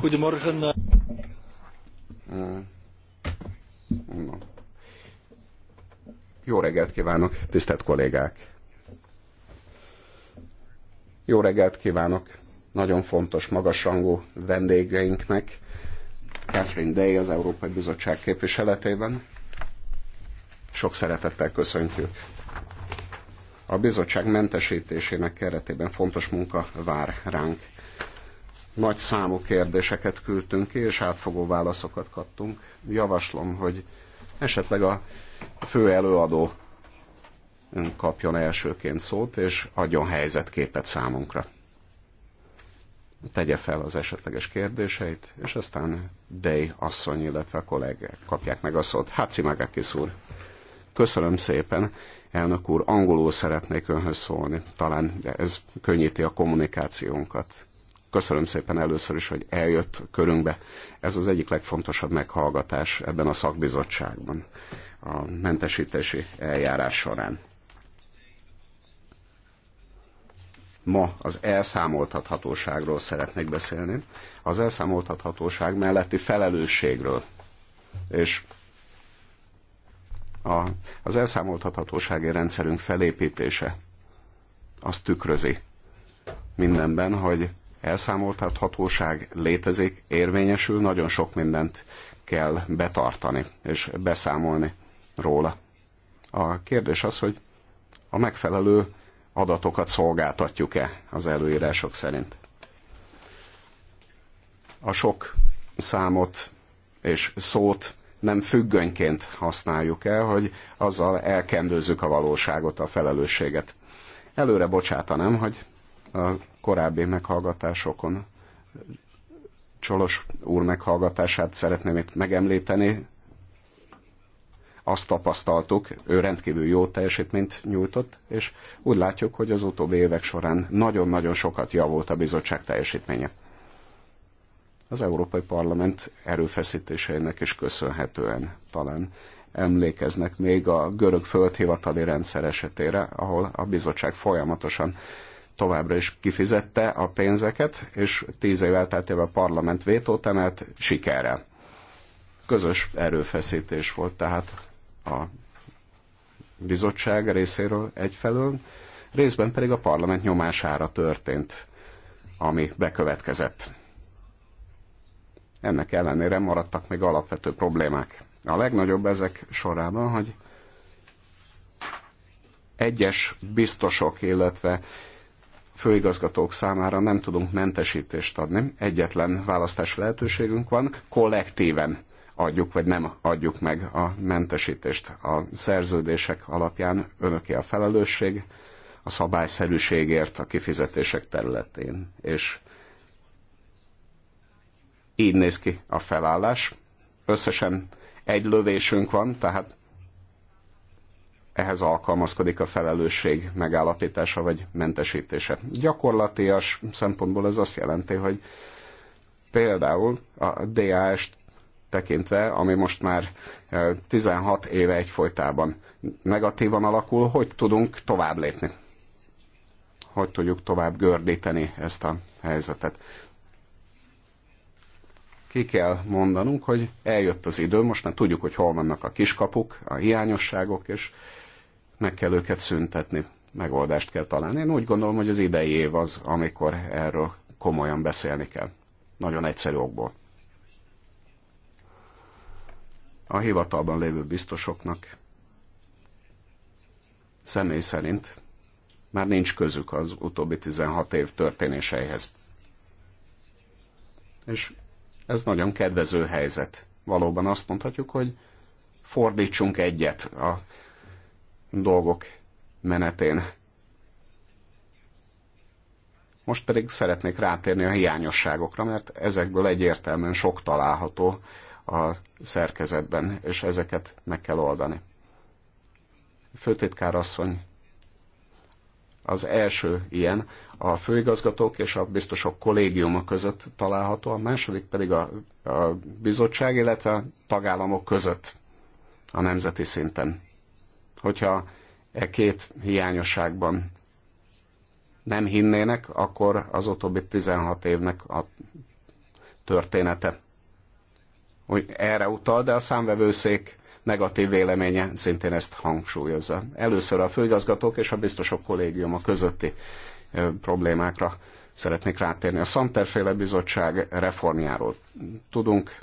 Goedemorgen. Eh. Eh, Jó reggelt kívánok, tisztelt kollégák! Jó reggelt kívánok nagyon fontos, magasrangú vendégeinknek, Catherine Day az Európai Bizottság képviseletében. Sok szeretettel köszöntjük. A bizottság mentesítésének keretében fontos munka vár ránk nagy számú kérdéseket küldtünk ki, és átfogó válaszokat kaptunk. Javaslom, hogy esetleg a fő előadó ön kapjon elsőként szót, és adjon helyzetképet számunkra. Tegye fel az esetleges kérdéseit, és aztán Day asszony, illetve a kollégák kapják meg a szót. Háci Megakis úr, köszönöm szépen. Elnök úr, angolul szeretnék önhöz szólni. Talán ez könnyíti a kommunikációnkat Köszönöm szépen először is, hogy eljött körünkbe. Ez az egyik legfontosabb meghallgatás ebben a szakbizottságban a mentesítési eljárás során. ma az elszámoltathatóságról szeretnék beszélni, az elszámoltathatóság melletti felelősségről. És a, az elszámoltathatósági rendszerünk felépítése azt tükrözi mindenben, hogy elszámoltathatóság létezik, érvényesül, nagyon sok mindent kell betartani és beszámolni róla. A kérdés az, hogy a megfelelő adatokat szolgáltatjuk-e az előírások szerint. A sok számot és szót nem függönyként használjuk el, hogy azzal elkendőzzük a valóságot, a felelősséget. Előre bocsátanám, hogy a korábbi meghallgatásokon Csolos úr meghallgatását szeretném itt megemlíteni. Azt tapasztaltuk, ő rendkívül jó teljesítményt nyújtott, és úgy látjuk, hogy az utóbbi évek során nagyon-nagyon sokat javult a bizottság teljesítménye. Az Európai Parlament erőfeszítéseinek is köszönhetően talán emlékeznek még a görög földhivatali rendszer esetére, ahol a bizottság folyamatosan továbbra is kifizette a pénzeket, és tíz év elteltével a parlament vétót emelt sikerre. Közös erőfeszítés volt tehát a bizottság részéről egyfelől, részben pedig a parlament nyomására történt, ami bekövetkezett. Ennek ellenére maradtak még alapvető problémák. A legnagyobb ezek sorában, hogy egyes biztosok, illetve főigazgatók számára nem tudunk mentesítést adni. Egyetlen választás lehetőségünk van, kollektíven adjuk vagy nem adjuk meg a mentesítést. A szerződések alapján önöké a felelősség a szabályszerűségért a kifizetések területén. És így néz ki a felállás. Összesen egy lövésünk van, tehát ehhez alkalmazkodik a felelősség megállapítása vagy mentesítése. Gyakorlatias szempontból ez azt jelenti, hogy például a DAS-t tekintve, ami most már 16 e, éve egyfolytában negatívan alakul, hogy tudunk tovább lépni? Hogy tudjuk tovább gördíteni ezt a helyzetet? ki kell mondanunk, hogy eljött az idő, most már tudjuk, hogy hol vannak a kiskapuk, a hiányosságok, és meg kell őket szüntetni, megoldást kell találni. Én úgy gondolom, hogy az idei év az, amikor erről komolyan beszélni kell. Nagyon egyszerű okból. A hivatalban lévő biztosoknak személy szerint már nincs közük az utóbbi 16 év történéseihez. És ez nagyon kedvező helyzet. Valóban azt mondhatjuk, hogy fordítsunk egyet a dolgok menetén. Most pedig szeretnék rátérni a hiányosságokra, mert ezekből egyértelműen sok található a szerkezetben, és ezeket meg kell oldani. Főtétkár asszony az első ilyen a főigazgatók és a biztosok kollégiuma között található, a második pedig a, a bizottság, illetve a tagállamok között a nemzeti szinten. Hogyha e két hiányosságban nem hinnének, akkor az utóbbi 16 évnek a története. hogy erre utal, de a számvevőszék negatív véleménye szintén ezt hangsúlyozza. Először a főigazgatók és a biztosok kollégiuma közötti problémákra szeretnék rátérni. A Szanterféle Bizottság reformjáról tudunk,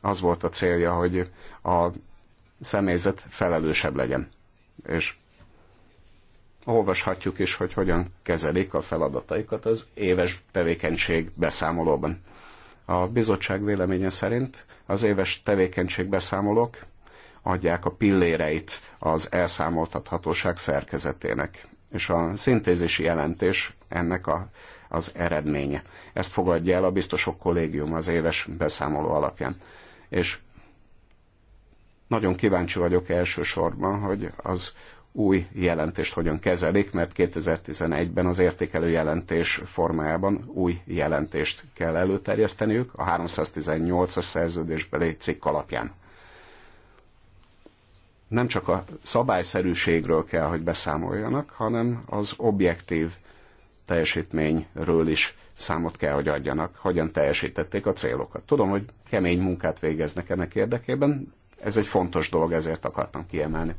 az volt a célja, hogy a személyzet felelősebb legyen és olvashatjuk is, hogy hogyan kezelik a feladataikat az éves tevékenység beszámolóban. A bizottság véleménye szerint az éves tevékenység beszámolók adják a pilléreit az elszámoltathatóság szerkezetének, és a szintézisi jelentés ennek a, az eredménye. Ezt fogadja el a biztosok kollégium az éves beszámoló alapján. És nagyon kíváncsi vagyok elsősorban, hogy az új jelentést hogyan kezelik, mert 2011-ben az értékelő jelentés formájában új jelentést kell előterjeszteniük a 318-as szerződésbeli cikk alapján. Nem csak a szabályszerűségről kell, hogy beszámoljanak, hanem az objektív teljesítményről is számot kell, hogy adjanak, hogyan teljesítették a célokat. Tudom, hogy kemény munkát végeznek ennek érdekében, ez egy fontos dolog, ezért akartam kiemelni.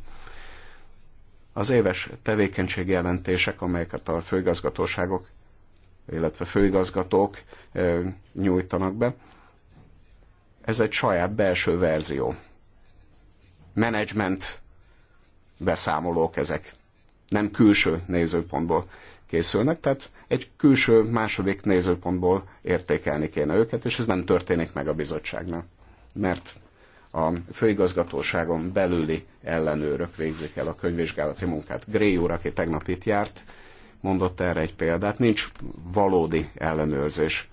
Az éves tevékenységi jelentések, amelyeket a főigazgatóságok, illetve főigazgatók nyújtanak be, ez egy saját belső verzió. Management beszámolók ezek. Nem külső nézőpontból készülnek, tehát egy külső második nézőpontból értékelni kéne őket, és ez nem történik meg a bizottságnál. Mert a főigazgatóságon belüli ellenőrök végzik el a könyvvizsgálati munkát. Gray úr, aki tegnap itt járt, mondott erre egy példát. Nincs valódi ellenőrzés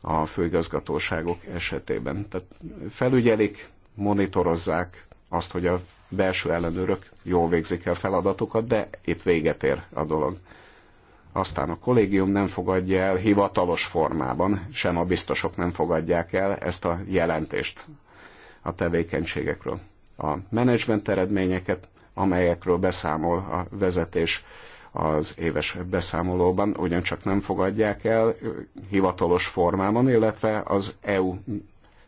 a főigazgatóságok esetében. Tehát felügyelik, monitorozzák azt, hogy a belső ellenőrök jól végzik el feladatukat, de itt véget ér a dolog. Aztán a kollégium nem fogadja el hivatalos formában, sem a biztosok nem fogadják el ezt a jelentést a tevékenységekről, a menedzsment eredményeket, amelyekről beszámol a vezetés az éves beszámolóban, ugyancsak nem fogadják el hivatalos formában, illetve az EU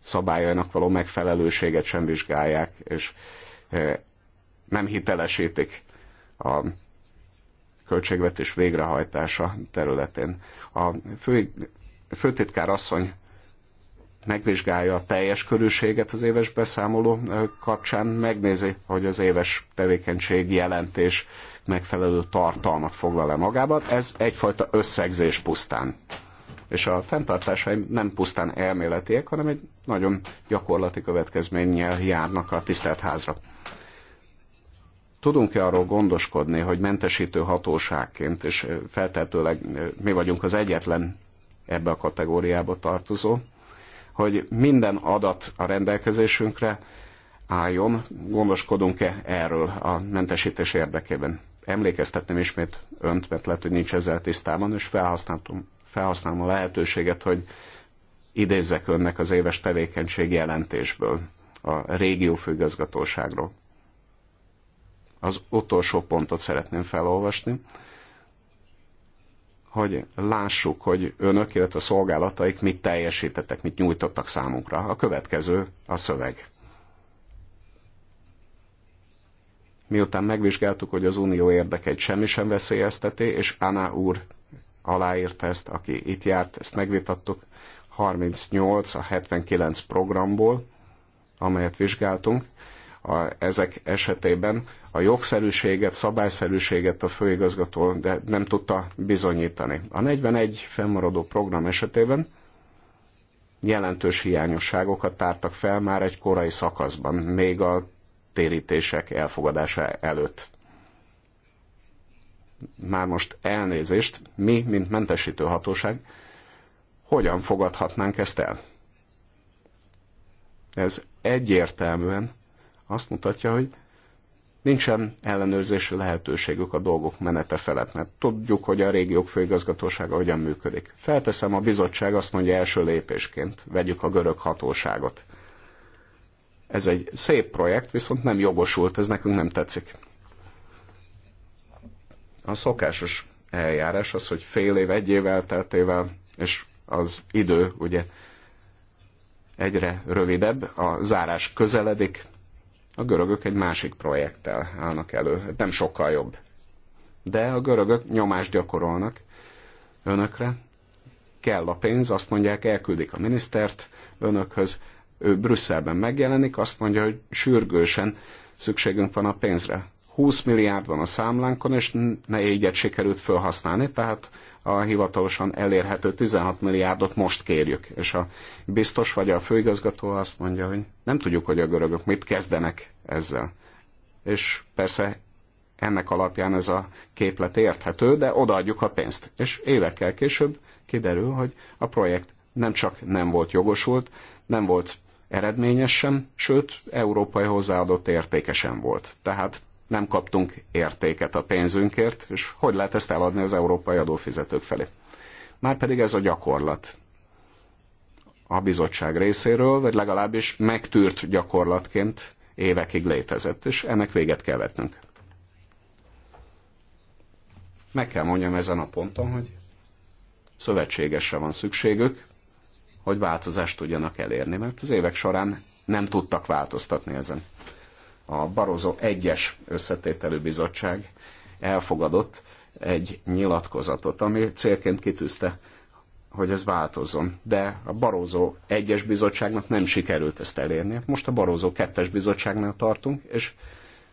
szabályainak való megfelelőséget sem vizsgálják, és e, nem hitelesítik a költségvetés végrehajtása területén. A fő, főtitkár asszony megvizsgálja a teljes körülséget az éves beszámoló kapcsán, megnézi, hogy az éves tevékenység jelentés megfelelő tartalmat foglal-e magában. Ez egyfajta összegzés pusztán. És a fenntartásaim nem pusztán elméletiek, hanem egy nagyon gyakorlati következménnyel járnak a tisztelt házra. Tudunk-e arról gondoskodni, hogy mentesítő hatóságként, és feltehetőleg mi vagyunk az egyetlen ebbe a kategóriába tartozó hogy minden adat a rendelkezésünkre álljon, gondoskodunk-e erről a mentesítés érdekében. Emlékeztetném ismét önt, mert lehet, hogy nincs ezzel tisztában, és felhasználom, felhasználom a lehetőséget, hogy idézzek önnek az éves tevékenység jelentésből, a régió főgazgatóságról. Az utolsó pontot szeretném felolvasni hogy lássuk, hogy önök, illetve a szolgálataik mit teljesítettek, mit nyújtottak számunkra. A következő a szöveg. Miután megvizsgáltuk, hogy az unió érdekeit semmi sem veszélyezteti, és Anna úr aláírta ezt, aki itt járt, ezt megvitattuk, 38 a 79 programból, amelyet vizsgáltunk, a, ezek esetében a jogszerűséget, szabályszerűséget a főigazgató de nem tudta bizonyítani. A 41 fennmaradó program esetében jelentős hiányosságokat tártak fel már egy korai szakaszban, még a térítések elfogadása előtt. Már most elnézést, mi, mint mentesítő hatóság, hogyan fogadhatnánk ezt el? Ez egyértelműen azt mutatja, hogy nincsen ellenőrzési lehetőségük a dolgok menete felett, mert tudjuk, hogy a régiók főigazgatósága hogyan működik. Felteszem, a bizottság azt mondja első lépésként, vegyük a görög hatóságot. Ez egy szép projekt, viszont nem jogosult, ez nekünk nem tetszik. A szokásos eljárás az, hogy fél év, egy év elteltével, és az idő ugye egyre rövidebb, a zárás közeledik, a görögök egy másik projekttel állnak elő, nem sokkal jobb. De a görögök nyomást gyakorolnak önökre, kell a pénz, azt mondják, elküldik a minisztert önökhöz, ő Brüsszelben megjelenik, azt mondja, hogy sürgősen szükségünk van a pénzre. 20 milliárd van a számlánkon, és ne egyet sikerült felhasználni, tehát a hivatalosan elérhető 16 milliárdot most kérjük. És a biztos vagy a főigazgató azt mondja, hogy nem tudjuk, hogy a görögök mit kezdenek ezzel. És persze ennek alapján ez a képlet érthető, de odaadjuk a pénzt. És évekkel később kiderül, hogy a projekt nem csak nem volt jogosult, nem volt eredményes sem, sőt, európai hozzáadott értékesen volt. Tehát nem kaptunk értéket a pénzünkért, és hogy lehet ezt eladni az európai adófizetők felé. Márpedig ez a gyakorlat a bizottság részéről, vagy legalábbis megtűrt gyakorlatként évekig létezett, és ennek véget kell vetnünk. Meg kell mondjam ezen a ponton, hogy szövetségesre van szükségük, hogy változást tudjanak elérni, mert az évek során nem tudtak változtatni ezen a Barozó egyes összetételű bizottság elfogadott egy nyilatkozatot, ami célként kitűzte, hogy ez változzon. De a Barózó egyes bizottságnak nem sikerült ezt elérni. Most a Barózó kettes bizottságnál tartunk, és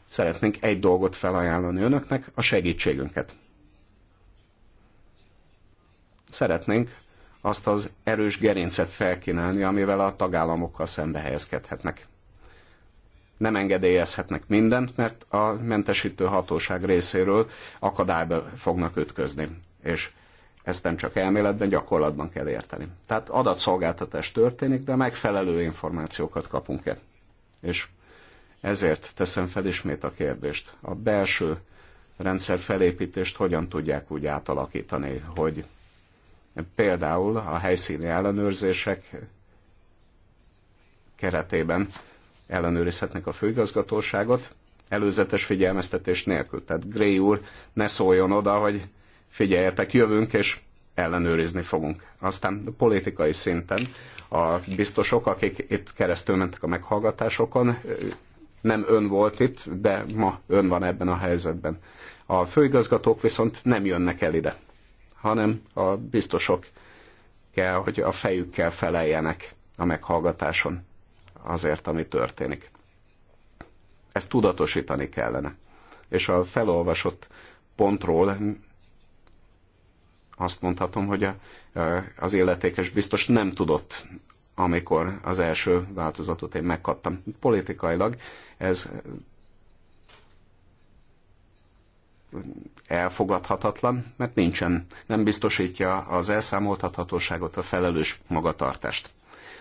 szeretnénk egy dolgot felajánlani önöknek, a segítségünket. Szeretnénk azt az erős gerincet felkínálni, amivel a tagállamokkal szembe helyezkedhetnek nem engedélyezhetnek mindent, mert a mentesítő hatóság részéről akadályba fognak ütközni. És ezt nem csak elméletben, gyakorlatban kell érteni. Tehát adatszolgáltatás történik, de megfelelő információkat kapunk-e. És ezért teszem fel ismét a kérdést. A belső rendszer felépítést hogyan tudják úgy átalakítani, hogy például a helyszíni ellenőrzések keretében ellenőrizhetnek a főigazgatóságot, előzetes figyelmeztetés nélkül. Tehát Gray úr ne szóljon oda, hogy figyeljetek, jövünk, és ellenőrizni fogunk. Aztán politikai szinten a biztosok, akik itt keresztül mentek a meghallgatásokon, nem ön volt itt, de ma ön van ebben a helyzetben. A főigazgatók viszont nem jönnek el ide, hanem a biztosok kell, hogy a fejükkel feleljenek a meghallgatáson azért, ami történik. Ezt tudatosítani kellene. És a felolvasott pontról azt mondhatom, hogy a, az illetékes biztos nem tudott, amikor az első változatot én megkaptam. Politikailag ez elfogadhatatlan, mert nincsen, nem biztosítja az elszámoltathatóságot, a felelős magatartást.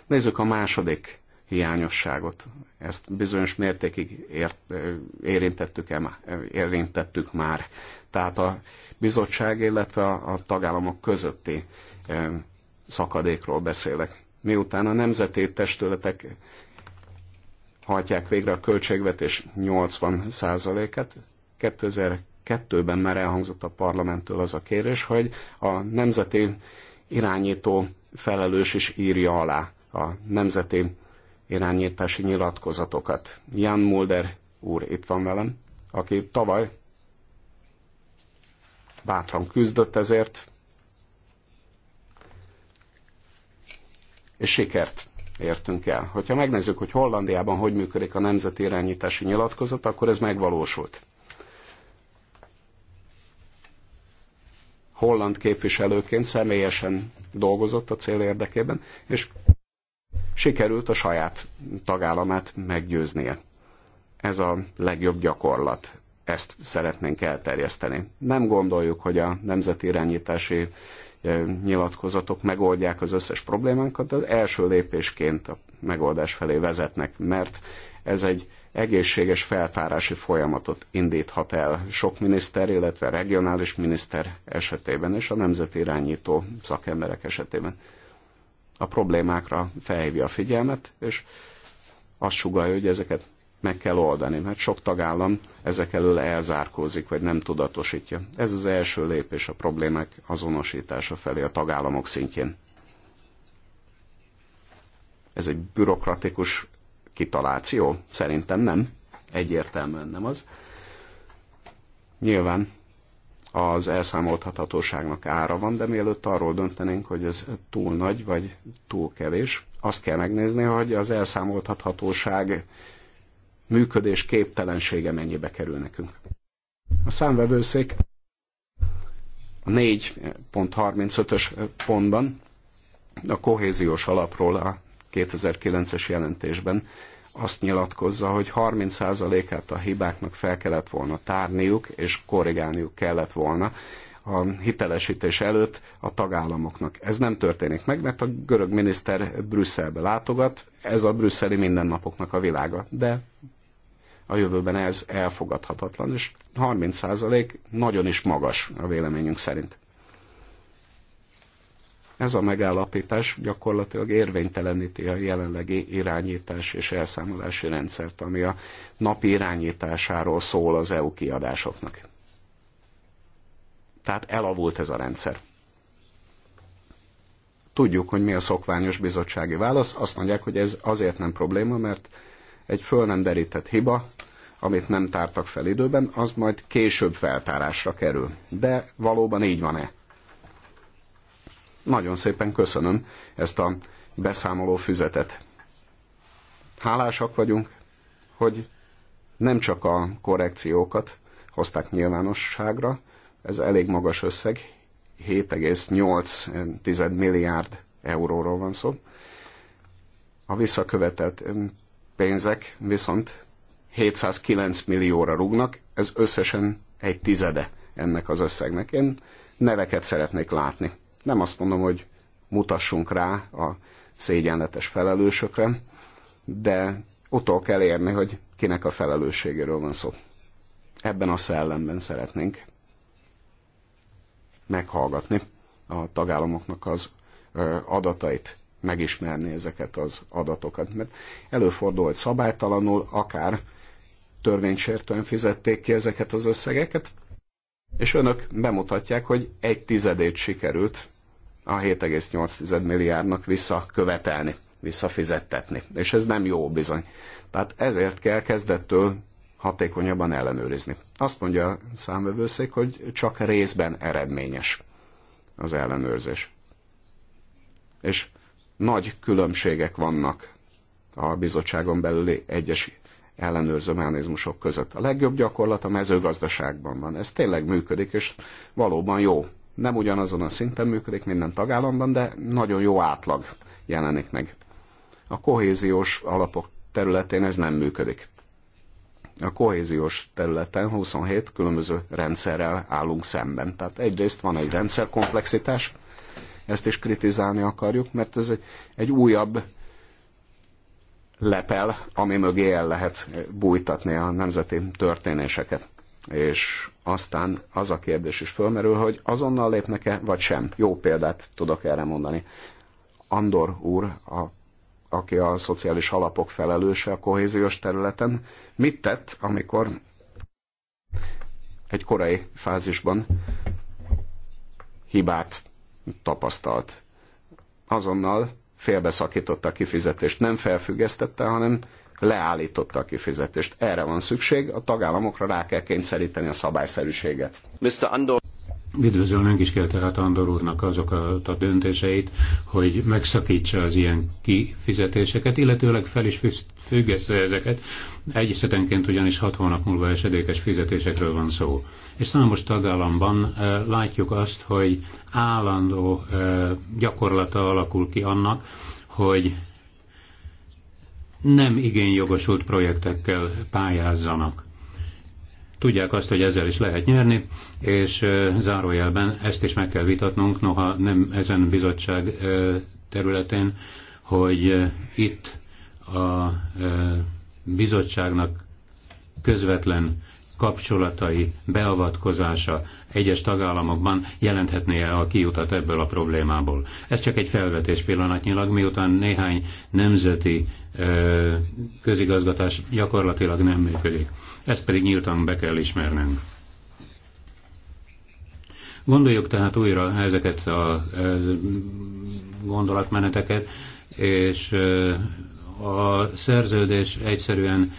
Nézzük a második hiányosságot. Ezt bizonyos mértékig ért, érintettük, -e, érintettük már. Tehát a bizottság, illetve a tagállamok közötti szakadékról beszélek. Miután a nemzeti testületek hajtják végre a költségvetés 80%-et, 2002-ben már elhangzott a parlamenttől az a kérés, hogy a nemzeti irányító felelős is írja alá a nemzeti irányítási nyilatkozatokat. Jan Mulder úr itt van velem, aki tavaly bátran küzdött ezért, és sikert értünk el. Hogyha megnézzük, hogy Hollandiában hogy működik a nemzeti irányítási nyilatkozat, akkor ez megvalósult. Holland képviselőként személyesen dolgozott a cél érdekében, és sikerült a saját tagállamát meggyőznie. Ez a legjobb gyakorlat. Ezt szeretnénk elterjeszteni. Nem gondoljuk, hogy a nemzeti irányítási e, nyilatkozatok megoldják az összes problémánkat, de az első lépésként a megoldás felé vezetnek, mert ez egy egészséges feltárási folyamatot indíthat el sok miniszter, illetve regionális miniszter esetében és a nemzeti irányító szakemberek esetében a problémákra felhívja a figyelmet, és azt sugalja, hogy ezeket meg kell oldani, mert sok tagállam ezek elől elzárkózik, vagy nem tudatosítja. Ez az első lépés a problémák azonosítása felé a tagállamok szintjén. Ez egy bürokratikus kitaláció? Szerintem nem. Egyértelműen nem az. Nyilván az elszámolthatatóságnak ára van, de mielőtt arról döntenénk, hogy ez túl nagy vagy túl kevés, azt kell megnézni, hogy az elszámolthatóság működés képtelensége mennyibe kerül nekünk. A számvevőszék a 4.35-ös pontban a kohéziós alapról a 2009-es jelentésben azt nyilatkozza, hogy 30%-át a hibáknak fel kellett volna tárniuk, és korrigálniuk kellett volna a hitelesítés előtt a tagállamoknak. Ez nem történik meg, mert a görög miniszter Brüsszelbe látogat, ez a brüsszeli mindennapoknak a világa. De a jövőben ez elfogadhatatlan, és 30% nagyon is magas a véleményünk szerint. Ez a megállapítás gyakorlatilag érvényteleníti a jelenlegi irányítás és elszámolási rendszert, ami a napi irányításáról szól az EU kiadásoknak. Tehát elavult ez a rendszer. Tudjuk, hogy mi a szokványos bizottsági válasz. Azt mondják, hogy ez azért nem probléma, mert egy föl nem derített hiba, amit nem tártak fel időben, az majd később feltárásra kerül. De valóban így van-e? Nagyon szépen köszönöm ezt a beszámoló füzetet. Hálásak vagyunk, hogy nem csak a korrekciókat hozták nyilvánosságra, ez elég magas összeg, 7,8 milliárd euróról van szó. A visszakövetett pénzek viszont 709 millióra rúgnak, ez összesen egy tizede ennek az összegnek. Én neveket szeretnék látni nem azt mondom, hogy mutassunk rá a szégyenletes felelősökre, de utol kell érni, hogy kinek a felelősségéről van szó. Ebben a szellemben szeretnénk meghallgatni a tagállamoknak az adatait, megismerni ezeket az adatokat. Mert előfordul, hogy szabálytalanul, akár törvénysértően fizették ki ezeket az összegeket, és önök bemutatják, hogy egy tizedét sikerült a 7,8 milliárdnak visszakövetelni, visszafizettetni. És ez nem jó bizony. Tehát ezért kell kezdettől hatékonyabban ellenőrizni. Azt mondja a számvevőszék, hogy csak részben eredményes az ellenőrzés. És nagy különbségek vannak a bizottságon belüli egyes ellenőrző mechanizmusok között. A legjobb gyakorlat a mezőgazdaságban van. Ez tényleg működik, és valóban jó nem ugyanazon a szinten működik minden tagállamban, de nagyon jó átlag jelenik meg. A kohéziós alapok területén ez nem működik. A kohéziós területen 27 különböző rendszerrel állunk szemben. Tehát egyrészt van egy rendszerkomplexitás, ezt is kritizálni akarjuk, mert ez egy, egy újabb lepel, ami mögé el lehet bújtatni a nemzeti történéseket. És aztán az a kérdés is fölmerül, hogy azonnal lépnek-e, vagy sem. Jó példát tudok erre mondani. Andor úr, a, aki a szociális alapok felelőse a kohéziós területen, mit tett, amikor egy korai fázisban hibát tapasztalt. Azonnal félbeszakította a kifizetést, nem felfüggesztette, hanem leállította a kifizetést. Erre van szükség, a tagállamokra rá kell kényszeríteni a szabályszerűséget. Mr. Andor. Üdvözölnünk is kell tehát Andor úrnak azokat a döntéseit, hogy megszakítsa az ilyen kifizetéseket, illetőleg fel is függesse ezeket. Egy esetenként ugyanis hat hónap múlva esedékes fizetésekről van szó. És számos tagállamban e, látjuk azt, hogy állandó e, gyakorlata alakul ki annak, hogy nem igény jogosult projektekkel pályázzanak. Tudják azt, hogy ezzel is lehet nyerni, és zárójelben ezt is meg kell vitatnunk, noha nem ezen bizottság területén, hogy itt a bizottságnak közvetlen kapcsolatai, beavatkozása egyes tagállamokban -e a kiutat ebből a problémából. Ez csak egy felvetés pillanatnyilag, miután néhány nemzeti közigazgatás gyakorlatilag nem működik. Ezt pedig nyíltan be kell ismernünk. Gondoljuk tehát újra ezeket a gondolatmeneteket, és a szerződés egyszerűen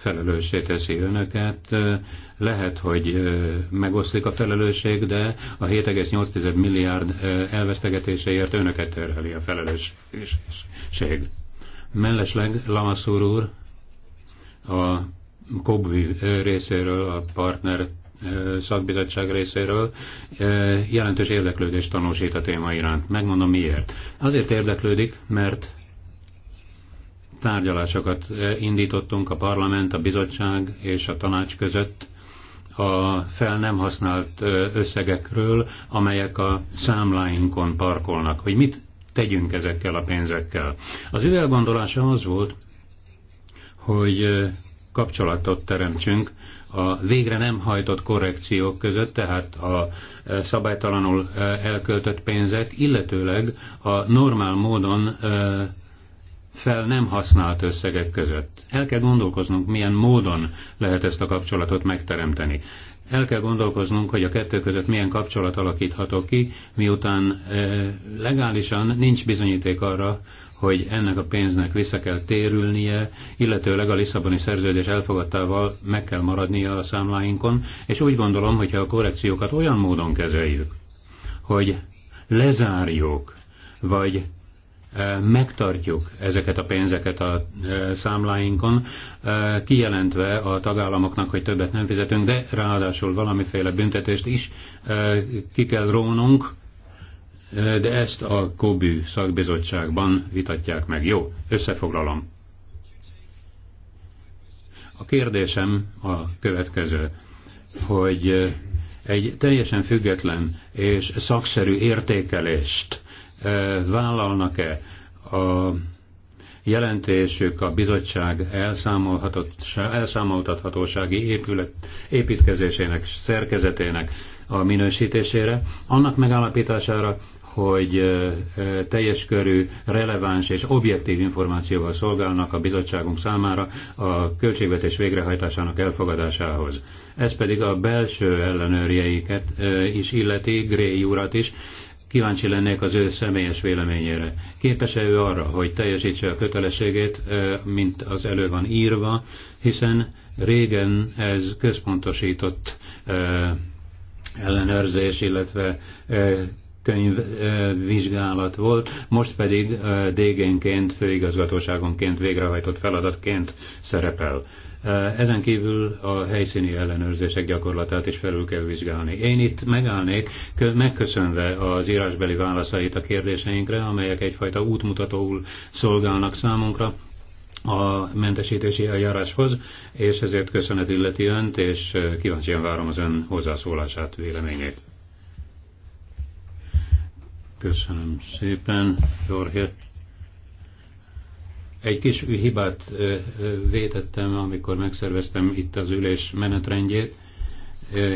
felelőssé teszi önöket. Lehet, hogy megoszlik a felelősség, de a 7,8 milliárd elvesztegetéseért önöket terheli a felelősség. Mellesleg Lamaszúr úr a Kobvi részéről, a partner szakbizottság részéről jelentős érdeklődést tanúsít a téma iránt. Megmondom miért. Azért érdeklődik, mert tárgyalásokat eh, indítottunk a parlament, a bizottság és a tanács között a fel nem használt eh, összegekről, amelyek a számláinkon parkolnak, hogy mit tegyünk ezekkel a pénzekkel. Az ő elgondolása az volt, hogy eh, kapcsolatot teremtsünk a végre nem hajtott korrekciók között, tehát a szabálytalanul elköltött pénzek, illetőleg a normál módon fel nem használt összegek között. El kell gondolkoznunk, milyen módon lehet ezt a kapcsolatot megteremteni. El kell gondolkoznunk, hogy a kettő között milyen kapcsolat alakítható ki, miután e, legálisan nincs bizonyíték arra, hogy ennek a pénznek vissza kell térülnie, illetőleg a Lisszaboni szerződés elfogadtával meg kell maradnia a számláinkon, és úgy gondolom, hogyha a korrekciókat olyan módon kezeljük, hogy lezárjuk, vagy megtartjuk ezeket a pénzeket a számláinkon, kijelentve a tagállamoknak, hogy többet nem fizetünk, de ráadásul valamiféle büntetést is ki kell rónunk, de ezt a Kobű szakbizottságban vitatják meg. Jó, összefoglalom. A kérdésem a következő, hogy egy teljesen független és szakszerű értékelést Eh, vállalnak-e a jelentésük a bizottság elszámoltathatósági épület, építkezésének, szerkezetének a minősítésére, annak megállapítására, hogy eh, eh, teljes körű, releváns és objektív információval szolgálnak a bizottságunk számára a költségvetés végrehajtásának elfogadásához. Ez pedig a belső ellenőrjeiket is illeti, Gray urat is, Kíváncsi lennék az ő személyes véleményére. Képes-e ő arra, hogy teljesítse a kötelességét, mint az elő van írva, hiszen régen ez központosított ellenőrzés, illetve könyvvizsgálat volt, most pedig DG-nként, főigazgatóságonként végrehajtott feladatként szerepel. Ezen kívül a helyszíni ellenőrzések gyakorlatát is felül kell vizsgálni. Én itt megállnék, megköszönve az írásbeli válaszait a kérdéseinkre, amelyek egyfajta útmutatóul szolgálnak számunkra, a mentesítési eljáráshoz, és ezért köszönet illeti önt, és kíváncsian várom az ön hozzászólását, véleményét. Köszönöm szépen, Jorge. Egy kis hibát vétettem, amikor megszerveztem itt az ülés menetrendjét,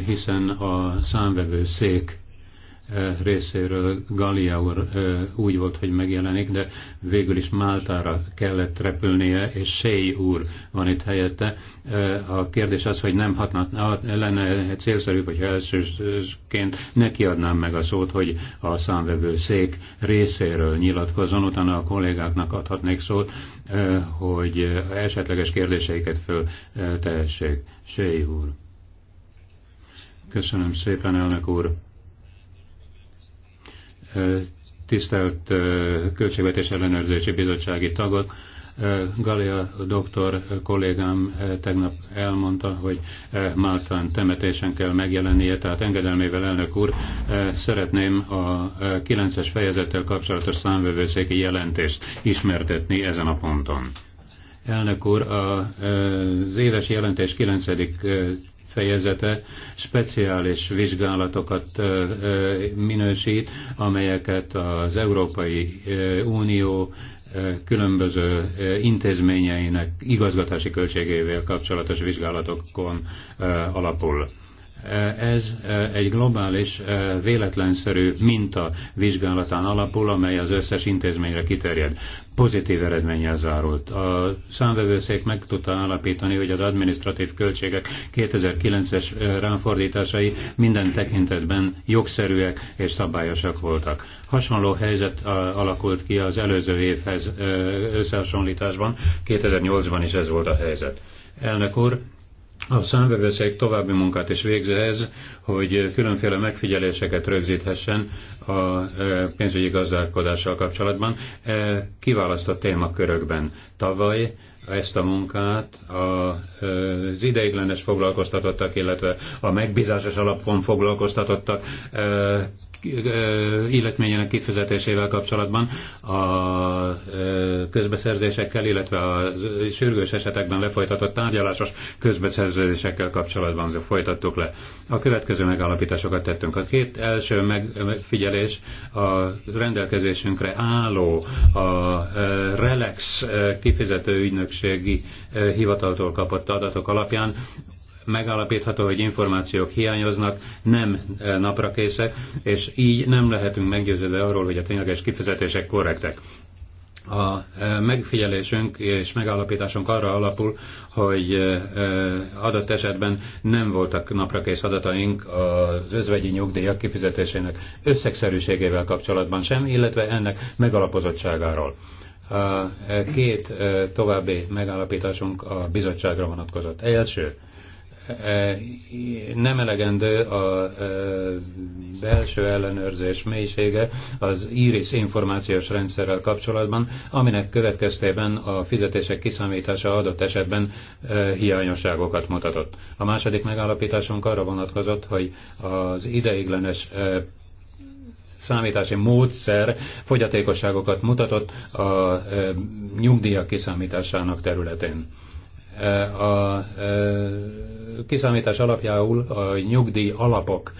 hiszen a számvevő szék részéről Galia úr úgy volt, hogy megjelenik, de végül is Máltára kellett repülnie, és Séj úr van itt helyette. A kérdés az, hogy nem hatna, lenne célszerű, hogy elsősként neki adnám meg a szót, hogy a számvevő szék részéről nyilatkozzon, utána a kollégáknak adhatnék szót, hogy esetleges kérdéseiket föl tehessék. Séj úr. Köszönöm szépen, elnök úr tisztelt Költségvetés Ellenőrzési Bizottsági tagot. Galia doktor kollégám tegnap elmondta, hogy Máltán temetésen kell megjelennie, tehát engedelmével elnök úr, szeretném a 9-es fejezettel kapcsolatos számvevőszéki jelentést ismertetni ezen a ponton. Elnök úr, az éves jelentés 9 fejezete speciális vizsgálatokat minősít, amelyeket az Európai Unió különböző intézményeinek igazgatási költségével kapcsolatos vizsgálatokon alapul. Ez egy globális, véletlenszerű minta vizsgálatán alapul, amely az összes intézményre kiterjed. Pozitív eredménnyel zárult. A számvevőszék meg tudta állapítani, hogy az administratív költségek 2009-es ráfordításai minden tekintetben jogszerűek és szabályosak voltak. Hasonló helyzet alakult ki az előző évhez összehasonlításban, 2008-ban is ez volt a helyzet. Elnök úr, a számvevőszék további munkát is végzez, hogy különféle megfigyeléseket rögzíthessen a e, pénzügyi gazdálkodással kapcsolatban e, kiválasztott témakörökben. Tavaly ezt a munkát az ideiglenes foglalkoztatottak, illetve a megbízásos alapon foglalkoztatottak illetményének kifizetésével kapcsolatban a közbeszerzésekkel, illetve a sürgős esetekben lefolytatott tárgyalásos közbeszerzésekkel kapcsolatban folytattuk le. A következő megállapításokat tettünk. A két első megfigyelés a rendelkezésünkre álló a Relax kifizető ügynök ügynökségi eh, hivataltól kapott adatok alapján megállapítható, hogy információk hiányoznak, nem eh, naprakészek, és így nem lehetünk meggyőződve arról, hogy a tényleges kifizetések korrektek. A eh, megfigyelésünk és megállapításunk arra alapul, hogy adott esetben nem voltak naprakész adataink az özvegyi nyugdíjak kifizetésének összegszerűségével kapcsolatban sem, illetve ennek megalapozottságáról. A e, két e, további megállapításunk a bizottságra vonatkozott. Első, e, nem elegendő a belső ellenőrzés mélysége az IRIS információs rendszerrel kapcsolatban, aminek következtében a fizetések kiszámítása adott esetben hiányosságokat mutatott. A második megállapításunk arra vonatkozott, hogy az ideiglenes számítási módszer fogyatékosságokat mutatott a nyugdíjak kiszámításának területén. A kiszámítás alapjául a nyugdíj alapok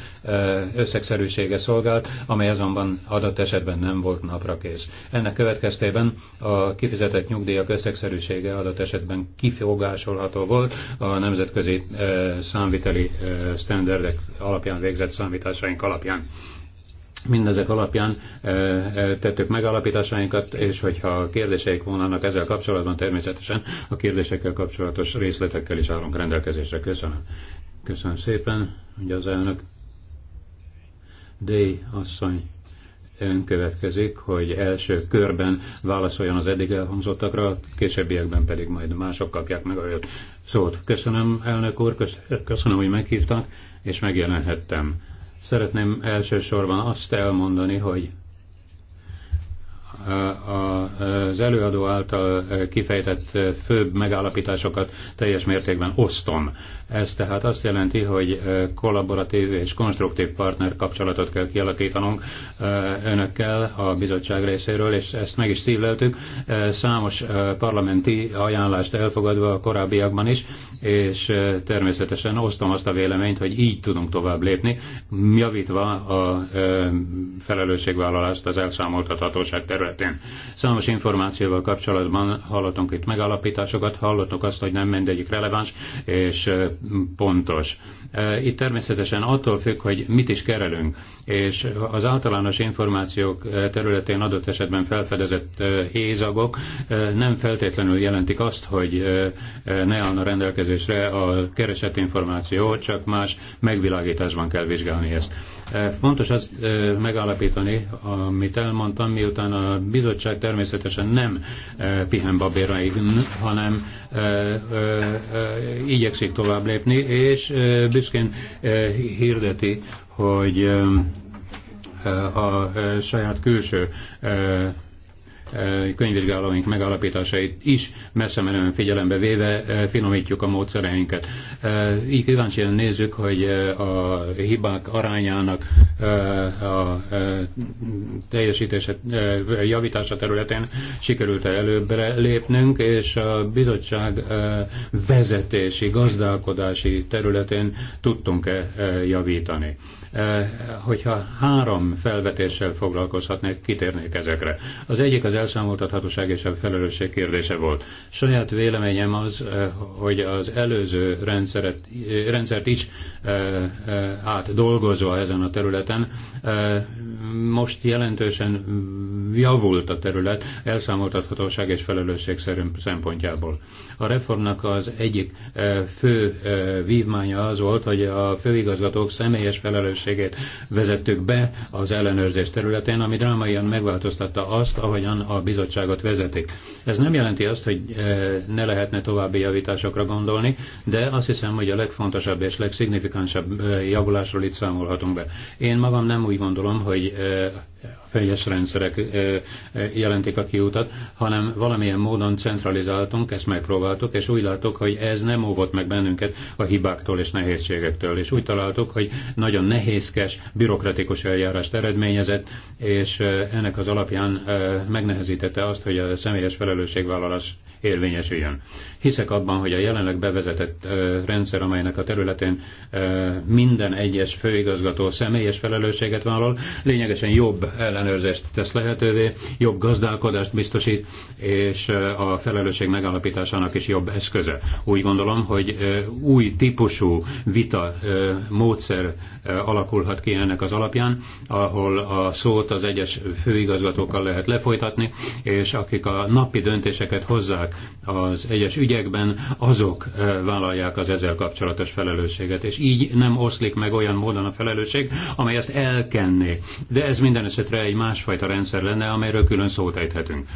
összegszerűsége szolgált, amely azonban adott esetben nem volt napra kész. Ennek következtében a kifizetett nyugdíjak összegszerűsége adott esetben kifogásolható volt a nemzetközi számviteli standardek alapján végzett számításaink alapján mindezek alapján tettük megalapításainkat, és hogyha kérdéseik volnának ezzel kapcsolatban, természetesen a kérdésekkel kapcsolatos részletekkel is állunk rendelkezésre. Köszönöm. Köszönöm szépen, hogy az elnök D. asszony ön következik, hogy első körben válaszoljon az eddig elhangzottakra, későbbiekben pedig majd mások kapják meg a szót. Köszönöm, elnök úr, köszönöm, hogy meghívtak, és megjelenhettem Szeretném elsősorban azt elmondani, hogy az előadó által kifejtett főbb megállapításokat teljes mértékben osztom. Ez tehát azt jelenti, hogy kollaboratív és konstruktív partner kapcsolatot kell kialakítanunk önökkel a bizottság részéről, és ezt meg is szívleltük, számos parlamenti ajánlást elfogadva a korábbiakban is, és természetesen osztom azt a véleményt, hogy így tudunk tovább lépni, javítva a felelősségvállalást az elszámoltathatóság területén. Számos információval kapcsolatban hallottunk itt megállapításokat, hallottuk azt, hogy nem mindegyik releváns, és pontos. E, itt természetesen attól függ, hogy mit is kerelünk, és az általános információk e, területén adott esetben felfedezett e, hézagok nem feltétlenül jelentik azt, hogy ne állna rendelkezésre a keresett információ, csak más megvilágításban kell vizsgálni ezt. Fontos azt megállapítani, amit elmondtam, miután a bizottság természetesen nem pihen babéraig, hanem igyekszik tovább tovább lépni, és büszkén hirdeti, hogy a saját külső Eh, könyvvizsgálóink megalapításait is messze menően figyelembe véve eh, finomítjuk a módszereinket. Eh, így kíváncsian nézzük, hogy a hibák arányának a teljesítése, javítása területén sikerült előbbre lépnünk, és a bizottság vezetési, gazdálkodási területén tudtunk-e javítani. Eh, hogyha három felvetéssel foglalkozhatnék, kitérnék ezekre. Az egyik az elszámoltathatóság és a felelősség kérdése volt. Saját véleményem az, eh, hogy az előző rendszeret, eh, rendszert is átdolgozva ezen a területen, most jelentősen javult a terület elszámoltathatóság és felelősség szempontjából. A reformnak az egyik fő vívmánya az volt, hogy a főigazgatók személyes felelősség rendőrségét vezettük be az ellenőrzés területén, ami drámaian megváltoztatta azt, ahogyan a bizottságot vezetik. Ez nem jelenti azt, hogy eh, ne lehetne további javításokra gondolni, de azt hiszem, hogy a legfontosabb és legszignifikánsabb eh, javulásról itt számolhatunk be. Én magam nem úgy gondolom, hogy eh, fejes rendszerek jelentik a kiutat, hanem valamilyen módon centralizáltunk, ezt megpróbáltuk, és úgy látok, hogy ez nem óvott meg bennünket a hibáktól és nehézségektől. És úgy találtuk, hogy nagyon nehézkes, bürokratikus eljárást eredményezett, és ennek az alapján megnehezítette azt, hogy a személyes felelősségvállalás érvényesüljön. Hiszek abban, hogy a jelenleg bevezetett rendszer, amelynek a területén minden egyes főigazgató személyes felelősséget vállal, lényegesen jobb ellen ellenőrzést tesz lehetővé, jobb gazdálkodást biztosít, és a felelősség megalapításának is jobb eszköze. Úgy gondolom, hogy új típusú vita módszer alakulhat ki ennek az alapján, ahol a szót az egyes főigazgatókkal lehet lefolytatni, és akik a napi döntéseket hozzák az egyes ügyekben, azok vállalják az ezzel kapcsolatos felelősséget. És így nem oszlik meg olyan módon a felelősség, amely ezt elkenné. De ez minden esetre egy egy másfajta rendszer lenne, amelyről külön szót ejthetünk.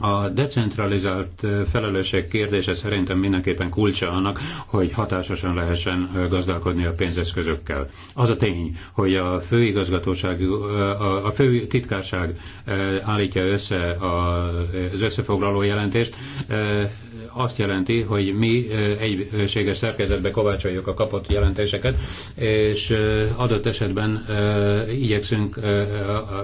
A decentralizált felelősség kérdése szerintem mindenképpen kulcsa annak, hogy hatásosan lehessen gazdálkodni a pénzeszközökkel. Az a tény, hogy a főigazgatóság, a fő titkárság állítja össze az összefoglaló jelentést, azt jelenti, hogy mi egységes szerkezetbe kovácsoljuk a kapott jelentéseket, és adott esetben igyekszünk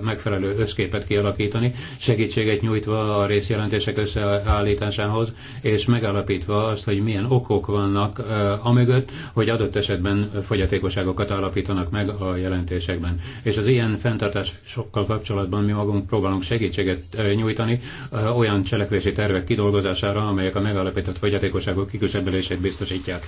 megfelelő összképet kialakítani, segítséget nyújtva a rész részjelentések összeállításához, és megállapítva azt, hogy milyen okok vannak eh, amögött, hogy adott esetben fogyatékosságokat állapítanak meg a jelentésekben. És az ilyen fenntartásokkal kapcsolatban mi magunk próbálunk segítséget eh, nyújtani eh, olyan cselekvési tervek kidolgozására, amelyek a megállapított fogyatékosságok kiküszöbölését biztosítják.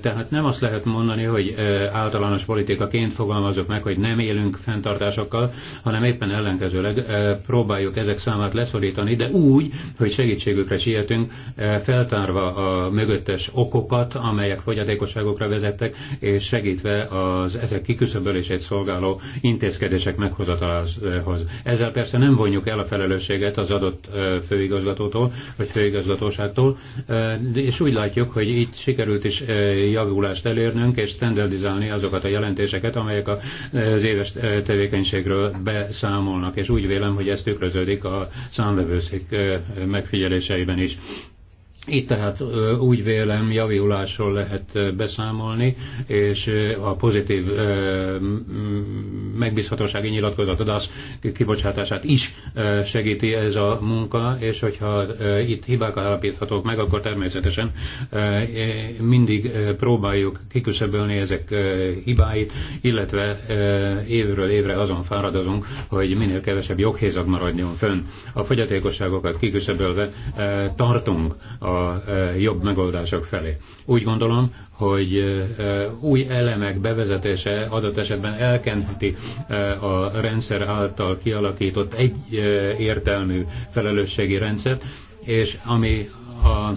Tehát nem azt lehet mondani, hogy általános politikaként fogalmazok meg, hogy nem élünk fenntartásokkal, hanem éppen ellenkezőleg próbáljuk ezek számát leszorítani, de de úgy, hogy segítségükre sietünk, eh, feltárva a mögöttes okokat, amelyek fogyatékosságokra vezettek, és segítve az ezek kiküszöbölését szolgáló intézkedések meghozatalához. Ezzel persze nem vonjuk el a felelősséget az adott eh, főigazgatótól, vagy főigazgatóságtól, eh, és úgy látjuk, hogy itt sikerült is javulást elérnünk, és standardizálni azokat a jelentéseket, amelyek az éves tevékenységről beszámolnak, és úgy vélem, hogy ez tükröződik a számvevőszék cikk megfigyeléseiben is itt tehát úgy vélem javulásról lehet beszámolni, és a pozitív megbízhatósági nyilatkozat az kibocsátását is segíti ez a munka, és hogyha itt hibákat állapíthatók meg, akkor természetesen mindig próbáljuk kiküszöbölni ezek hibáit, illetve évről évre azon fáradozunk, hogy minél kevesebb joghézag maradjon fönn. A fogyatékosságokat kiküszöbölve tartunk a E, jobb megoldások felé. Úgy gondolom, hogy e, e, új elemek bevezetése adott esetben elkentheti a rendszer által kialakított egy értelmű felelősségi rendszert, és ami a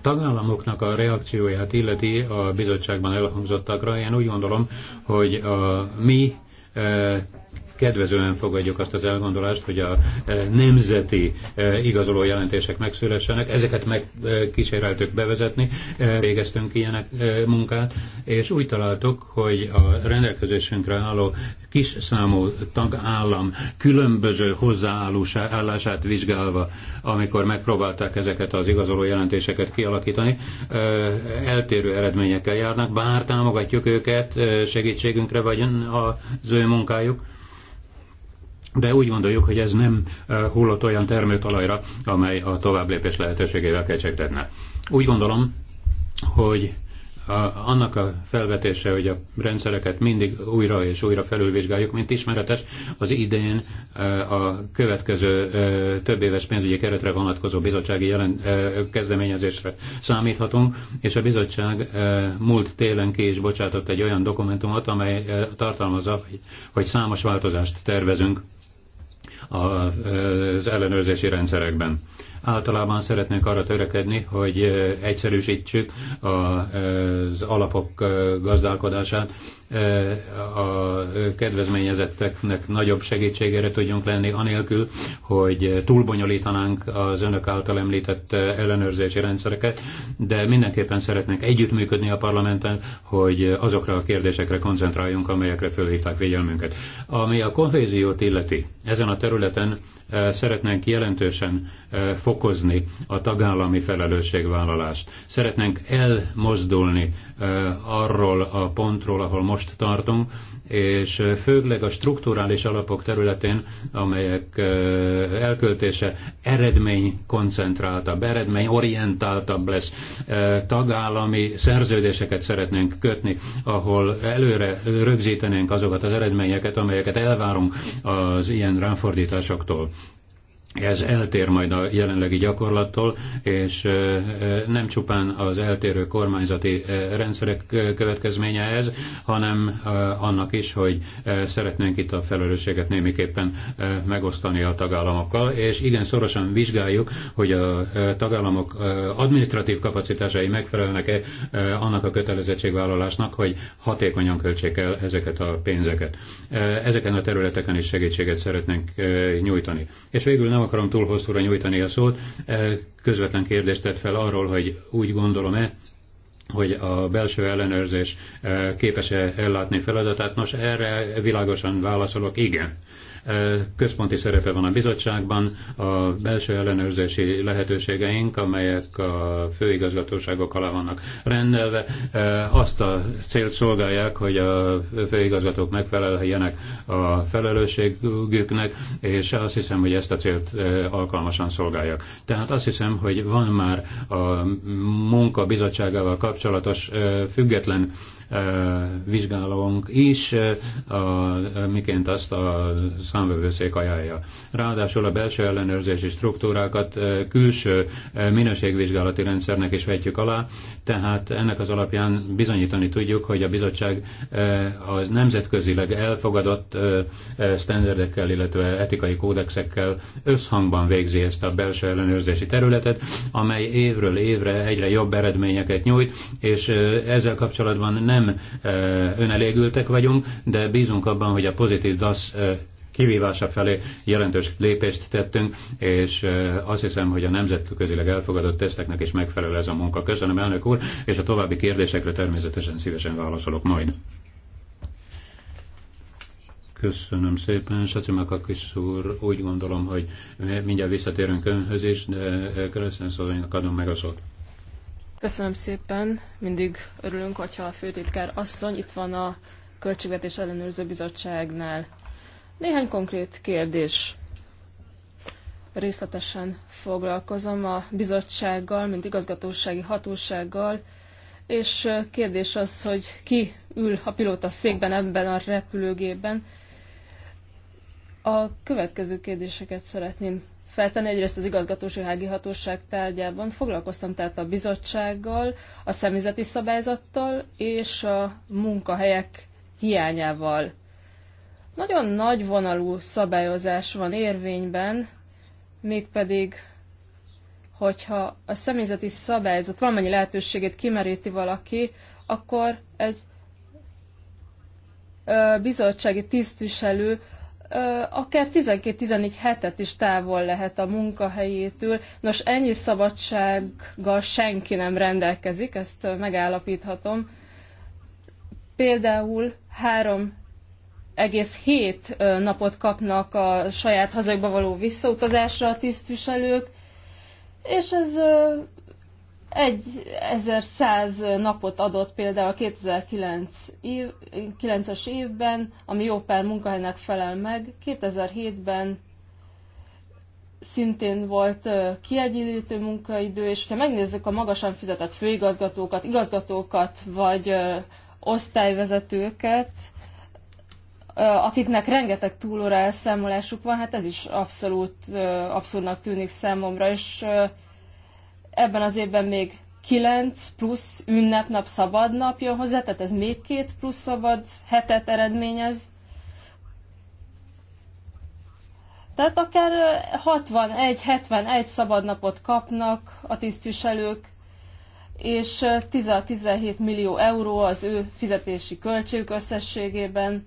tagállamoknak a reakcióját illeti a bizottságban elhangzottakra, én úgy gondolom, hogy a mi kedvezően fogadjuk azt az elgondolást, hogy a e, nemzeti e, igazoló jelentések megszülessenek. Ezeket megkíséreltük e, bevezetni, végeztünk ilyenek munkát, és úgy találtuk, hogy a rendelkezésünkre álló kis számú tagállam különböző hozzáállását vizsgálva, amikor megpróbálták ezeket az igazoló jelentéseket kialakítani, eltérő eredményekkel járnak, bár támogatjuk őket, segítségünkre vagy az ő munkájuk, de úgy gondoljuk, hogy ez nem hullott olyan termőtalajra, amely a továbblépés lehetőségével kecsegtetne. Úgy gondolom, hogy a, annak a felvetése, hogy a rendszereket mindig újra és újra felülvizsgáljuk, mint ismeretes, az idén a következő több éves pénzügyi keretre vonatkozó bizottsági jelen, kezdeményezésre számíthatunk, és a bizottság múlt télen ki is bocsátott egy olyan dokumentumot, amely tartalmazza, hogy számos változást tervezünk az ellenőrzési rendszerekben. Általában szeretnénk arra törekedni, hogy egyszerűsítsük az alapok gazdálkodását, a kedvezményezetteknek nagyobb segítségére tudjunk lenni, anélkül, hogy túlbonyolítanánk az önök által említett ellenőrzési rendszereket, de mindenképpen szeretnénk együttműködni a parlamenten, hogy azokra a kérdésekre koncentráljunk, amelyekre fölhívták figyelmünket. Ami a kohéziót illeti, ezen a területen területen szeretnénk jelentősen fokozni a tagállami felelősségvállalást. Szeretnénk elmozdulni arról a pontról, ahol most tartunk, és főleg a strukturális alapok területén, amelyek elköltése eredmény koncentráltabb, eredmény orientáltabb lesz. Tagállami szerződéseket szeretnénk kötni, ahol előre rögzítenénk azokat az eredményeket, amelyeket elvárunk az ilyen ráfordításoktól ez eltér majd a jelenlegi gyakorlattól, és nem csupán az eltérő kormányzati rendszerek következménye ez, hanem annak is, hogy szeretnénk itt a felelősséget némiképpen megosztani a tagállamokkal, és igen szorosan vizsgáljuk, hogy a tagállamok administratív kapacitásai megfelelnek-e annak a kötelezettségvállalásnak, hogy hatékonyan költsék el ezeket a pénzeket. Ezeken a területeken is segítséget szeretnénk nyújtani. És végül nem akarom túl hosszúra nyújtani a szót. Közvetlen kérdést tett fel arról, hogy úgy gondolom-e, hogy a belső ellenőrzés képes-e ellátni feladatát. Nos, erre világosan válaszolok, igen. Központi szerepe van a bizottságban, a belső ellenőrzési lehetőségeink, amelyek a főigazgatóságok alá vannak rendelve, azt a célt szolgálják, hogy a főigazgatók megfeleljenek a felelősségüknek, és azt hiszem, hogy ezt a célt alkalmasan szolgálják. Tehát azt hiszem, hogy van már a munka bizottságával kapcsolatos független vizsgálónk is, a, miként azt a számvevőszék ajánlja. Ráadásul a belső ellenőrzési struktúrákat külső minőségvizsgálati rendszernek is vetjük alá, tehát ennek az alapján bizonyítani tudjuk, hogy a bizottság az nemzetközileg elfogadott sztenderdekkel, illetve etikai kódexekkel összhangban végzi ezt a belső ellenőrzési területet, amely évről évre egyre jobb eredményeket nyújt, és ezzel kapcsolatban nem nem önelégültek vagyunk, de bízunk abban, hogy a pozitív DASZ kivívása felé jelentős lépést tettünk, és azt hiszem, hogy a nemzetközileg elfogadott teszteknek is megfelel ez a munka. Köszönöm, elnök úr, és a további kérdésekre természetesen szívesen válaszolok majd. Köszönöm szépen, Saci Makakis úr, úgy gondolom, hogy mindjárt visszatérünk önhöz is, de Keresztán adom meg a szót. Köszönöm szépen, mindig örülünk, hogyha a főtitkár asszony itt van a Költségvetés Ellenőrző Bizottságnál. Néhány konkrét kérdés. Részletesen foglalkozom a bizottsággal, mint igazgatósági hatósággal, és kérdés az, hogy ki ül a pilóta székben ebben a repülőgépben. A következő kérdéseket szeretném feltenni. Egyrészt az igazgatósági hatóság tárgyában foglalkoztam tehát a bizottsággal, a személyzeti szabályzattal és a munkahelyek hiányával. Nagyon nagy vonalú szabályozás van érvényben, mégpedig hogyha a személyzeti szabályzat valamennyi lehetőségét kimeríti valaki, akkor egy bizottsági tisztviselő akár 12-14 hetet is távol lehet a munkahelyétől. Nos, ennyi szabadsággal senki nem rendelkezik, ezt megállapíthatom. Például három egész hét napot kapnak a saját hazákba való visszautazásra a tisztviselők, és ez 1100 napot adott például 2009-es év, évben, ami jó pár munkahelynek felel meg. 2007-ben szintén volt kiegyenlítő munkaidő, és ha megnézzük a magasan fizetett főigazgatókat, igazgatókat, vagy osztályvezetőket, akiknek rengeteg túlóra elszámolásuk van, hát ez is abszolút abszurdnak tűnik számomra, és Ebben az évben még 9 plusz ünnepnap szabad nap jön hozzá, tehát ez még két plusz szabad hetet eredményez. Tehát akár 61-71 napot kapnak a tisztviselők, és 10-17 millió euró az ő fizetési költségük összességében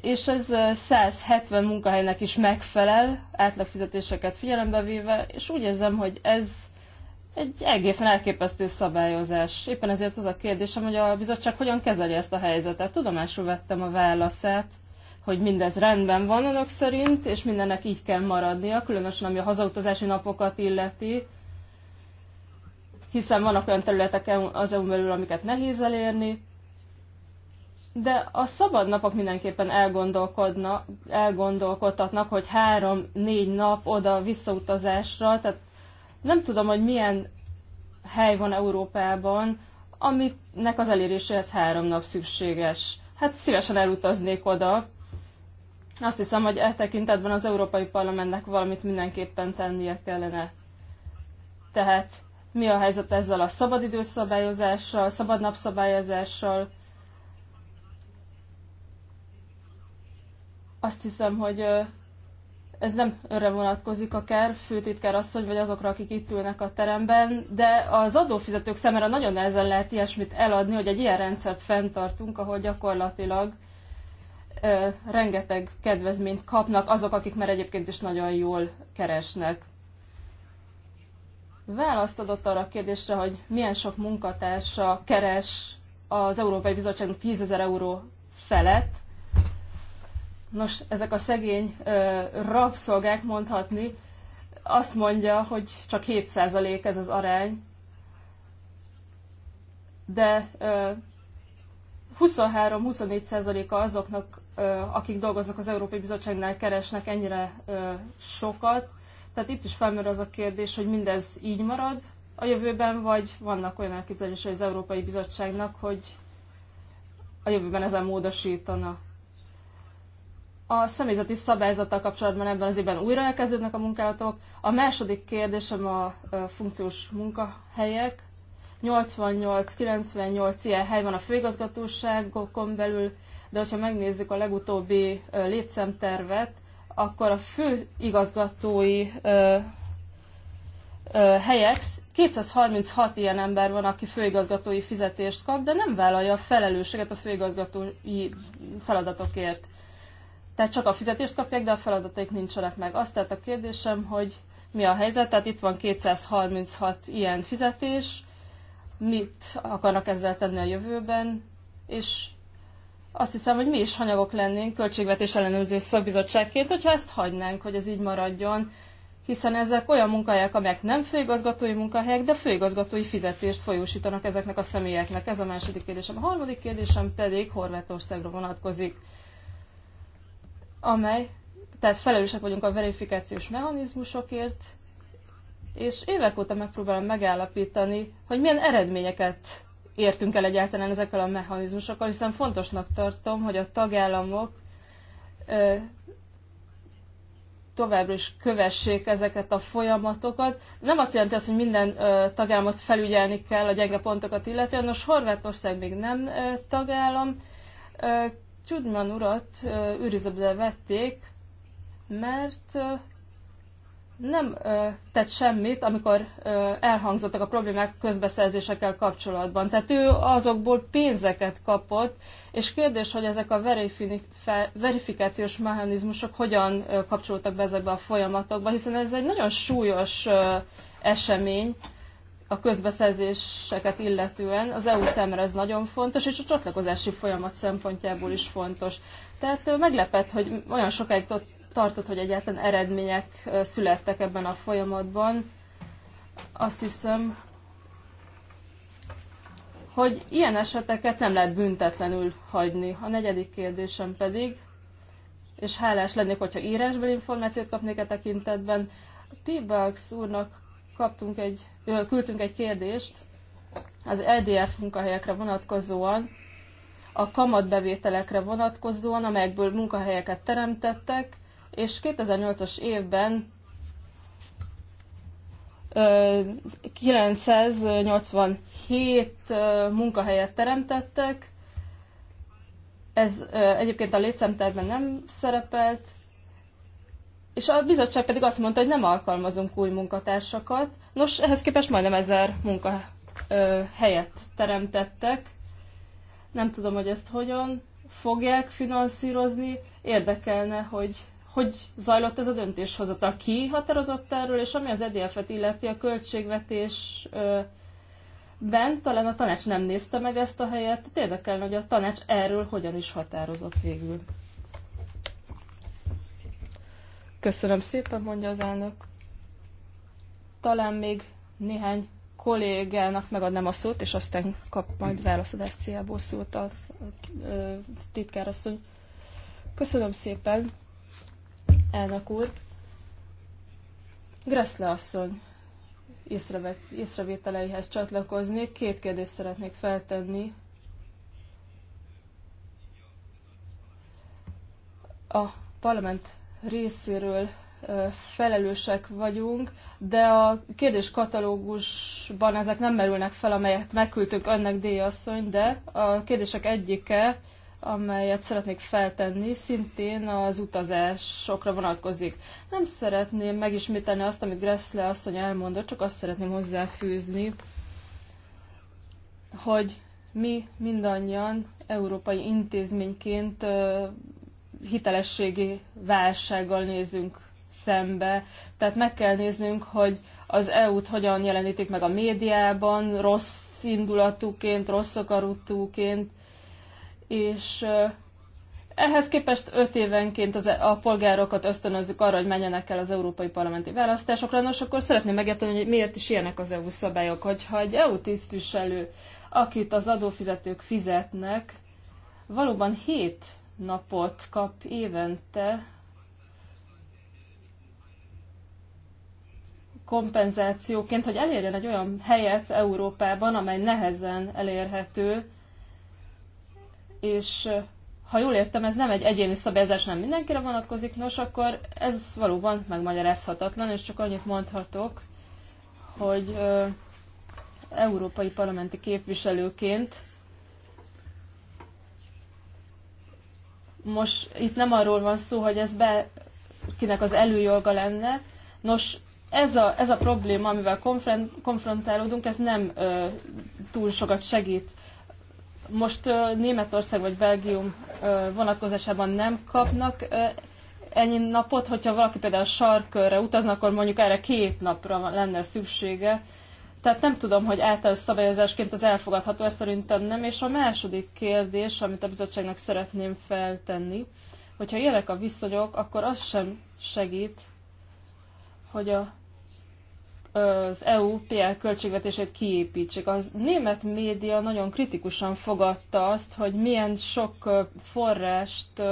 és ez 170 munkahelynek is megfelel, átlagfizetéseket figyelembe véve, és úgy érzem, hogy ez egy egészen elképesztő szabályozás. Éppen ezért az a kérdésem, hogy a bizottság hogyan kezeli ezt a helyzetet. Tudomásul vettem a válaszát, hogy mindez rendben van önök szerint, és mindennek így kell maradnia, különösen ami a hazautazási napokat illeti, hiszen vannak olyan területek az EU-n belül, amiket nehéz elérni, de a szabad napok mindenképpen elgondolkodnak, elgondolkodtatnak, hogy három-négy nap oda visszautazásra, tehát nem tudom, hogy milyen hely van Európában, aminek az eléréséhez három nap szükséges. Hát szívesen elutaznék oda. Azt hiszem, hogy e tekintetben az Európai Parlamentnek valamit mindenképpen tennie kellene. Tehát mi a helyzet ezzel a szabadidőszabályozással, szabadnapszabályozással, Azt hiszem, hogy ez nem önre vonatkozik ker főtitkár asszony, vagy azokra, akik itt ülnek a teremben, de az adófizetők szemére nagyon nehezen lehet ilyesmit eladni, hogy egy ilyen rendszert fenntartunk, ahol gyakorlatilag ö, rengeteg kedvezményt kapnak azok, akik már egyébként is nagyon jól keresnek. Választ adott arra a kérdésre, hogy milyen sok munkatársa keres az Európai Bizottságnak 10 euró felett, Nos, ezek a szegény rabszolgák mondhatni, azt mondja, hogy csak 7% ez az arány, de 23-24%-a azoknak, akik dolgoznak az Európai Bizottságnál, keresnek ennyire sokat. Tehát itt is felmerül az a kérdés, hogy mindez így marad a jövőben, vagy vannak olyan elképzelései az Európai Bizottságnak, hogy a jövőben ezen módosítana a személyzeti szabályzattal kapcsolatban ebben az évben újra elkezdődnek a munkálatok. A második kérdésem a funkciós munkahelyek. 88-98 ilyen hely van a főigazgatóságokon belül, de hogyha megnézzük a legutóbbi létszámtervet, akkor a főigazgatói helyek 236 ilyen ember van, aki főigazgatói fizetést kap, de nem vállalja a felelősséget a főigazgatói feladatokért. Tehát csak a fizetést kapják, de a feladataik nincsenek meg. Azt tehát a kérdésem, hogy mi a helyzet, tehát itt van 236 ilyen fizetés, mit akarnak ezzel tenni a jövőben, és azt hiszem, hogy mi is hanyagok lennénk költségvetés ellenőrző szakbizottságként, hogyha ezt hagynánk, hogy ez így maradjon, hiszen ezek olyan munkahelyek, amelyek nem főigazgatói munkahelyek, de főigazgatói fizetést folyósítanak ezeknek a személyeknek. Ez a második kérdésem. A harmadik kérdésem pedig Horvátországra vonatkozik amely, tehát felelősek vagyunk a verifikációs mechanizmusokért, és évek óta megpróbálom megállapítani, hogy milyen eredményeket értünk el egyáltalán ezekkel a mechanizmusokkal, hiszen fontosnak tartom, hogy a tagállamok ö, továbbra is kövessék ezeket a folyamatokat. Nem azt jelenti az, hogy minden ö, tagállamot felügyelni kell a gyenge pontokat illetően, nos Horvátország még nem ö, tagállam, ö, Tudman urat őrizetbe vették, mert nem tett semmit, amikor elhangzottak a problémák közbeszerzésekkel kapcsolatban. Tehát ő azokból pénzeket kapott, és kérdés, hogy ezek a verifikációs mechanizmusok hogyan kapcsolódtak be ezekbe a folyamatokba, hiszen ez egy nagyon súlyos esemény, a közbeszerzéseket illetően. Az EU számára ez nagyon fontos, és a csatlakozási folyamat szempontjából is fontos. Tehát meglepett, hogy olyan sokáig tartott, hogy egyáltalán eredmények születtek ebben a folyamatban. Azt hiszem, hogy ilyen eseteket nem lehet büntetlenül hagyni. A negyedik kérdésem pedig, és hálás lennék, hogyha írásból információt kapnék a e tekintetben, P. úrnak kaptunk egy küldtünk egy kérdést az LDF e munkahelyekre vonatkozóan, a kamatbevételekre vonatkozóan, amelyekből munkahelyeket teremtettek, és 2008-as évben 987 munkahelyet teremtettek, ez egyébként a létszámterben nem szerepelt, és a bizottság pedig azt mondta, hogy nem alkalmazunk új munkatársakat. Nos, ehhez képest majdnem ezer munka ö, helyet teremtettek. Nem tudom, hogy ezt hogyan fogják finanszírozni. Érdekelne, hogy hogy zajlott ez a döntéshozata. Ki határozott erről, és ami az EDF-et illeti a költségvetés ö, bent, talán a tanács nem nézte meg ezt a helyet. Érdekelne, hogy a tanács erről hogyan is határozott végül. Köszönöm szépen, mondja az elnök. Talán még néhány kollégának megadnám a szót, és aztán kap majd válaszadás céljából szót a, titkárasszony. Köszönöm szépen, elnök úr. Greszle asszony észrevételeihez csatlakozni. Két kérdést szeretnék feltenni. A parlament részéről felelősek vagyunk, de a kérdéskatalógusban ezek nem merülnek fel, amelyet megküldtünk önnek, Déja asszony, de a kérdések egyike, amelyet szeretnék feltenni, szintén az utazásokra vonatkozik. Nem szeretném megismételni azt, amit Gressle asszony elmondott, csak azt szeretném hozzáfűzni, hogy mi mindannyian európai intézményként hitelességi válsággal nézünk szembe. Tehát meg kell néznünk, hogy az EU-t hogyan jelenítik meg a médiában, rossz indulatúként, rossz akaratúként, és ehhez képest öt évenként az, e- a polgárokat ösztönözzük arra, hogy menjenek el az európai parlamenti választásokra. Nos, akkor szeretném megérteni, hogy miért is ilyenek az EU szabályok. Hogyha egy EU tisztviselő, akit az adófizetők fizetnek, valóban hét napot kap évente kompenzációként, hogy elérjen egy olyan helyet Európában, amely nehezen elérhető, és ha jól értem, ez nem egy egyéni szabályozás, nem mindenkire vonatkozik, nos, akkor ez valóban megmagyarázhatatlan, és csak annyit mondhatok, hogy ö, európai parlamenti képviselőként Most itt nem arról van szó, hogy ez be, kinek az előjoga lenne. Nos, ez a, ez a probléma, amivel konfront, konfrontálódunk, ez nem ö, túl sokat segít. Most ö, Németország vagy Belgium ö, vonatkozásában nem kapnak ö, ennyi napot, hogyha valaki például a sarkörre utazna, akkor mondjuk erre két napra lenne szüksége. Ö, tehát nem tudom, hogy általános szabályozásként ez elfogadható, ez szerintem nem. És a második kérdés, amit a bizottságnak szeretném feltenni, hogyha ilyenek a viszonyok, akkor az sem segít, hogy a, az EU PL költségvetését kiépítsék. A német média nagyon kritikusan fogadta azt, hogy milyen sok forrást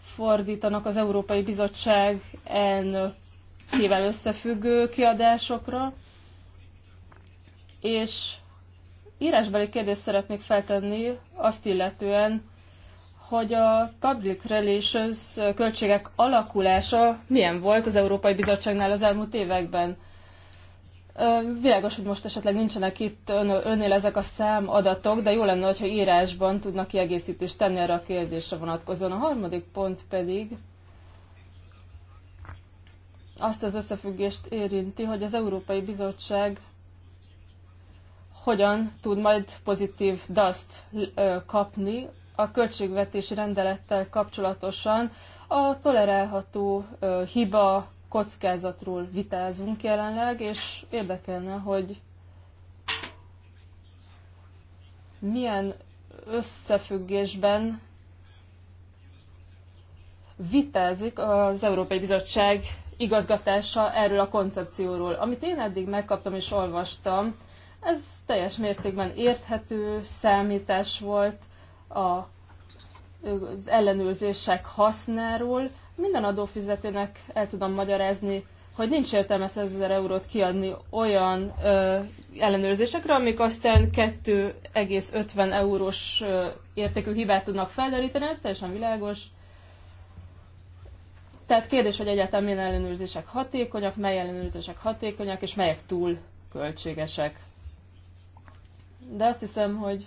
fordítanak az Európai Bizottság elnökével összefüggő kiadásokra, és írásbeli kérdést szeretnék feltenni azt illetően, hogy a public relations költségek alakulása milyen volt az Európai Bizottságnál az elmúlt években. Világos, hogy most esetleg nincsenek itt önnél ezek a számadatok, de jó lenne, hogyha írásban tudnak kiegészítést tenni erre a kérdésre vonatkozóan. A harmadik pont pedig azt az összefüggést érinti, hogy az Európai Bizottság hogyan tud majd pozitív DAST kapni a költségvetési rendelettel kapcsolatosan. A tolerálható hiba kockázatról vitázunk jelenleg, és érdekelne, hogy milyen összefüggésben vitázik az Európai Bizottság igazgatása erről a koncepcióról. Amit én eddig megkaptam és olvastam, ez teljes mértékben érthető számítás volt a, az ellenőrzések hasznáról. Minden adófizetőnek el tudom magyarázni, hogy nincs értelme 100 ezer eurót kiadni olyan ö, ellenőrzésekre, amik aztán 2,50 eurós ö, értékű hibát tudnak felderíteni, ez teljesen világos. Tehát kérdés, hogy egyáltalán milyen ellenőrzések hatékonyak, mely ellenőrzések hatékonyak, és melyek túl költségesek. De azt hiszem, hogy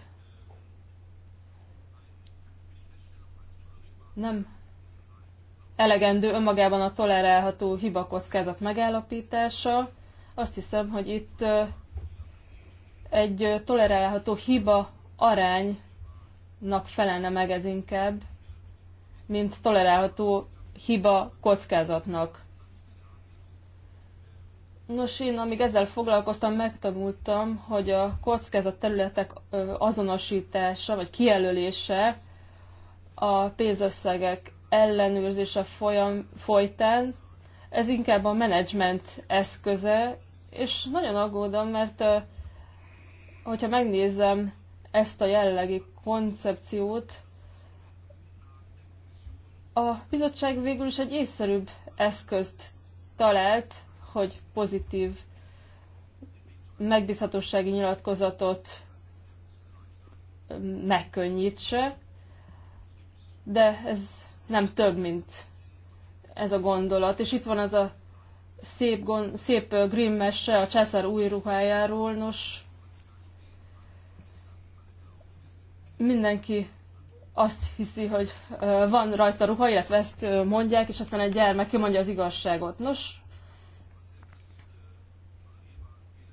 nem elegendő önmagában a tolerálható hibakockázat megállapítása. Azt hiszem, hogy itt egy tolerálható hiba aránynak felelne meg ez inkább, mint tolerálható hiba kockázatnak. Nos, én amíg ezzel foglalkoztam, megtanultam, hogy a kockázat területek azonosítása vagy kijelölése a pénzösszegek ellenőrzése folyam, folytán, ez inkább a menedzsment eszköze, és nagyon aggódom, mert hogyha megnézem ezt a jellegi koncepciót, a bizottság végül is egy észszerűbb eszközt talált, hogy pozitív megbízhatósági nyilatkozatot megkönnyítse, mm, de ez nem több, mint ez a gondolat. És itt van az a szép, gond, szép Grimm mese a császár új ruhájáról, nos, mindenki azt hiszi, hogy van rajta ruha, illetve ezt mondják, és aztán egy gyermek kimondja az igazságot. Nos,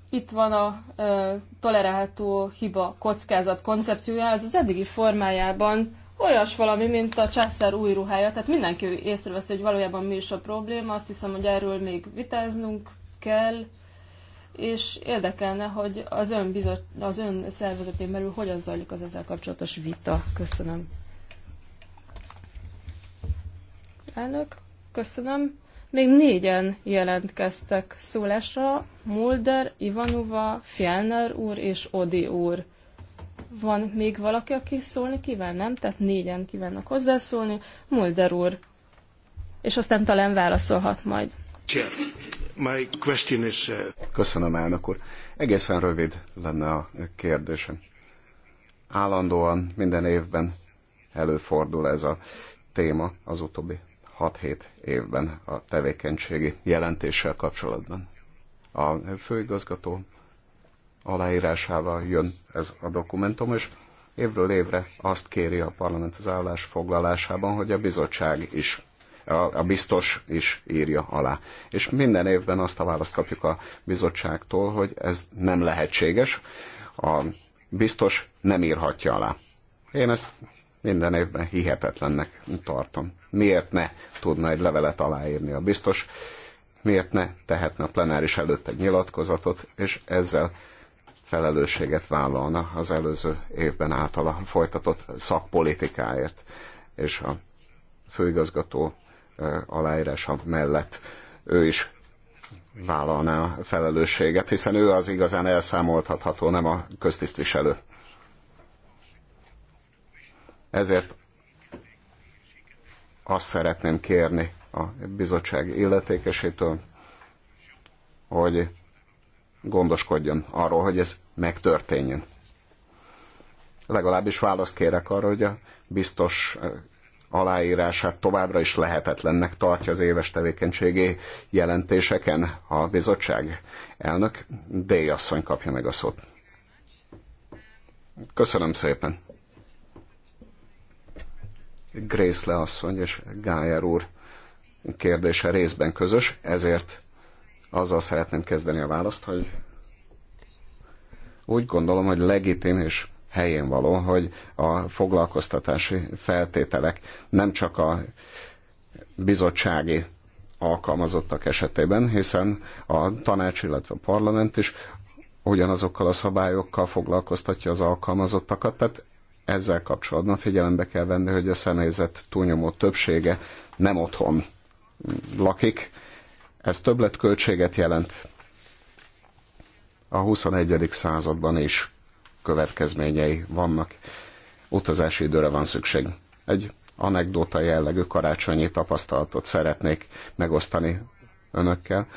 itt van a ö, tolerálható hiba kockázat koncepciója, ez az eddigi formájában olyas valami, mint a császár új ruhája, tehát mindenki észreveszi, hogy valójában mi is a probléma, azt hiszem, hogy erről még vitáznunk kell, és érdekelne, hogy az ön, bizot, az ön szervezetén belül hogyan zajlik az ezzel kapcsolatos vita. Köszönöm. Elnök, köszönöm. Még négyen jelentkeztek szólásra, Mulder, Ivanova, Fjellner úr és Odi úr. Van még valaki, aki szólni kíván? Nem? Tehát négyen kívánnak hozzászólni. Mulder úr. És aztán talán válaszolhat majd. My question is, uh, Köszönöm, elnök úr. Egészen rövid lenne a kérdésem. Állandóan minden évben előfordul ez a téma az utóbbi 6-7 évben a tevékenységi jelentéssel kapcsolatban. A főigazgató aláírásával jön ez a dokumentum, és évről évre azt kéri a parlament az foglalásában, hogy a bizottság is, a, biztos is írja alá. És minden évben azt a választ kapjuk a bizottságtól, hogy ez nem lehetséges, a biztos nem írhatja alá. Én ezt minden évben hihetetlennek tartom. Miért ne tudna egy levelet aláírni a biztos, miért ne tehetne a plenáris előtt egy nyilatkozatot, és ezzel felelősséget vállalna az előző évben általa folytatott szakpolitikáért, és a főigazgató aláírása mellett ő is vállalná a felelősséget, hiszen ő az igazán elszámoltatható, nem a köztisztviselő. Ezért azt szeretném kérni a bizottság illetékesétől, hogy gondoskodjon arról, hogy ez megtörténjen. Legalábbis választ kérek arra, hogy a biztos eh, aláírását továbbra is lehetetlennek tartja az éves tevékenységi jelentéseken a bizottság elnök. D. asszony kapja meg a szót. Köszönöm szépen. Grészle asszony és Gájer úr kérdése részben közös, ezért azzal szeretném kezdeni a választ, hogy úgy gondolom, hogy legitim és helyén való, hogy a foglalkoztatási feltételek nem csak a bizottsági alkalmazottak esetében, hiszen a tanács, illetve a parlament is ugyanazokkal a szabályokkal foglalkoztatja az alkalmazottakat, tehát ezzel kapcsolatban figyelembe kell venni, hogy a személyzet túlnyomó többsége nem otthon lakik. Ez többletköltséget jelent a 21. században is következményei vannak. Utazási időre van szükség. Egy anekdóta jellegű karácsonyi tapasztalatot szeretnék megosztani önökkel.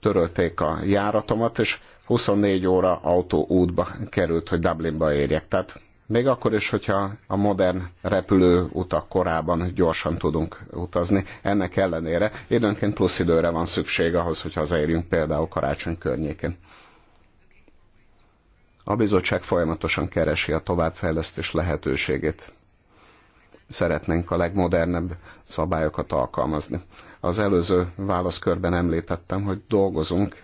Törölték a járatomat, és 24 óra autóútba került, hogy Dublinba érjek. Tehát még akkor is, hogyha a modern repülő utak korában gyorsan tudunk utazni. Ennek ellenére időnként plusz időre van szükség ahhoz, hogy hazaérjünk például karácsony környékén. A bizottság folyamatosan keresi a továbbfejlesztés lehetőségét. Szeretnénk a legmodernebb szabályokat alkalmazni. Az előző válaszkörben említettem, hogy dolgozunk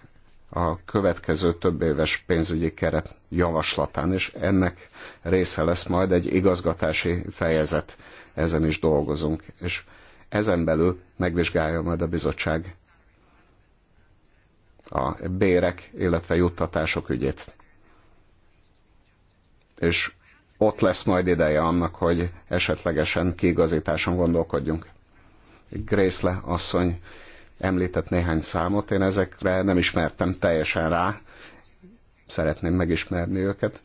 a következő több éves pénzügyi keret javaslatán, és ennek része lesz majd egy igazgatási fejezet, ezen is dolgozunk, és ezen belül megvizsgálja majd a bizottság a bérek, illetve juttatások ügyét. És ott lesz majd ideje annak, hogy esetlegesen kiigazításon gondolkodjunk. Grészle asszony említett néhány számot, én ezekre nem ismertem teljesen rá, szeretném megismerni őket.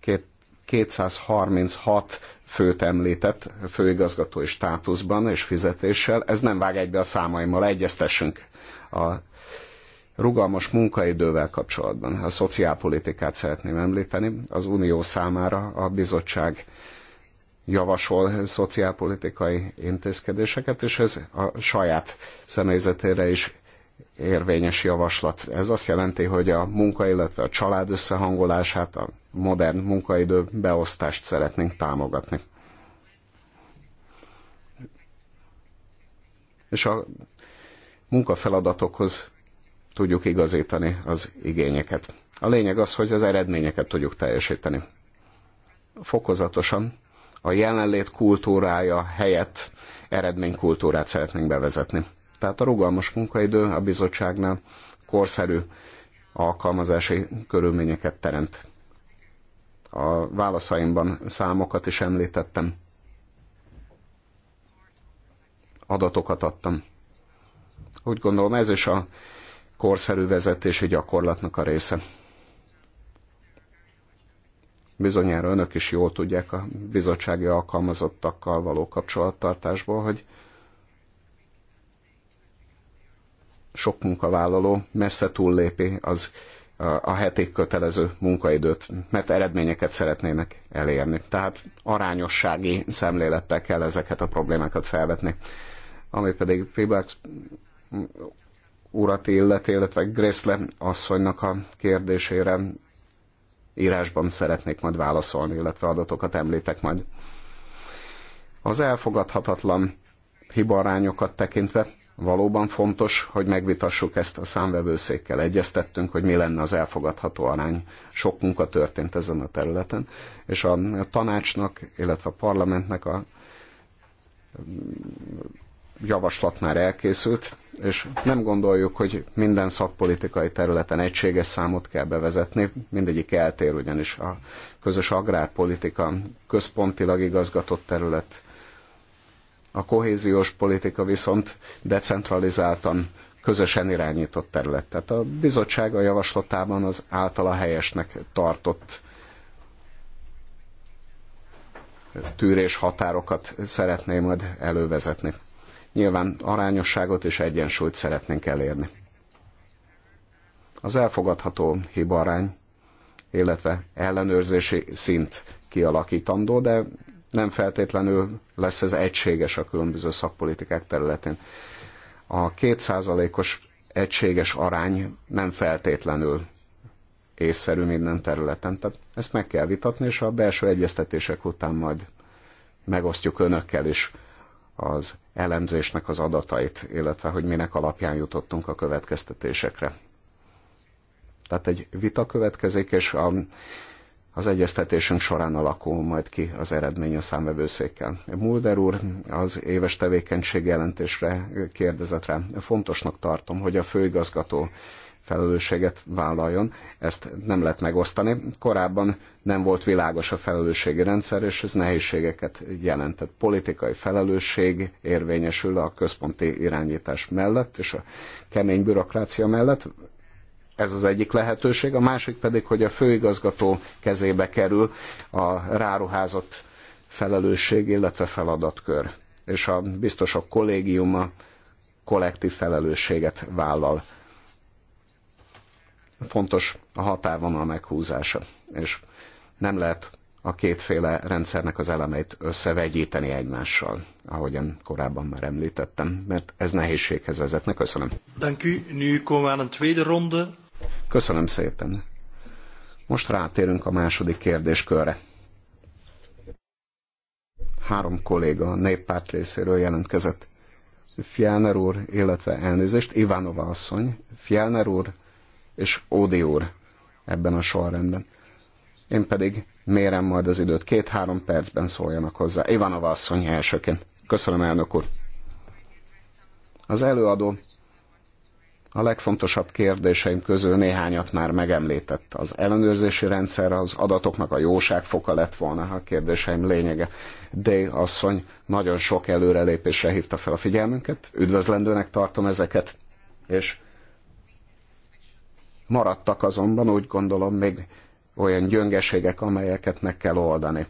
Két, 236 főt említett főigazgatói státuszban és fizetéssel, ez nem vág egybe a számaimmal, egyeztessünk a rugalmas munkaidővel kapcsolatban. A szociálpolitikát szeretném említeni. Az Unió számára a bizottság javasol szociálpolitikai intézkedéseket, és ez a saját személyzetére is érvényes javaslat. Ez azt jelenti, hogy a munka, illetve a család összehangolását, a modern munkaidő beosztást szeretnénk támogatni. És a munkafeladatokhoz tudjuk igazítani az igényeket. A lényeg az, hogy az eredményeket tudjuk teljesíteni. Fokozatosan a jelenlét kultúrája helyett eredménykultúrát szeretnénk bevezetni. Tehát a rugalmas munkaidő a bizottságnál korszerű alkalmazási körülményeket teremt. A válaszaimban számokat is említettem, adatokat adtam. Úgy gondolom ez is a korszerű vezetési gyakorlatnak a része. Bizonyára önök is jól tudják a bizottsági alkalmazottakkal való kapcsolattartásból, hogy sok munkavállaló messze túllépi az a heti kötelező munkaidőt, mert eredményeket szeretnének elérni. Tehát arányossági szemlélettel kell ezeket a problémákat felvetni. Ami pedig Pibax urat illet, illetve Grészle asszonynak a kérdésére írásban szeretnék majd válaszolni, illetve adatokat említek majd. Az elfogadhatatlan hibarányokat tekintve valóban fontos, hogy megvitassuk ezt a számvevőszékkel. Egyeztettünk, hogy mi lenne az elfogadható arány. Sok munka történt ezen a területen, és a tanácsnak, illetve a parlamentnek a javaslat már elkészült, és nem gondoljuk, hogy minden szakpolitikai területen egységes számot kell bevezetni, mindegyik eltér ugyanis a közös agrárpolitika központilag igazgatott terület. A kohéziós politika viszont decentralizáltan közösen irányított terület. Tehát a bizottság a javaslatában az általa helyesnek tartott tűrés határokat szeretné majd elővezetni. Nyilván arányosságot és egyensúlyt szeretnénk elérni. Az elfogadható arány, illetve ellenőrzési szint kialakítandó, de nem feltétlenül lesz ez egységes a különböző szakpolitikák területén. A kétszázalékos egységes arány nem feltétlenül észszerű minden területen. Tehát ezt meg kell vitatni, és a belső egyeztetések után majd megosztjuk önökkel is az elemzésnek az adatait, illetve hogy minek alapján jutottunk a következtetésekre. Tehát egy vita következik, és a, az egyeztetésünk során alakul majd ki az eredmény a számvevőszékkel. Mulder úr az éves tevékenység jelentésre kérdezett rá. Fontosnak tartom, hogy a főigazgató felelősséget vállaljon. Ezt nem lehet megosztani. Korábban nem volt világos a felelősségi rendszer, és ez nehézségeket jelentett. Politikai felelősség érvényesül a központi irányítás mellett, és a kemény bürokrácia mellett. Ez az egyik lehetőség. A másik pedig, hogy a főigazgató kezébe kerül a ráruházott felelősség, illetve feladatkör. És a biztosok kollégiuma kollektív felelősséget vállal Fontos a határvonal meghúzása, és nem lehet a kétféle rendszernek az elemeit összevegyíteni egymással, ahogyan korábban már említettem, mert ez nehézséghez vezetne. Köszönöm. Dank u. Nu komen we aan tweede ronde. Köszönöm szépen. Most rátérünk a második kérdéskörre. Három kolléga a néppárt részéről jelentkezett. Fjellner úr, illetve elnézést, Ivanova asszony, Fjellner úr, és Ódi úr ebben a sorrendben. Én pedig mérem majd az időt. Két-három percben szóljanak hozzá. Ivanova asszony elsőként. Köszönöm, elnök úr. Az előadó a legfontosabb kérdéseim közül néhányat már megemlített. Az ellenőrzési rendszer az adatoknak a jóságfoka lett volna a kérdéseim lényege. D. asszony nagyon sok előrelépésre hívta fel a figyelmünket, üdvözlendőnek tartom ezeket, és Maradtak azonban úgy gondolom még olyan gyöngeségek, amelyeket meg kell oldani.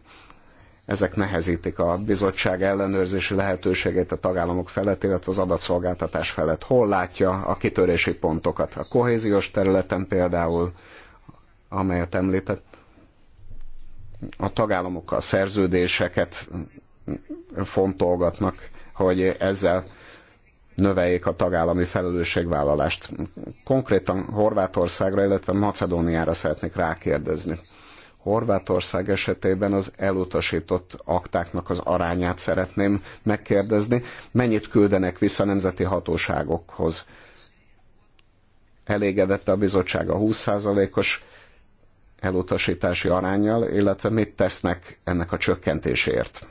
Ezek nehezítik a bizottság ellenőrzési lehetőségét a tagállamok felett, illetve az adatszolgáltatás felett. Hol látja a kitörési pontokat? A kohéziós területen például, amelyet említett, a tagállamokkal szerződéseket fontolgatnak, hogy ezzel növeljék a tagállami felelősségvállalást. Konkrétan Horvátországra, illetve Macedóniára szeretnék rákérdezni. Horvátország esetében az elutasított aktáknak az arányát szeretném megkérdezni. Mennyit küldenek vissza nemzeti hatóságokhoz? Elégedette a bizottság a 20%-os elutasítási arányjal, illetve mit tesznek ennek a csökkentésért?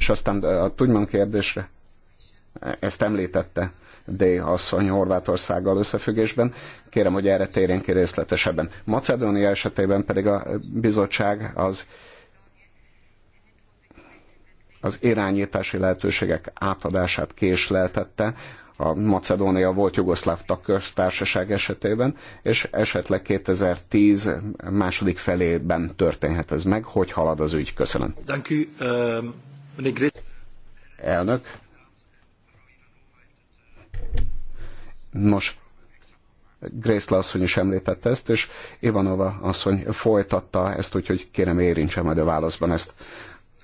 És aztán a Tudjman kérdésre, ezt említette D. asszony Horvátországgal összefüggésben, kérem, hogy erre térjen ki részletesebben. Macedónia esetében pedig a bizottság az az irányítási lehetőségek átadását késleltette a Macedónia volt Jugoszláv tagköztársaság esetében, és esetleg 2010 második felében történhet ez meg. Hogy halad az ügy? Köszönöm. Um, Elnök. Nos, Grace asszony is említette ezt, és Ivanova asszony folytatta ezt, úgyhogy kérem érintse majd a válaszban ezt.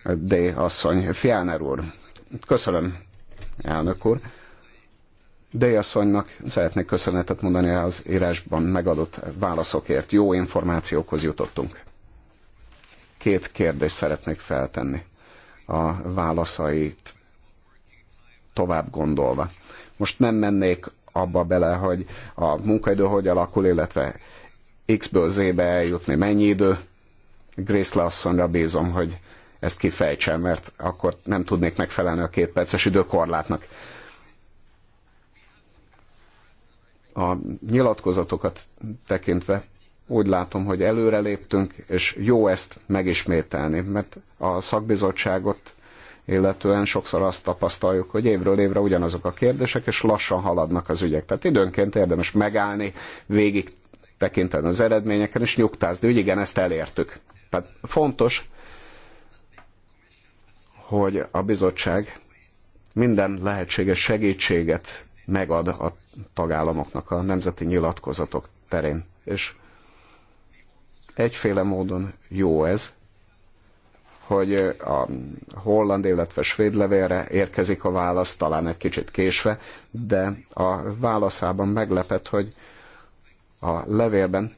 D. asszony, Fjellner úr. Köszönöm, elnök úr. D. asszonynak szeretnék köszönetet mondani az írásban megadott válaszokért. Jó információkhoz jutottunk. Két kérdést szeretnék feltenni a válaszait tovább gondolva. Most nem mennék abba bele, hogy a munkaidő hogy alakul, illetve X-ből Z-be eljutni mennyi idő. Grace Lassonra bízom, hogy ezt kifejtsem, mert akkor nem tudnék megfelelni a két perces időkorlátnak. A nyilatkozatokat tekintve úgy látom, hogy előreléptünk, és jó ezt megismételni, mert a szakbizottságot illetően sokszor azt tapasztaljuk, hogy évről évre ugyanazok a kérdések, és lassan haladnak az ügyek. Tehát időnként érdemes megállni, végig tekinteni az eredményeken, és nyugtázni, hogy igen, ezt elértük. Tehát fontos, hogy a bizottság minden lehetséges segítséget megad a tagállamoknak a nemzeti nyilatkozatok terén. És egyféle módon jó ez, hogy a holland, illetve svéd levélre érkezik a válasz, talán egy kicsit késve, de a válaszában meglepett, hogy a levélben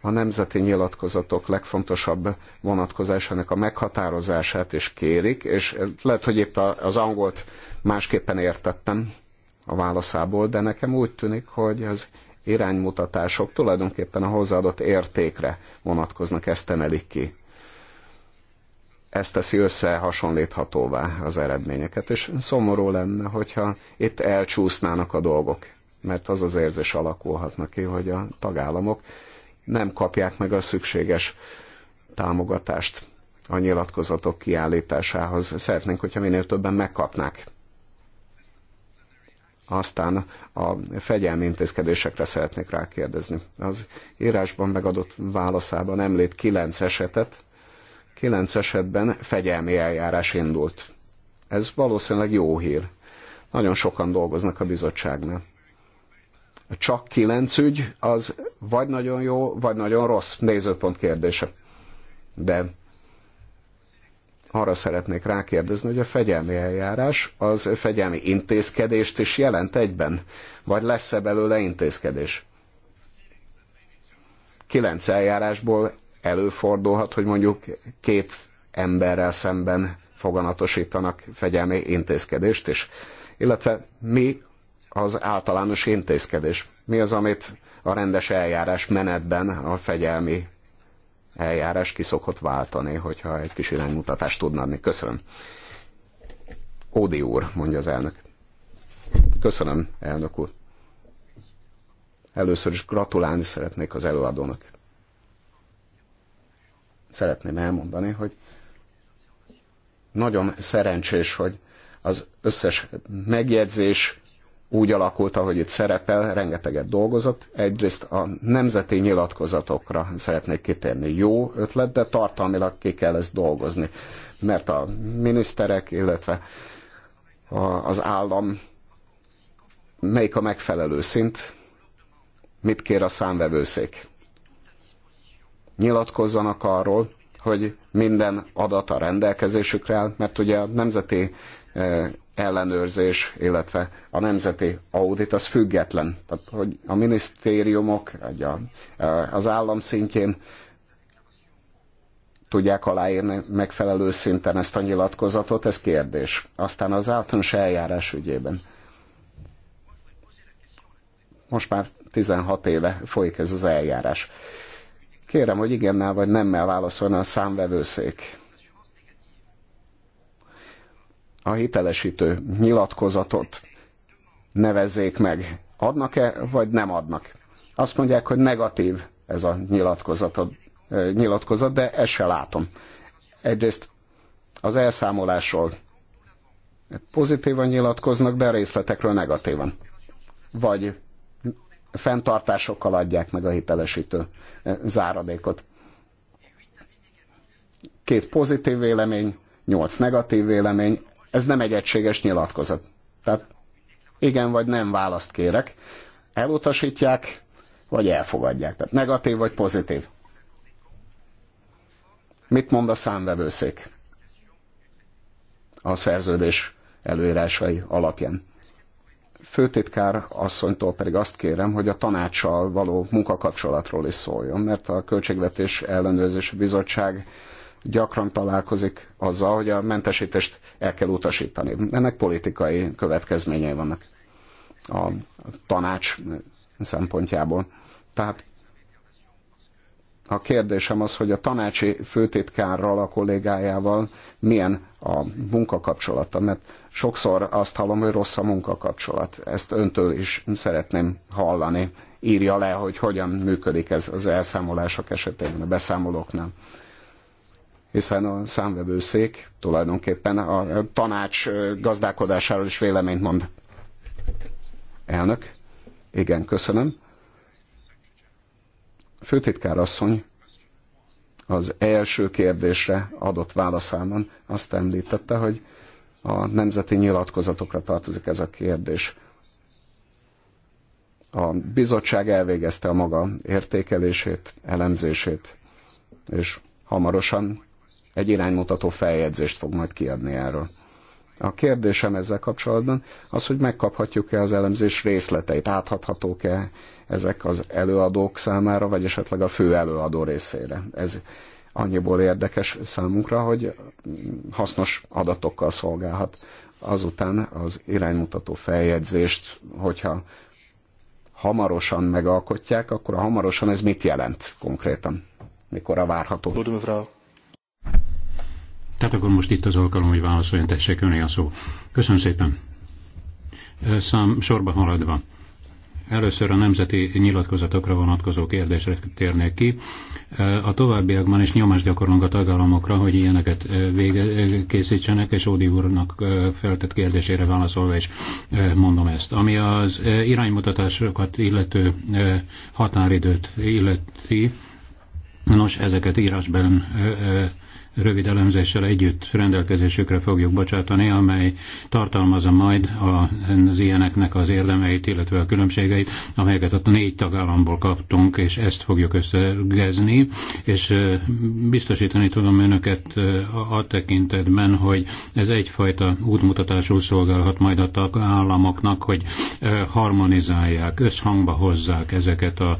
a nemzeti nyilatkozatok legfontosabb vonatkozásának a meghatározását is kérik, és lehet, hogy épp az angolt másképpen értettem a válaszából, de nekem úgy tűnik, hogy az iránymutatások tulajdonképpen a hozzáadott értékre vonatkoznak, ezt emelik ki. Ezt teszi összehasonlíthatóvá az eredményeket, és szomorú lenne, hogyha itt elcsúsznának a dolgok, mert az az érzés alakulhatna ki, hogy a tagállamok nem kapják meg a szükséges támogatást a nyilatkozatok kiállításához. Szeretnénk, hogyha minél többen megkapnák aztán a fegyelmi intézkedésekre szeretnék rákérdezni. Az írásban megadott válaszában említ kilenc esetet. Kilenc esetben fegyelmi eljárás indult. Ez valószínűleg jó hír. Nagyon sokan dolgoznak a bizottságnál csak kilenc ügy, az vagy nagyon jó, vagy nagyon rossz nézőpont kérdése. De arra szeretnék rákérdezni, hogy a fegyelmi eljárás az fegyelmi intézkedést is jelent egyben, vagy lesz-e belőle intézkedés? Kilenc eljárásból előfordulhat, hogy mondjuk két emberrel szemben foganatosítanak fegyelmi intézkedést is. Illetve mi az általános intézkedés? Mi az, amit a rendes eljárás menetben a fegyelmi eljárás szokott váltani, hogyha egy kis iránymutatást tudna adni. Köszönöm. Ódi úr, mondja az elnök. Köszönöm, elnök úr. Először is gratulálni szeretnék az előadónak. Szeretném elmondani, hogy nagyon szerencsés, hogy az összes megjegyzés úgy alakult, ahogy itt szerepel, rengeteget dolgozott. Egyrészt a nemzeti nyilatkozatokra szeretnék kitérni. Jó ötlet, de tartalmilag ki kell ezt dolgozni, mert a miniszterek, illetve az állam melyik a megfelelő szint, mit kér a számvevőszék. Nyilatkozzanak arról, hogy minden adat a rendelkezésükre áll, mert ugye a nemzeti eh, ellenőrzés, illetve a nemzeti audit az független. Tehát, hogy a minisztériumok vagy a, eh, az állam szintjén tudják aláírni megfelelő szinten ezt a nyilatkozatot, ez kérdés. Aztán az általános eljárás ügyében. Most már 16 éve folyik ez az eljárás. Kérem, hogy igennel vagy nemmel válaszolna a számvevőszék a hitelesítő nyilatkozatot nevezzék meg. Adnak-e, vagy nem adnak? Azt mondják, hogy negatív ez a nyilatkozat, nyilatkozat de ezt se látom. Egyrészt az elszámolásról pozitívan nyilatkoznak, de a részletekről negatívan. Vagy fenntartásokkal adják meg a hitelesítő záradékot. Két pozitív vélemény, nyolc negatív vélemény, ez nem egy egységes nyilatkozat. Tehát igen vagy nem választ kérek. Elutasítják, vagy elfogadják. Tehát negatív vagy pozitív. Mit mond a számvevőszék a szerződés előírásai alapján? Főtitkár asszonytól pedig azt kérem, hogy a tanácssal való munkakapcsolatról is szóljon, mert a Költségvetés Ellenőrzési Bizottság gyakran találkozik azzal, hogy a mentesítést el kell utasítani. Ennek politikai következményei vannak a tanács szempontjából. Tehát a kérdésem az, hogy a tanácsi főtitkárral, a kollégájával milyen a munkakapcsolata, mert sokszor azt hallom, hogy rossz a munkakapcsolat. Ezt öntől is szeretném hallani. Írja le, hogy hogyan működik ez az elszámolások esetében, a beszámolóknál hiszen a számvevőszék tulajdonképpen a tanács gazdálkodásáról is véleményt mond. Elnök, igen, köszönöm. Főtitkár asszony az első kérdésre adott válaszában azt említette, hogy a nemzeti nyilatkozatokra tartozik ez a kérdés. A bizottság elvégezte a maga értékelését, elemzését, és hamarosan egy iránymutató feljegyzést fog majd kiadni erről. A kérdésem ezzel kapcsolatban az, hogy megkaphatjuk-e az elemzés részleteit, áthathatók-e ezek az előadók számára, vagy esetleg a fő előadó részére. Ez annyiból érdekes számunkra, hogy hasznos adatokkal szolgálhat. Azután az iránymutató feljegyzést, hogyha hamarosan megalkotják, akkor a hamarosan ez mit jelent konkrétan? Mikor a várható? Tudom, tehát akkor most itt az alkalom, hogy válaszoljon, tessék öné a szó. Köszönöm szépen. Szám sorba haladva. Először a nemzeti nyilatkozatokra vonatkozó kérdésre térnék ki. A továbbiakban is nyomást gyakorlunk a tagállamokra, hogy ilyeneket vége, készítsenek, és Ódi úrnak feltett kérdésére válaszolva is mondom ezt. Ami az iránymutatásokat illető határidőt illeti, nos, ezeket írásban rövid elemzéssel együtt rendelkezésükre fogjuk bocsátani, amely tartalmazza majd az ilyeneknek az érdemeit, illetve a különbségeit, amelyeket a négy tagállamból kaptunk, és ezt fogjuk összegezni, és biztosítani tudom önöket a tekintetben, hogy ez egyfajta útmutatású szolgálhat majd a tagállamoknak, hogy harmonizálják, összhangba hozzák ezeket a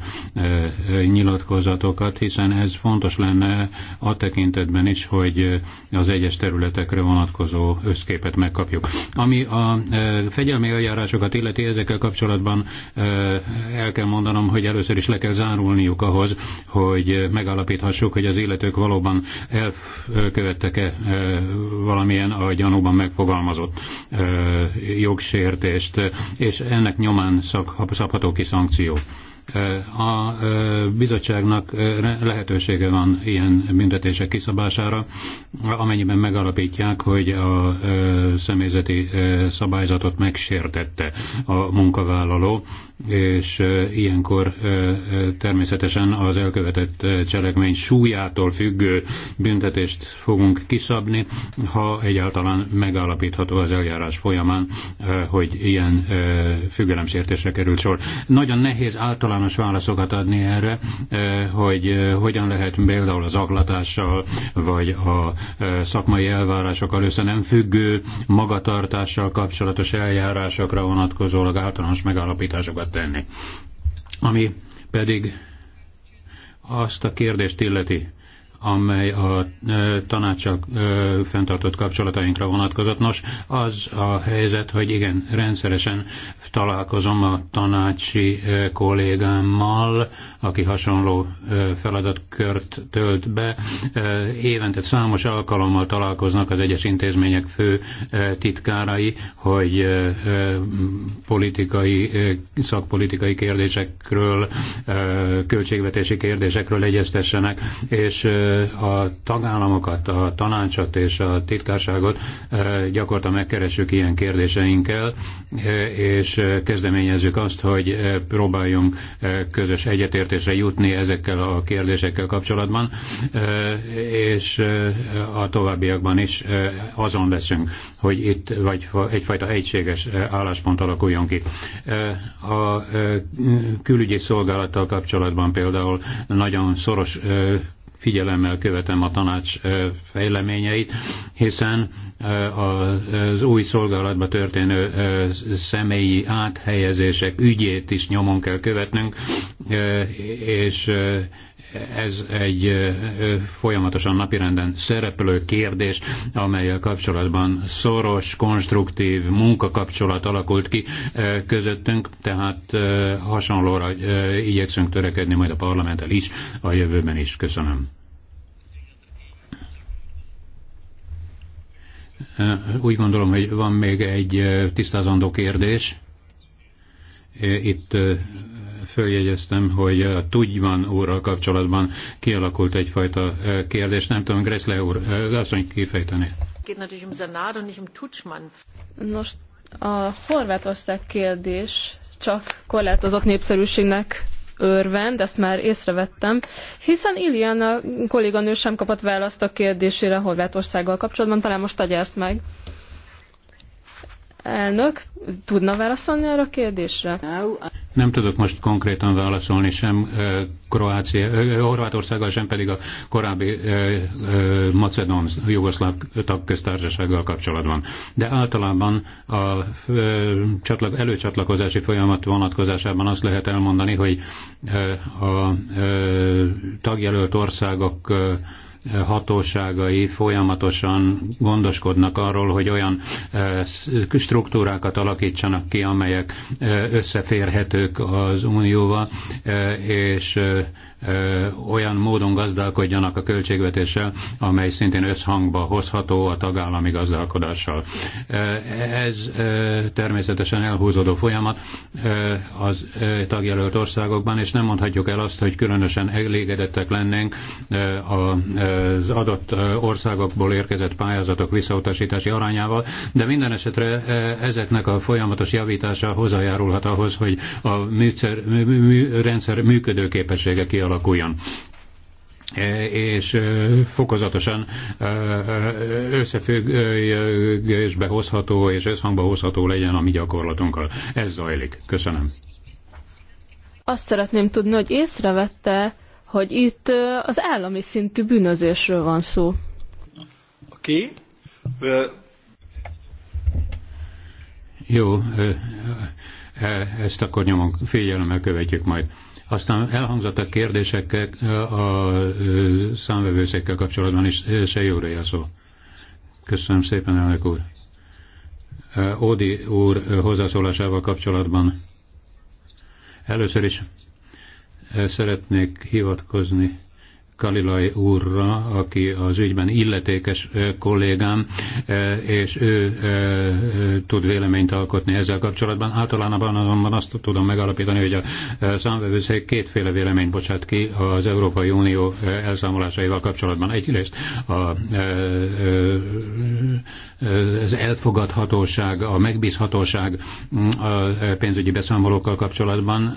nyilatkozatokat, hiszen ez fontos lenne a tekintetben is, hogy az egyes területekre vonatkozó összképet megkapjuk. Ami a fegyelmi eljárásokat illeti ezekkel kapcsolatban el kell mondanom, hogy először is le kell zárulniuk ahhoz, hogy megállapíthassuk, hogy az illetők valóban elkövettek-e valamilyen a gyanúban megfogalmazott jogsértést, és ennek nyomán szabható ki szankció. A bizottságnak lehetősége van ilyen büntetések kiszabására, amennyiben megalapítják, hogy a személyzeti szabályzatot megsértette a munkavállaló, és ilyenkor természetesen az elkövetett cselekmény súlyától függő büntetést fogunk kiszabni, ha egyáltalán megállapítható az eljárás folyamán, hogy ilyen függelemsértésre került sor. Nagyon nehéz általán általános válaszokat adni erre, hogy hogyan lehet például az aklatással, vagy a szakmai elvárásokkal össze nem függő magatartással kapcsolatos eljárásokra vonatkozólag általános megállapításokat tenni. Ami pedig azt a kérdést illeti, amely a tanácsak fenntartott kapcsolatainkra vonatkozott. Nos, az a helyzet, hogy igen, rendszeresen találkozom a tanácsi kollégámmal, aki hasonló feladatkört tölt be. Évente számos alkalommal találkoznak az egyes intézmények fő titkárai, hogy politikai, szakpolitikai kérdésekről, költségvetési kérdésekről egyeztessenek, és a tagállamokat, a tanácsot és a titkárságot gyakorta megkeressük ilyen kérdéseinkkel, és kezdeményezzük azt, hogy próbáljunk közös egyetértésre jutni ezekkel a kérdésekkel kapcsolatban, és a továbbiakban is azon leszünk, hogy itt vagy egyfajta egységes álláspont alakuljon ki. A külügyi szolgálattal kapcsolatban például nagyon szoros figyelemmel követem a tanács fejleményeit, hiszen az új szolgálatba történő személyi áthelyezések ügyét is nyomon kell követnünk, és ez egy folyamatosan napirenden szereplő kérdés, amelyel kapcsolatban szoros, konstruktív munkakapcsolat alakult ki közöttünk, tehát hasonlóra igyekszünk törekedni majd a parlamenttel is, a jövőben is. Köszönöm. Úgy gondolom, hogy van még egy tisztázandó kérdés. Itt följegyeztem, hogy a eh, Tudjman óra kapcsolatban kialakult egyfajta eh, kérdés. Nem tudom, Greszle úr, mondjuk eh, kifejteni. Nos, a Horvátország kérdés csak korlátozott népszerűségnek örvend, ezt már észrevettem, hiszen a kolléganő sem kapott választ a kérdésére Horvátországgal kapcsolatban, talán most adja ezt meg. Elnök, tudna válaszolni erre a kérdésre? Nem tudok most konkrétan válaszolni sem Kroácia, Horvátországgal, sem pedig a korábbi Macedon jugoszláv tagköztársasággal kapcsolatban. De általában a előcsatlakozási folyamat vonatkozásában azt lehet elmondani, hogy a tagjelölt országok hatóságai folyamatosan gondoskodnak arról, hogy olyan eh, struktúrákat alakítsanak ki, amelyek eh, összeférhetők az unióval, eh, és olyan módon gazdálkodjanak a költségvetéssel, amely szintén összhangba hozható a tagállami gazdálkodással. Ez természetesen elhúzódó folyamat az tagjelölt országokban, és nem mondhatjuk el azt, hogy különösen elégedettek lennénk a az adott országokból érkezett pályázatok visszautasítási arányával, de minden esetre ezeknek a folyamatos javítása hozzájárulhat ahhoz, hogy a műszer, mű, mű, rendszer működőképessége kialakuljon e, és fokozatosan összefüggésbe hozható és összhangba hozható legyen a mi gyakorlatunkkal. Ez zajlik. Köszönöm. Azt szeretném tudni, hogy észrevette hogy itt az állami szintű bűnözésről van szó. Oké. Okay. Jó, ezt akkor nyomon figyelemmel követjük majd. Aztán elhangzottak kérdések a számvevőszékkel kapcsolatban is, se jóra szó. Köszönöm szépen, elnök úr. Ódi úr hozzászólásával kapcsolatban először is szeretnék hivatkozni Kalilaj úrra, aki az ügyben illetékes kollégám, és ő tud véleményt alkotni ezzel kapcsolatban. Általában azonban azt tudom megalapítani, hogy a számvevőszék kétféle véleményt bocsát ki az Európai Unió elszámolásaival kapcsolatban. Egyrészt a, az elfogadhatóság, a megbízhatóság mm, a pénzügyi beszámolókkal kapcsolatban,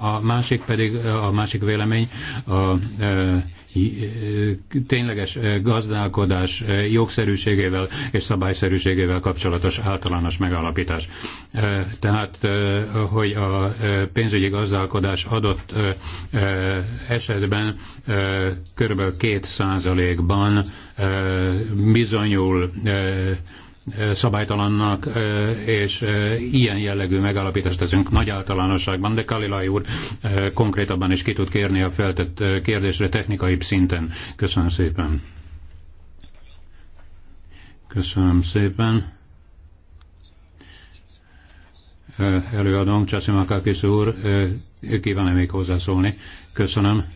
a másik pedig, a másik vélemény a, a tényleges gazdálkodás jogszerűségével és szabályszerűségével kapcsolatos általános megállapítás. Tehát, hogy a pénzügyi gazdálkodás adott esetben kb. 2 ban bizonyul szabálytalannak, és ilyen jellegű megállapítást teszünk nagy általánosságban, de Kalilai úr konkrétabban is ki tud kérni a feltett kérdésre technikai szinten. Köszönöm szépen. Köszönöm szépen. előadom császimakakis úr, kíván-e még hozzászólni? Köszönöm.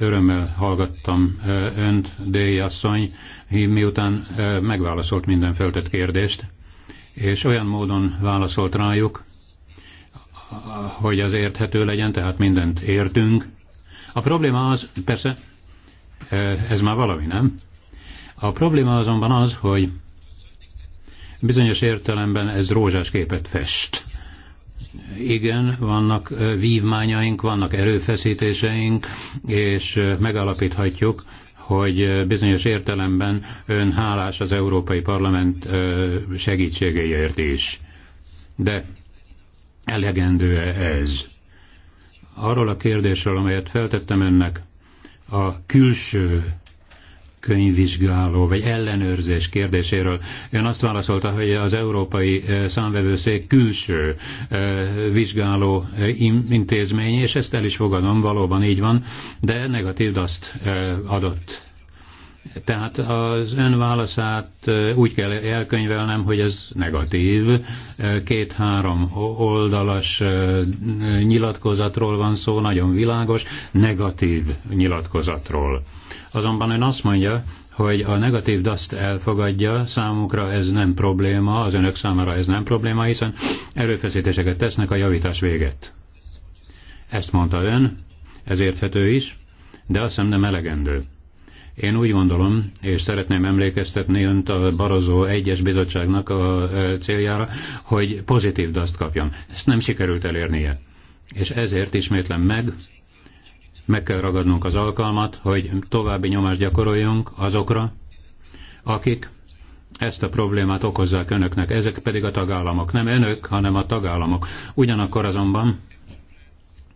Örömmel hallgattam önt, Déj asszony, miután megválaszolt minden feltett kérdést, és olyan módon válaszolt rájuk, hogy az érthető legyen, tehát mindent értünk. A probléma az, persze, ez már valami, nem? A probléma azonban az, hogy bizonyos értelemben ez rózsás képet fest igen, vannak vívmányaink, vannak erőfeszítéseink, és megalapíthatjuk, hogy bizonyos értelemben ön hálás az Európai Parlament segítségeiért is. De elegendő -e ez? Arról a kérdésről, amelyet feltettem önnek, a külső könyvvizsgáló vagy ellenőrzés kérdéséről. Ön azt válaszolta, hogy az Európai eh, Számvevőszék külső eh, vizsgáló eh, intézmény, és ezt el is fogadom, valóban így van, de negatív azt adott tehát az ön válaszát úgy kell elkönyvelnem, hogy ez negatív. Két-három oldalas nyilatkozatról van szó, nagyon világos, negatív nyilatkozatról. Azonban ön azt mondja, hogy a negatív DASZT elfogadja, számukra ez nem probléma, az önök számára ez nem probléma, hiszen erőfeszítéseket tesznek a javítás véget. Ezt mondta ön, ez érthető is, de azt hiszem nem elegendő én úgy gondolom, és szeretném emlékeztetni önt a Barozó egyes bizottságnak a e, céljára, hogy pozitív daszt kapjon. Ezt nem sikerült elérnie. És ezért ismétlem meg, meg kell ragadnunk az alkalmat, hogy további nyomást gyakoroljunk azokra, akik ezt a problémát okozzák önöknek. Ezek pedig a tagállamok. Nem önök, hanem a tagállamok. Ugyanakkor azonban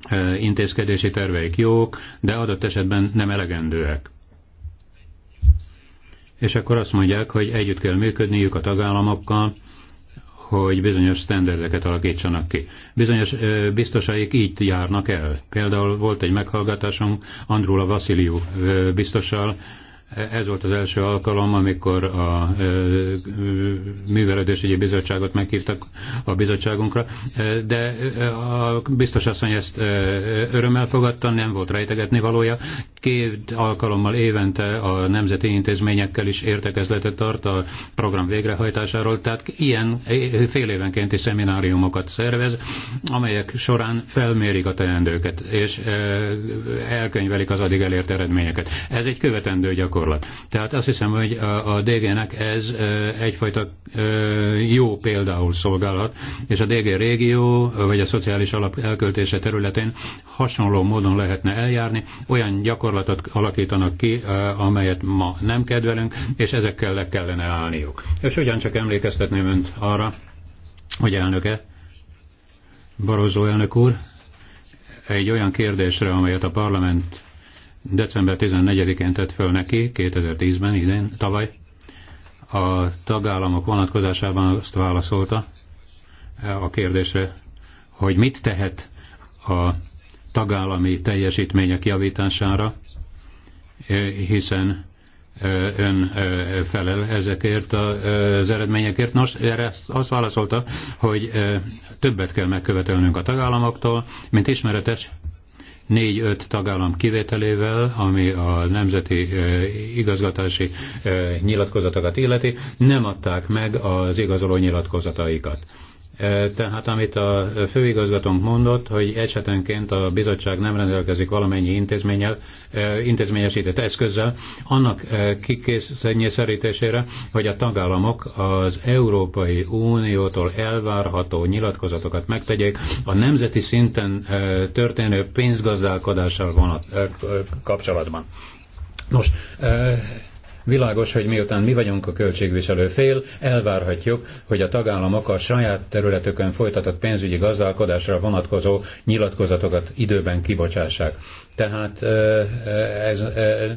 e, intézkedési terveik jók, de adott esetben nem elegendőek és akkor azt mondják, hogy együtt kell működniük a tagállamokkal, hogy bizonyos sztenderdeket alakítsanak ki. Bizonyos biztosaik így járnak el. Például volt egy meghallgatásunk Andrula Vasziliu biztossal, ez volt az első alkalom, amikor a művelődésügyi bizottságot meghívtak a bizottságunkra, de a biztos asszony ezt örömmel fogadta, nem volt rejtegetni valója. Két alkalommal évente a nemzeti intézményekkel is értekezletet tart a program végrehajtásáról, tehát ilyen évenkénti szemináriumokat szervez, amelyek során felmérik a teendőket, és elkönyvelik az addig elért eredményeket. Ez egy követendő gyakorlat gyakorlat. Tehát azt hiszem, hogy a DG-nek ez egyfajta jó például szolgálhat, és a DG régió, vagy a szociális alap elköltése területén hasonló módon lehetne eljárni, olyan gyakorlatot alakítanak ki, amelyet ma nem kedvelünk, és ezekkel le kellene állniuk. És ugyancsak emlékeztetném önt arra, hogy elnöke, Barozó elnök úr, egy olyan kérdésre, amelyet a parlament december 14-én tett föl neki, 2010-ben, idén, tavaly, a tagállamok vonatkozásában azt válaszolta e, a kérdésre, hogy mit tehet a tagállami teljesítmények javítására, e, hiszen e, ön felel ezekért az eredményekért. Nos, erre azt válaszolta, hogy többet kell megkövetelnünk a tagállamoktól, mint ismeretes, négy-öt tagállam kivételével, ami a nemzeti igazgatási nyilatkozatokat illeti, nem adták meg az igazoló nyilatkozataikat. Tehát amit a főigazgatónk mondott, hogy esetenként a bizottság nem rendelkezik valamennyi intézménnyel, intézményesített eszközzel, annak kikészítésére hogy a tagállamok az Európai Uniótól elvárható nyilatkozatokat megtegyék a nemzeti szinten történő pénzgazdálkodással vonat, kapcsolatban. Nos, Világos, hogy miután mi vagyunk a költségviselő fél, elvárhatjuk, hogy a tagállamok a saját területükön folytatott pénzügyi gazdálkodásra vonatkozó nyilatkozatokat időben kibocsássák. Tehát ez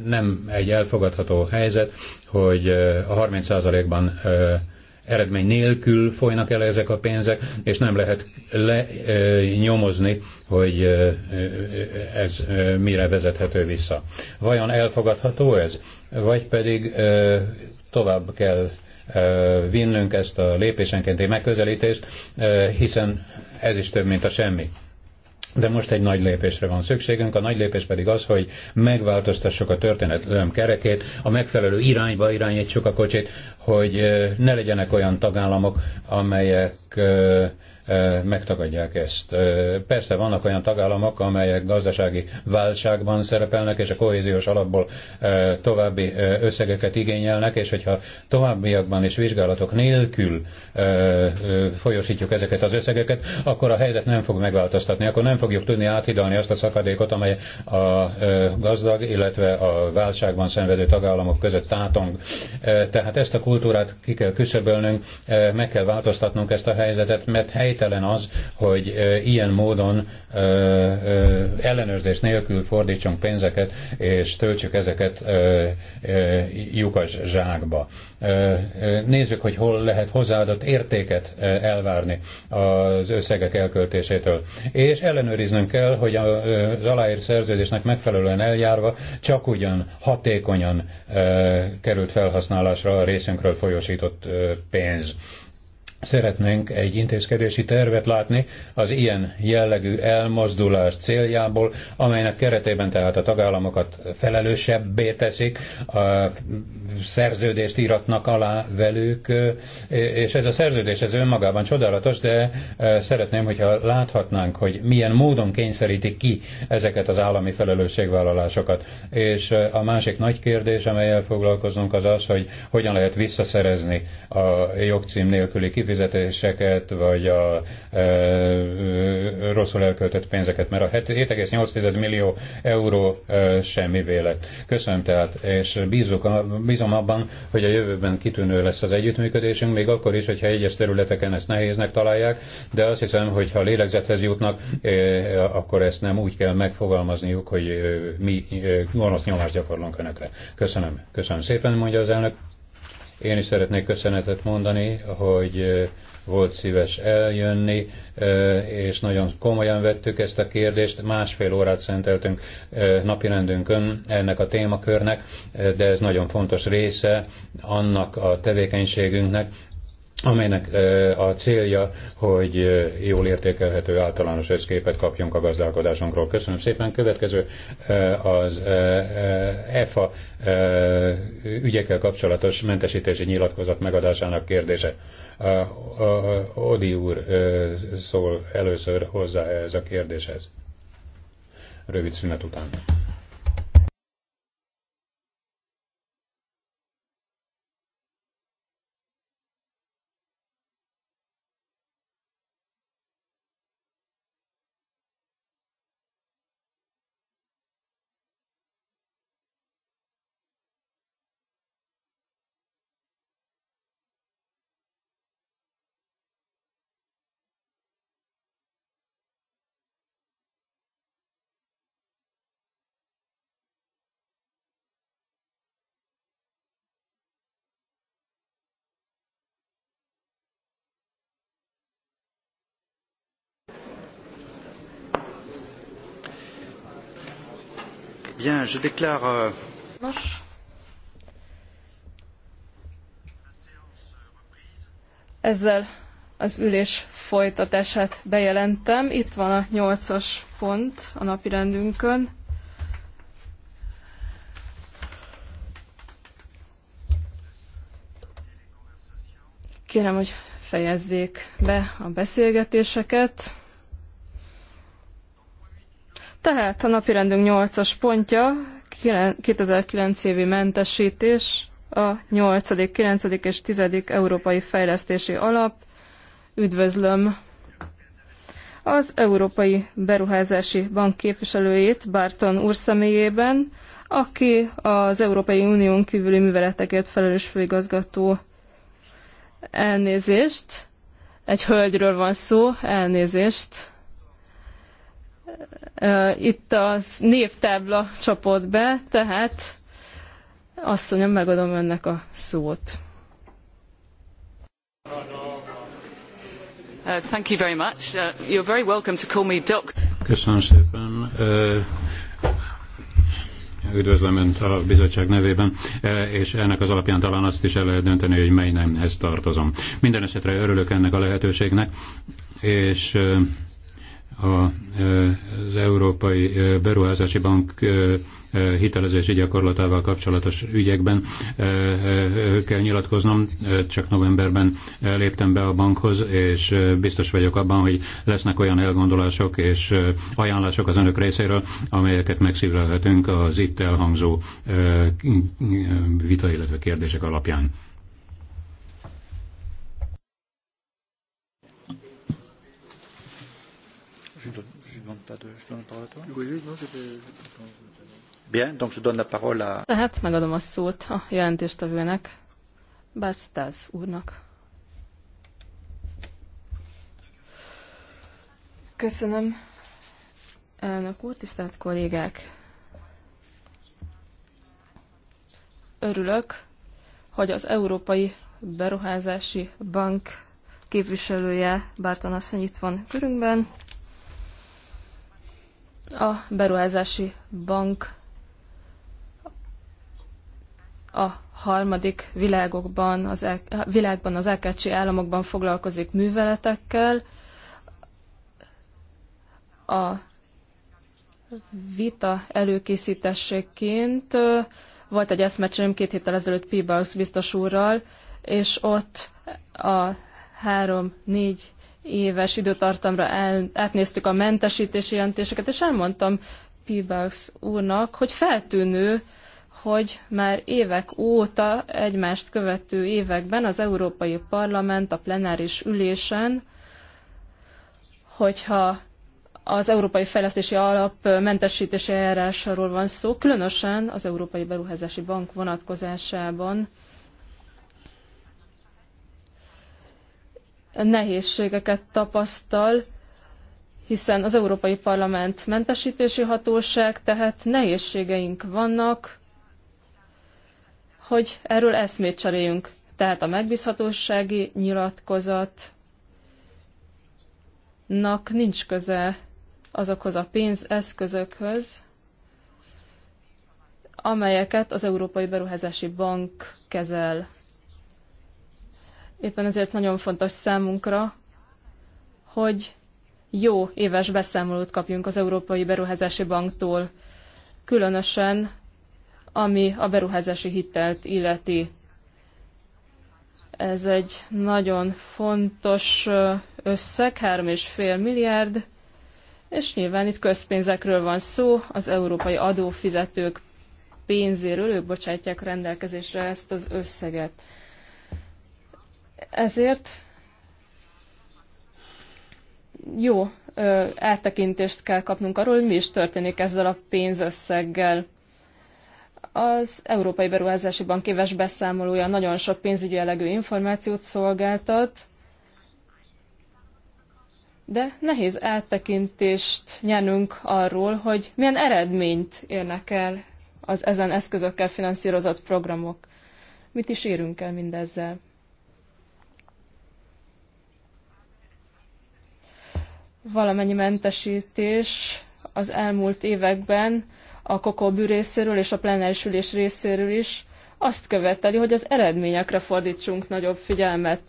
nem egy elfogadható helyzet, hogy a 30%-ban eredmény nélkül folynak el ezek a pénzek, és nem lehet lenyomozni, hogy ez mire vezethető vissza. Vajon elfogadható ez? vagy pedig tovább kell vinnünk ezt a lépésenkénti megközelítést, hiszen ez is több, mint a semmi. De most egy nagy lépésre van szükségünk, a nagy lépés pedig az, hogy megváltoztassuk a történetlőm kerekét, a megfelelő irányba irányítsuk a kocsit, hogy ne legyenek olyan tagállamok, amelyek megtagadják ezt. Persze vannak olyan tagállamok, amelyek gazdasági válságban szerepelnek, és a kohéziós alapból további összegeket igényelnek, és hogyha továbbiakban is vizsgálatok nélkül folyosítjuk ezeket az összegeket, akkor a helyzet nem fog megváltoztatni, akkor nem fogjuk tudni áthidalni azt a szakadékot, amely a gazdag, illetve a válságban szenvedő tagállamok között tátong. Tehát ezt a kultúrát ki kell küszöbölnünk, meg kell változtatnunk ezt a helyzetet, mert hely helytelen az, hogy ilyen módon ellenőrzés nélkül fordítsunk pénzeket, és töltsük ezeket lyukas zsákba. Nézzük, hogy hol lehet hozzáadott értéket elvárni az összegek elköltésétől. És ellenőriznünk kell, hogy az aláír szerződésnek megfelelően eljárva csak ugyan hatékonyan került felhasználásra a részünkről folyosított pénz. Szeretnénk egy intézkedési tervet látni az ilyen jellegű elmozdulás céljából, amelynek keretében tehát a tagállamokat felelősebbé teszik, a szerződést íratnak alá velük, és ez a szerződés ez önmagában csodálatos, de e, szeretném, hogyha láthatnánk, hogy milyen módon kényszerítik ki ezeket az állami felelősségvállalásokat. És e, a másik nagy kérdés, amelyel foglalkozunk, az az, hogy hogyan lehet visszaszerezni a jogcím nélküli kifizetést, kifizetéseket, vagy a e, e, rosszul elköltött pénzeket, mert a 7,8 millió euró e, semmi vélet. Köszönöm tehát, és bízok, bízom abban, hogy a jövőben kitűnő lesz az együttműködésünk, még akkor is, hogyha egyes területeken ezt nehéznek találják, de azt hiszem, hogy ha lélegzethez jutnak, e, akkor ezt nem úgy kell megfogalmazniuk, hogy e, mi e, gonosz nyomást gyakorlunk önökre. Köszönöm. Köszönöm szépen, mondja az elnök. Én is szeretnék köszönetet mondani, hogy volt szíves eljönni, és nagyon komolyan vettük ezt a kérdést. Másfél órát szenteltünk napirendünkön ennek a témakörnek, de ez nagyon fontos része annak a tevékenységünknek, amelynek a célja, hogy jól értékelhető általános összképet kapjunk a gazdálkodásunkról. Köszönöm szépen. Következő az EFA ügyekkel kapcsolatos mentesítési nyilatkozat megadásának kérdése. Odi úr szól először hozzá ez a kérdéshez. Rövid szünet után. Bien, je déclare... Euh, Ezzel az ülés folytatását bejelentem. Itt van a nyolcas pont a napirendünkön. Kérem, hogy fejezzék be a beszélgetéseket. Tehát a napirendünk 8-as pontja, 2009 évi mentesítés, a 8., 9. és 10. Európai Fejlesztési Alap. Üdvözlöm az Európai Beruházási Bank képviselőjét, Barton úr személyében, aki az Európai Unión kívüli műveletekért felelős főigazgató elnézést. Egy hölgyről van szó, elnézést. Itt a névtábla csapott be, tehát asszonyom, megadom önnek a szót. Uh, thank you very much. Uh, you're very welcome to call me doc. Köszönöm szépen. Uh, üdvözlöm Önt a bizottság nevében, uh, és ennek az alapján talán azt is el lehet dönteni, hogy mely nemhez tartozom. Minden esetre örülök ennek a lehetőségnek, és uh, az Európai Beruházási Bank hitelezési gyakorlatával kapcsolatos ügyekben kell nyilatkoznom. Csak novemberben léptem be a bankhoz, és biztos vagyok abban, hogy lesznek olyan elgondolások és ajánlások az önök részéről, amelyeket megszívlelhetünk az itt elhangzó vita, illetve kérdések alapján. Bien, donc je donne la parole à... Tehát megadom a szót a jelentéstevőnek, Bastas úrnak. Köszönöm, elnök úr, tisztelt kollégák! Örülök, hogy az Európai Beruházási Bank képviselője Bárton asszony itt van körünkben. A beruházási bank a harmadik világokban, az, el, világban az AKC államokban foglalkozik műveletekkel. A vita előkészítességként volt egy eszmecserém két héttel ezelőtt Peebles biztos úrral, és ott a három, négy éves időtartamra el, átnéztük a mentesítési jelentéseket, és elmondtam Pibax úrnak, hogy feltűnő, hogy már évek óta egymást követő években az Európai Parlament a plenáris ülésen, hogyha az Európai Fejlesztési Alap mentesítési eljárásáról van szó, különösen az Európai Beruházási Bank vonatkozásában nehézségeket tapasztal, hiszen az Európai Parlament mentesítési hatóság, tehát nehézségeink vannak, hogy erről eszmét cseréljünk. Tehát a megbízhatósági nyilatkozatnak nincs köze azokhoz a pénzeszközökhöz, amelyeket az Európai Beruházási Bank kezel. Éppen ezért nagyon fontos számunkra, hogy jó éves beszámolót kapjunk az Európai Beruházási Banktól, különösen ami a beruházási hitelt illeti. Ez egy nagyon fontos összeg, 3,5 milliárd, és nyilván itt közpénzekről van szó, az európai adófizetők pénzéről, ők bocsátják rendelkezésre ezt az összeget. Ezért jó ö, kell kapnunk arról, hogy mi is történik ezzel a pénzösszeggel. Az Európai Beruházási Bank éves beszámolója nagyon sok pénzügyi jellegű információt szolgáltat, de nehéz eltekintést nyernünk arról, hogy milyen eredményt érnek el az ezen eszközökkel finanszírozott programok. Mit is érünk el mindezzel? valamennyi mentesítés az elmúlt években a kokobű részéről és a plenáris ülés részéről is azt követeli, hogy az eredményekre fordítsunk nagyobb figyelmet.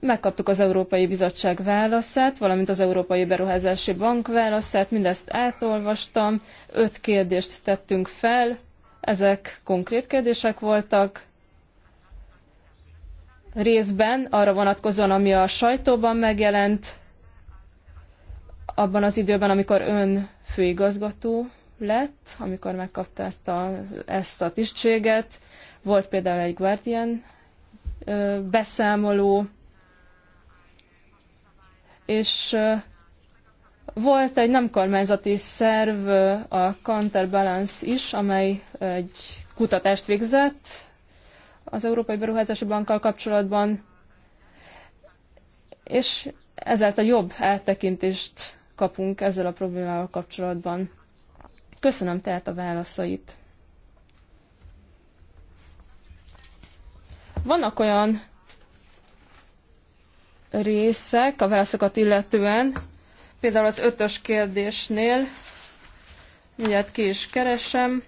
Megkaptuk az Európai Bizottság válaszát, valamint az Európai Beruházási Bank válaszát, mindezt átolvastam, öt kérdést tettünk fel, ezek konkrét kérdések voltak, részben arra vonatkozóan, ami a sajtóban megjelent, abban az időben, amikor ön főigazgató lett, amikor megkapta ezt a, ezt a tisztséget, volt például egy Guardian ö, beszámoló, és ö, volt egy nem kormányzati szerv, a Counterbalance is, amely egy kutatást végzett az Európai Beruházási Bankkal kapcsolatban, és ezáltal jobb eltekintést kapunk ezzel a problémával kapcsolatban. Köszönöm tehát a válaszait. Vannak olyan részek a válaszokat illetően, például az ötös kérdésnél, mindjárt ki is keresem,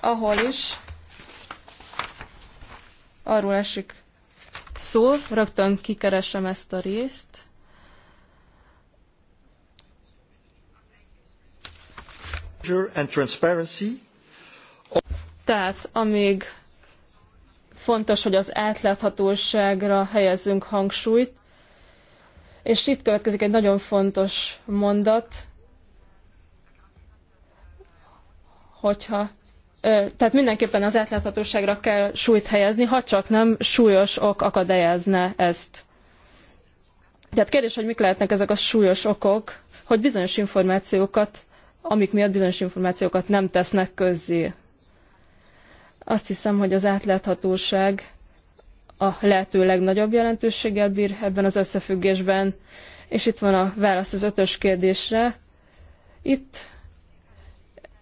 ahol is arról esik szó, rögtön kikeresem ezt a részt. Tehát amíg fontos, hogy az átláthatóságra helyezzünk hangsúlyt, és itt következik egy nagyon fontos mondat, hogyha tehát mindenképpen az átláthatóságra kell súlyt helyezni, ha csak nem súlyos ok akadályozna ezt. Tehát kérdés, hogy mik lehetnek ezek a súlyos okok, hogy bizonyos információkat amik miatt bizonyos információkat nem tesznek közzé. Azt hiszem, hogy az átláthatóság a lehető legnagyobb jelentőséggel bír ebben az összefüggésben, és itt van a válasz az ötös kérdésre. Itt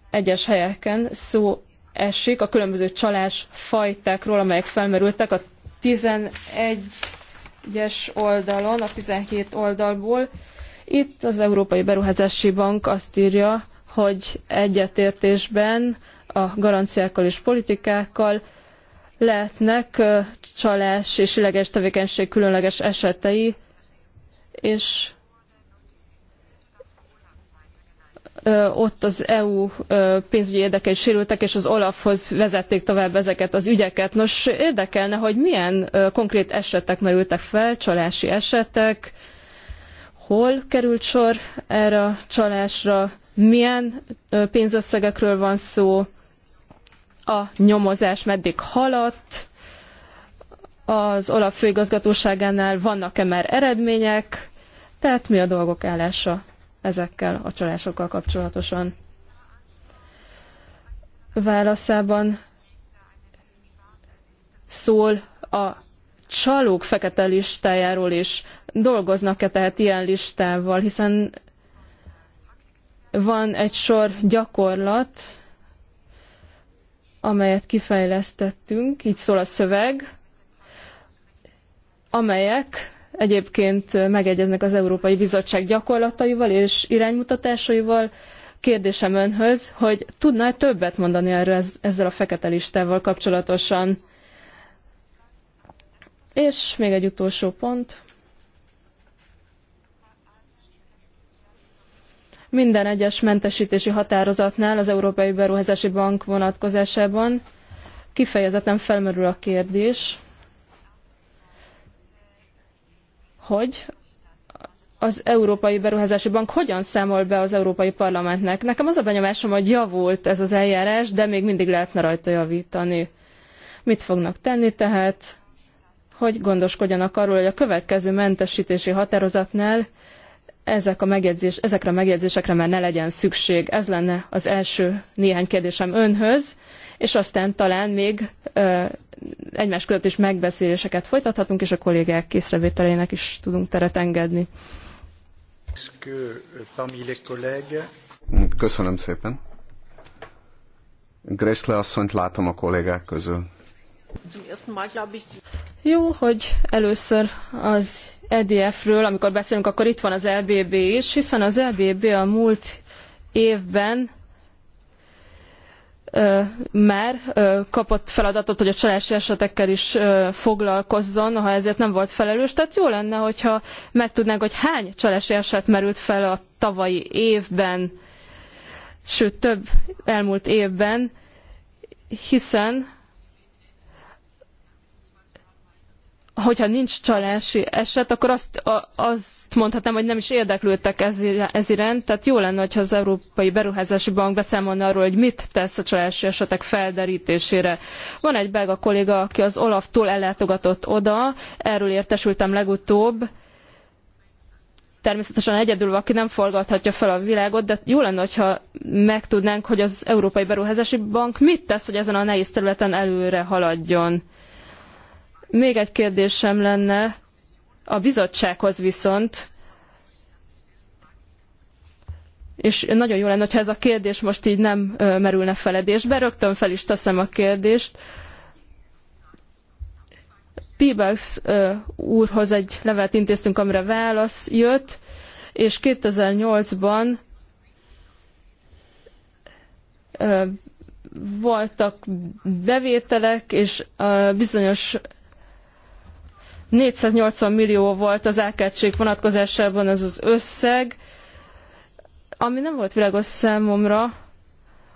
egyes helyeken szó esik a különböző csalás fajtákról, amelyek felmerültek a 11-es oldalon, a 17 oldalból. Itt az Európai Beruházási Bank azt írja, hogy egyetértésben a garanciákkal és politikákkal lehetnek csalás és illegális tevékenység különleges esetei, és ott az EU pénzügyi érdekei sérültek, és az Olafhoz vezették tovább ezeket az ügyeket. Nos, érdekelne, hogy milyen konkrét esetek merültek fel, csalási esetek, hol került sor erre a csalásra, milyen pénzösszegekről van szó, a nyomozás meddig haladt, az Olaf főigazgatóságánál vannak-e már eredmények, tehát mi a dolgok állása ezekkel a csalásokkal kapcsolatosan. Válaszában szól a csalók fekete listájáról is. Dolgoznak-e tehát ilyen listával, hiszen van egy sor gyakorlat, amelyet kifejlesztettünk, így szól a szöveg, amelyek egyébként megegyeznek az Európai Bizottság gyakorlataival és iránymutatásaival. Kérdésem önhöz, hogy tudná -e többet mondani erre ezzel a fekete listával kapcsolatosan? És még egy utolsó pont. minden egyes mentesítési határozatnál az Európai Beruházási Bank vonatkozásában kifejezetten felmerül a kérdés, hogy az Európai Beruházási Bank hogyan számol be az Európai Parlamentnek. Nekem az a benyomásom, hogy javult ez az eljárás, de még mindig lehetne rajta javítani. Mit fognak tenni tehát, hogy gondoskodjanak arról, hogy a következő mentesítési határozatnál ezek a megjegyzés, ezekre a megjegyzésekre már ne legyen szükség. Ez lenne az első néhány kérdésem önhöz, és aztán talán még ö, egymás között is megbeszéléseket folytathatunk, és a kollégák észrevételének is tudunk teret engedni. Köszönöm szépen. Gressle asszonyt látom a kollégák közül. Jó, hogy először az EDF-ről, amikor beszélünk, akkor itt van az LBB e is, hiszen az LBB e a múlt évben már kapott feladatot, hogy a csalási esetekkel is foglalkozzon, ha ezért nem volt felelős. Tehát jó lenne, hogyha megtudnánk, hogy hány csalási eset merült fel a tavalyi évben, sőt több elmúlt évben, hiszen hogyha nincs csalási eset, akkor azt, a, azt mondhatnám, hogy nem is érdeklődtek ez, ez iránt. Tehát jó lenne, hogyha az Európai Beruházási Bank beszámolna arról, hogy mit tesz a csalási esetek felderítésére. Van egy belga kolléga, aki az Olaf-tól ellátogatott oda, erről értesültem legutóbb. Természetesen egyedül valaki nem forgathatja fel a világot, de jó lenne, hogyha megtudnánk, hogy az Európai Beruházási Bank mit tesz, hogy ezen a nehéz területen előre haladjon. Még egy kérdésem lenne a bizottsághoz viszont, és nagyon jó lenne, ha ez a kérdés most így nem merülne feledésbe. Rögtön fel is teszem a kérdést. Pibax úrhoz egy levelet intéztünk, amire válasz jött, és 2008-ban voltak bevételek, és bizonyos 480 millió volt az ákeltség vonatkozásában ez az összeg, ami nem volt világos számomra,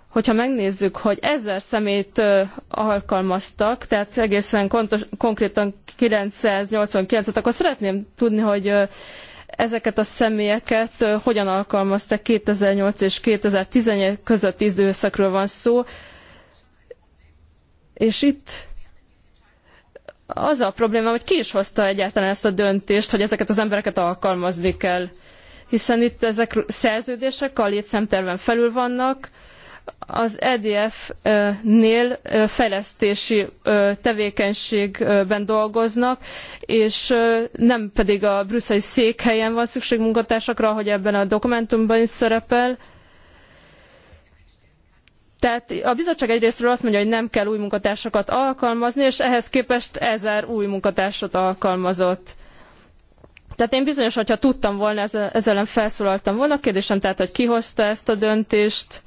hogyha megnézzük, hogy ezer szemét alkalmaztak, tehát egészen kontos, konkrétan 989-et, akkor szeretném tudni, hogy ezeket a személyeket hogyan alkalmazták 2008 és 2011 közötti időszakról van szó. És itt az a probléma, hogy ki is hozta egyáltalán ezt a döntést, hogy ezeket az embereket alkalmazni kell. Hiszen itt ezek szerződések a létszámterven felül vannak, az EDF-nél fejlesztési tevékenységben dolgoznak, és nem pedig a brüsszeli székhelyen van szükség munkatársakra, ahogy ebben a dokumentumban is szerepel, tehát a bizottság egyrésztről azt mondja, hogy nem kell új munkatársakat alkalmazni, és ehhez képest ezer új munkatársat alkalmazott. Tehát én bizonyos, hogyha tudtam volna, ezzel ellen felszólaltam volna. A kérdésem tehát, hogy ki hozta ezt a döntést.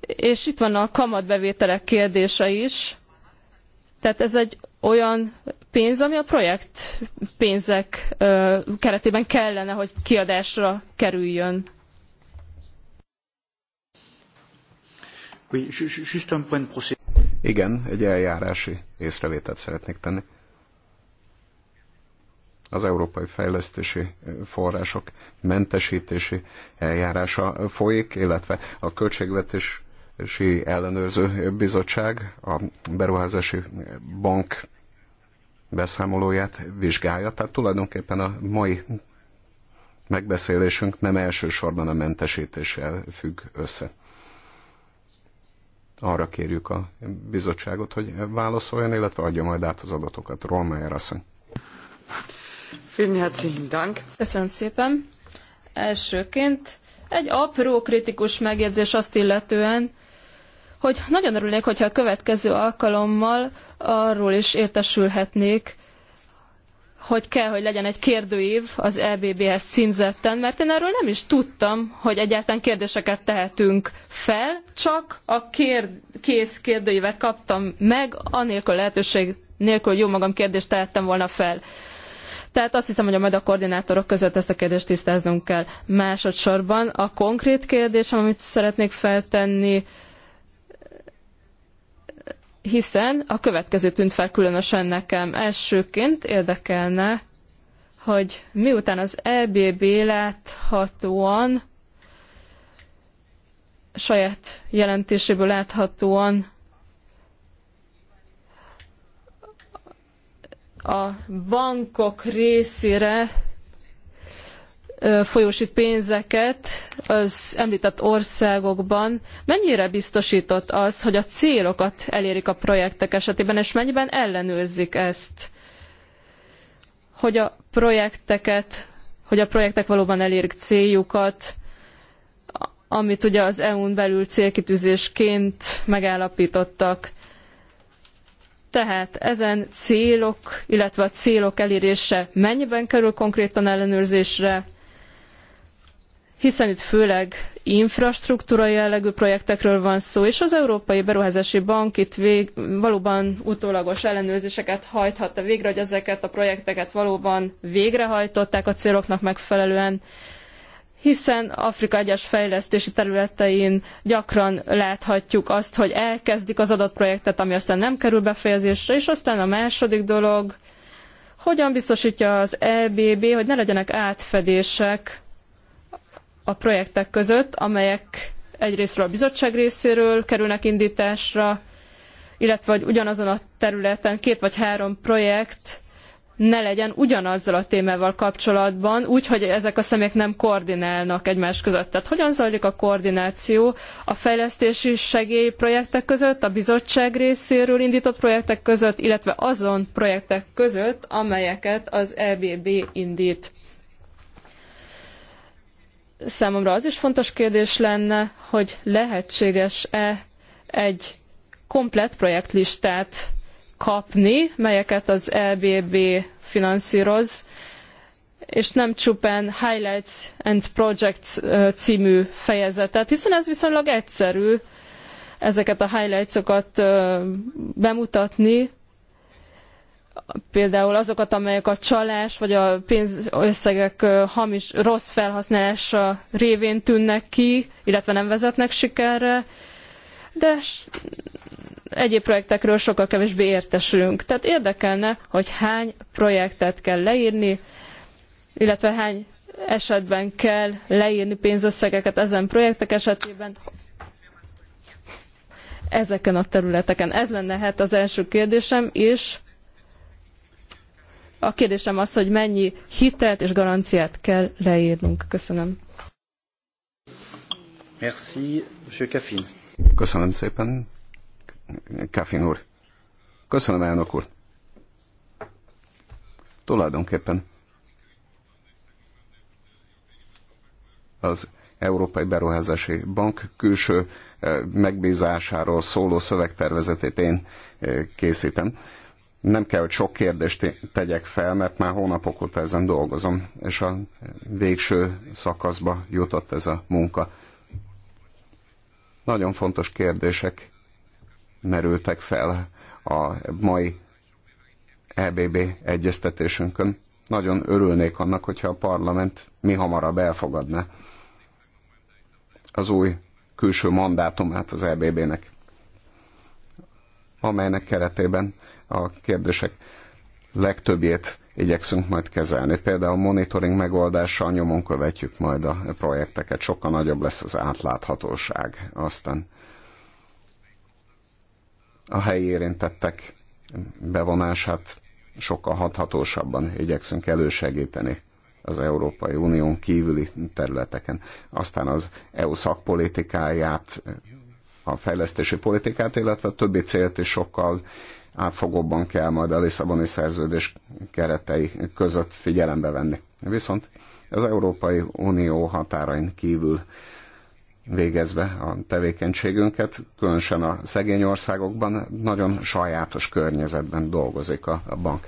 És itt van a kamatbevételek kérdése is. Tehát ez egy olyan pénz, ami a projekt pénzek keretében kellene, hogy kiadásra kerüljön. Oui, juste un point de procédure. Igen, egy eljárási észrevételt szeretnék tenni. Az Európai Fejlesztési Források mentesítési eljárása folyik, illetve a Költségvetési Ellenőrző Bizottság, a Beruházási Bank beszámolóját vizsgálja. Tehát tulajdonképpen a mai megbeszélésünk nem elsősorban a mentesítéssel függ össze arra kérjük a bizottságot, hogy válaszoljon, illetve adja majd át az adatokat. Rolmeyer asszony. Köszönöm szépen. Elsőként egy apró kritikus megjegyzés azt illetően, hogy nagyon örülnék, hogyha a következő alkalommal arról is értesülhetnék, hogy kell, hogy legyen egy kérdőív az EBB-hez címzetten, mert én erről nem is tudtam, hogy egyáltalán kérdéseket tehetünk fel, csak a kér, kész kérdőívet kaptam meg, anélkül lehetőség nélkül jó magam kérdést tehettem volna fel. Tehát azt hiszem, hogy a majd a koordinátorok között ezt a kérdést tisztáznunk kell. Másodszorban a konkrét kérdésem, amit szeretnék feltenni, hiszen a következő tűnt fel különösen nekem. Elsőként érdekelne, hogy miután az EBB láthatóan saját jelentéséből láthatóan a bankok részére folyósít pénzeket az említett országokban, mennyire biztosított az, hogy a célokat elérik a projektek esetében, és mennyiben ellenőrzik ezt, hogy a projekteket, hogy a projektek valóban elérik céljukat, amit ugye az EU-n belül célkitűzésként megállapítottak. Tehát ezen célok, illetve a célok elérése mennyiben kerül konkrétan ellenőrzésre, hiszen itt főleg infrastruktúra jellegű projektekről van szó, és az Európai Beruházási Bank itt vég, valóban utólagos ellenőrzéseket hajthatta végre, hogy ezeket a projekteket valóban végrehajtották a céloknak megfelelően, hiszen Afrika egyes fejlesztési területein gyakran láthatjuk azt, hogy elkezdik az adott projektet, ami aztán nem kerül befejezésre, és aztán a második dolog, hogyan biztosítja az EBB, hogy ne legyenek átfedések a projektek között, amelyek egyrésztről a bizottság részéről kerülnek indításra, illetve hogy ugyanazon a területen két vagy három projekt ne legyen ugyanazzal a témával kapcsolatban, úgy, hogy ezek a személyek nem koordinálnak egymás között. Tehát hogyan zajlik a koordináció a fejlesztési segélyprojektek között, a bizottság részéről indított projektek között, illetve azon projektek között, amelyeket az EBB indít számomra az is fontos kérdés lenne, hogy lehetséges-e egy komplett projektlistát kapni, melyeket az EBB finanszíroz, és nem csupán Highlights and Projects című fejezetet, hiszen ez viszonylag egyszerű ezeket a highlightsokat bemutatni, például azokat, amelyek a csalás vagy a pénzösszegek hamis, rossz felhasználása révén tűnnek ki, illetve nem vezetnek sikerre, de egyéb projektekről sokkal kevésbé értesülünk. Tehát érdekelne, hogy hány projektet kell leírni, illetve hány esetben kell leírni pénzösszegeket ezen projektek esetében, ezeken a területeken. Ez lenne hát az első kérdésem, és a kérdésem az, hogy mennyi hitelt és garanciát kell leírnunk. Köszönöm. Merci, Monsieur Caffin. Köszönöm szépen, Caffin úr. Köszönöm, elnök úr. Tulajdonképpen az Európai Beruházási Bank külső eh, megbízásáról szóló szövegtervezetét én eh, készítem nem kell, hogy sok kérdést tegyek fel, mert már hónapok óta ezen dolgozom, és a végső szakaszba jutott ez a munka. Nagyon fontos kérdések merültek fel a mai EBB egyeztetésünkön. Nagyon örülnék annak, hogyha a parlament mi hamarabb elfogadná az új külső mandátumát az EBB-nek, amelynek keretében a kérdések legtöbbjét igyekszünk majd kezelni. Például a monitoring megoldással nyomon követjük majd a projekteket, sokkal nagyobb lesz az átláthatóság. Aztán a helyi érintettek bevonását sokkal hathatósabban igyekszünk elősegíteni az Európai Unión kívüli területeken. Aztán az EU szakpolitikáját, a fejlesztési politikát, illetve a többi célt is sokkal átfogóban kell majd a Lisszaboni szerződés keretei között figyelembe venni. Viszont az Európai Unió határain kívül végezve a tevékenységünket, különösen a szegény országokban nagyon sajátos környezetben dolgozik a, a bank.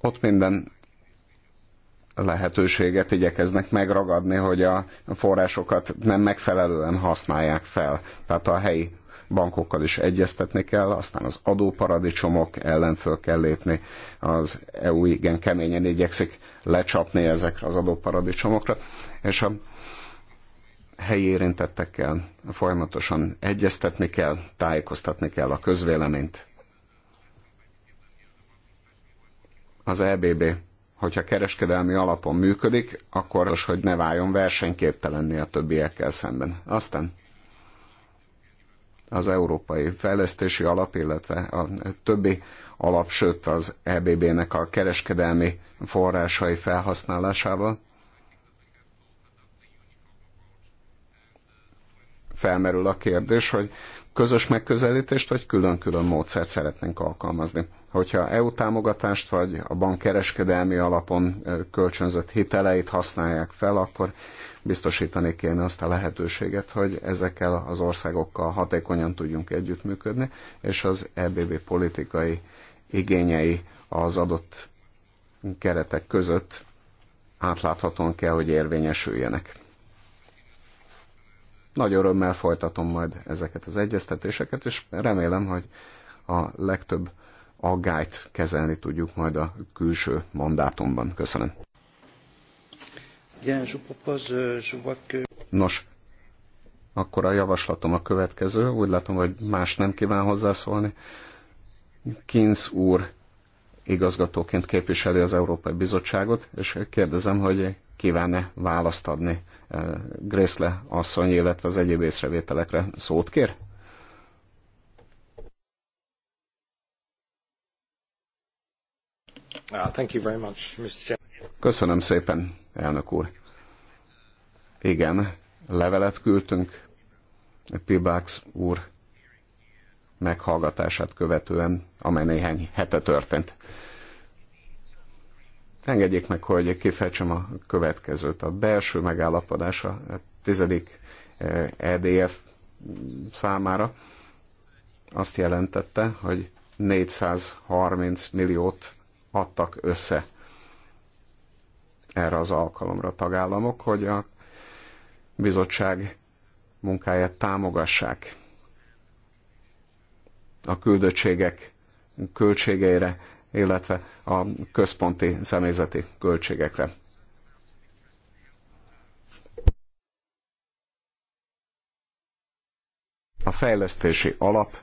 Ott minden lehetőséget igyekeznek megragadni, hogy a forrásokat nem megfelelően használják fel. Tehát a helyi bankokkal is egyeztetni kell, aztán az adóparadicsomok ellen föl kell lépni. Az EU igen keményen igyekszik lecsapni ezekre az adóparadicsomokra, és a helyi érintettekkel folyamatosan egyeztetni kell, tájékoztatni kell a közvéleményt. Az EBB hogyha kereskedelmi alapon működik, akkor az, hogy ne váljon versenyképtelenné a többiekkel szemben. Aztán az Európai Fejlesztési Alap, illetve a többi alap, sőt az EBB-nek a kereskedelmi forrásai felhasználásával. Felmerül a kérdés, hogy közös megközelítést, vagy külön-külön módszert szeretnénk alkalmazni. Hogyha EU támogatást, vagy a bank kereskedelmi alapon kölcsönzött hiteleit használják fel, akkor biztosítani kéne azt a lehetőséget, hogy ezekkel az országokkal hatékonyan tudjunk együttműködni, és az EBB politikai igényei az adott keretek között átláthatóan kell, hogy érvényesüljenek nagy örömmel folytatom majd ezeket az egyeztetéseket, és remélem, hogy a legtöbb aggályt kezelni tudjuk majd a külső mandátumban. Köszönöm. Euh, Nos, akkor a javaslatom a következő. Úgy látom, hogy más nem kíván hozzászólni. Kinz úr igazgatóként képviseli az Európai Bizottságot, és kérdezem, hogy kívánne választ adni Grészle asszony, illetve az egyéb észrevételekre szót kér? Ah, Köszönöm szépen, elnök úr. Igen, levelet küldtünk Pibax úr meghallgatását követően, amely néhány hete történt. Engedjék meg, hogy kifejtsem a következőt. A belső megállapodás a tizedik EDF eh, e számára azt jelentette, hogy 430 milliót adtak össze erre az alkalomra a tagállamok, hogy a bizottság munkáját támogassák. A küldöttségek költségeire illetve a központi személyzeti költségekre. A fejlesztési alap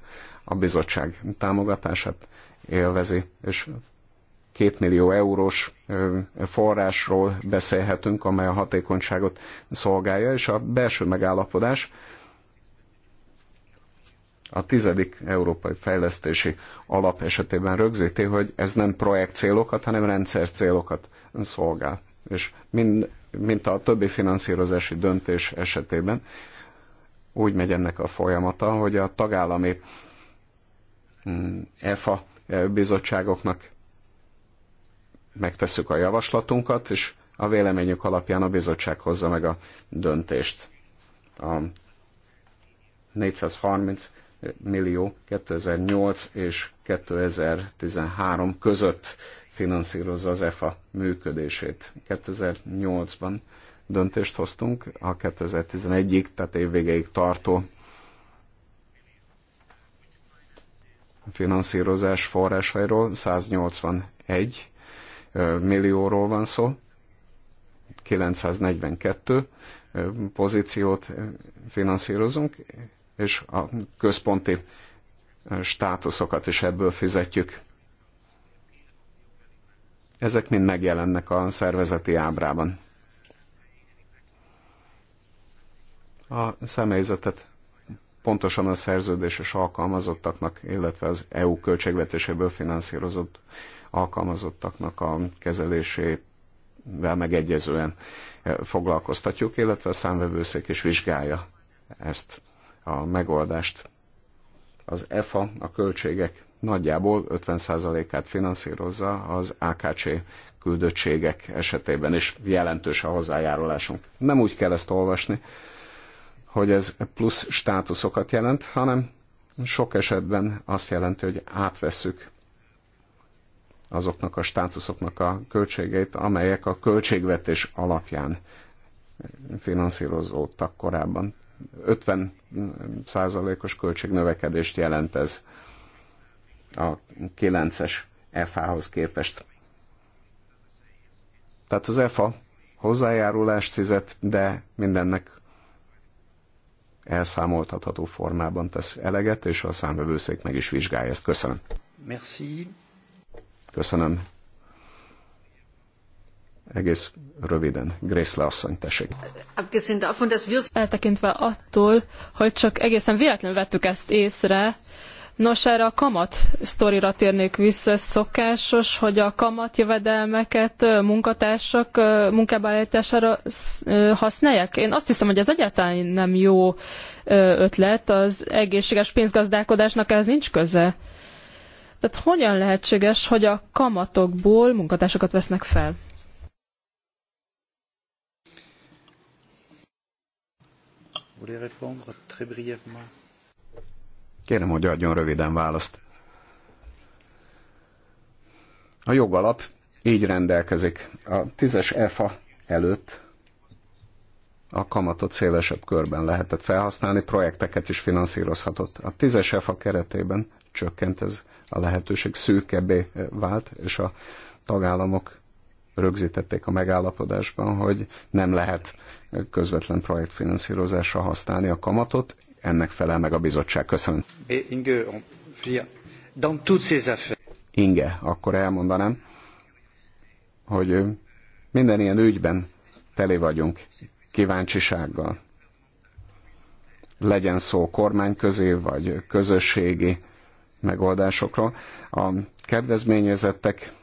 a bizottság támogatását élvezi, és két millió eurós forrásról beszélhetünk, amely a hatékonyságot szolgálja, és a belső megállapodás a tizedik Európai Fejlesztési Alap esetében rögzíti, hogy ez nem projekt célokat, hanem rendszer célokat szolgál. És mind, mint a többi finanszírozási döntés esetében, úgy megy ennek a folyamata, hogy a tagállami mm, EFA bizottságoknak megtesszük a javaslatunkat, és a véleményük alapján a bizottság hozza meg a döntést. A 430 millió 2008 és 2013 között finanszírozza az EFA működését. 2008-ban döntést hoztunk a 2011-ig, tehát évvégeig tartó finanszírozás forrásairól 181 millióról van szó, 942 pozíciót finanszírozunk, és a központi státuszokat is ebből fizetjük. Ezek mind megjelennek a szervezeti ábrában. A személyzetet pontosan a szerződéses alkalmazottaknak, illetve az EU költségvetéséből finanszírozott alkalmazottaknak a kezelésével megegyezően foglalkoztatjuk, illetve a számvevőszék is vizsgálja ezt a megoldást. Az EFA a költségek nagyjából 50%-át finanszírozza az AKC küldöttségek esetében, és jelentős a hozzájárulásunk. Nem úgy kell ezt olvasni, hogy ez plusz státuszokat jelent, hanem sok esetben azt jelenti, hogy átveszük azoknak a státuszoknak a költségeit, amelyek a költségvetés alapján finanszírozódtak korábban. 50 százalékos költségnövekedést jelent ez a 9-es FH-hoz képest. Tehát az EFA hozzájárulást fizet, de mindennek elszámoltatható formában tesz eleget, és a számvevőszék meg is vizsgálja ezt. Köszönöm. Merci. Köszönöm. Egész röviden, Grace asszony, tessék. Eltekintve attól, hogy csak egészen véletlenül vettük ezt észre, Nos, erre a kamat sztorira térnék vissza. Ez szokásos, hogy a kamat jövedelmeket munkatársak munkába állítására használják. Én azt hiszem, hogy ez egyáltalán nem jó ötlet. Az egészséges pénzgazdálkodásnak ez nincs köze. Tehát hogyan lehetséges, hogy a kamatokból munkatársakat vesznek fel? Kérem, hogy adjon röviden választ. A jogalap így rendelkezik. A tízes EFA előtt a kamatot szélesebb körben lehetett felhasználni, projekteket is finanszírozhatott. A tízes EFA keretében csökkent ez a lehetőség, szűkebbé vált, és a tagállamok rögzítették a megállapodásban, hogy nem lehet közvetlen projektfinanszírozásra használni a kamatot, ennek felel meg a bizottság. Köszönöm. Inge, akkor elmondanám, hogy minden ilyen ügyben teli vagyunk kíváncsisággal. Legyen szó kormányközi vagy közösségi megoldásokról. A kedvezményezettek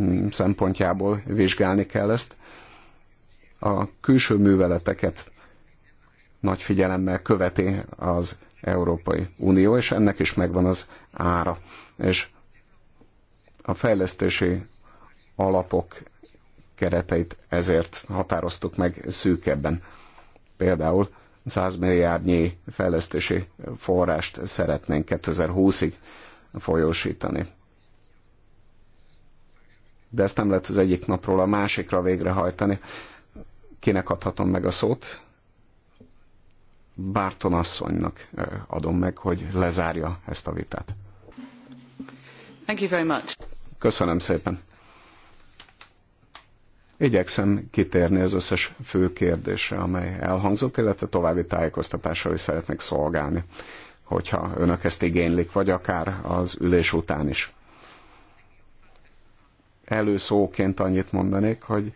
Mm, szempontjából vizsgálni kell ezt. A külső műveleteket nagy figyelemmel követi az Európai Unió, és ennek is megvan az ára. És a fejlesztési alapok kereteit ezért határoztuk meg szűkebben. Például 100 milliárdnyi fejlesztési forrást szeretnénk 2020-ig folyósítani de ezt nem lehet az egyik napról a másikra végrehajtani. Kinek adhatom meg a szót? Bárton asszonynak adom meg, hogy lezárja ezt a vitát. Thank you very much. Köszönöm szépen. Igyekszem kitérni az összes fő kérdésre, amely elhangzott, illetve további tájékoztatással is szeretnék szolgálni, hogyha önök ezt igénylik, vagy akár az ülés után is előszóként annyit mondanék, hogy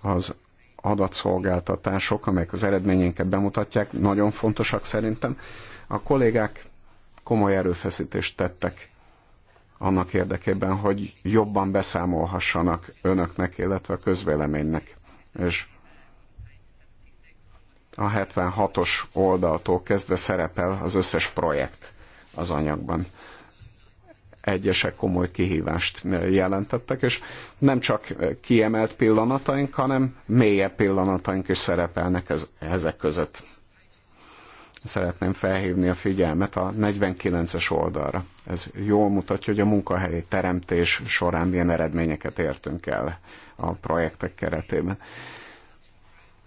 az adatszolgáltatások, amelyek az eredményénket bemutatják, nagyon fontosak szerintem. A kollégák komoly erőfeszítést tettek annak érdekében, hogy jobban beszámolhassanak önöknek, illetve a közvéleménynek. És a 76-os oldaltól kezdve szerepel az összes projekt az anyagban egyesek komoly kihívást jelentettek, és nem csak kiemelt pillanataink, hanem mélyebb pillanataink is szerepelnek ez, ezek között. Szeretném felhívni a figyelmet a 49-es oldalra. Ez jól mutatja, hogy a munkahelyi teremtés során milyen eredményeket értünk el a projektek keretében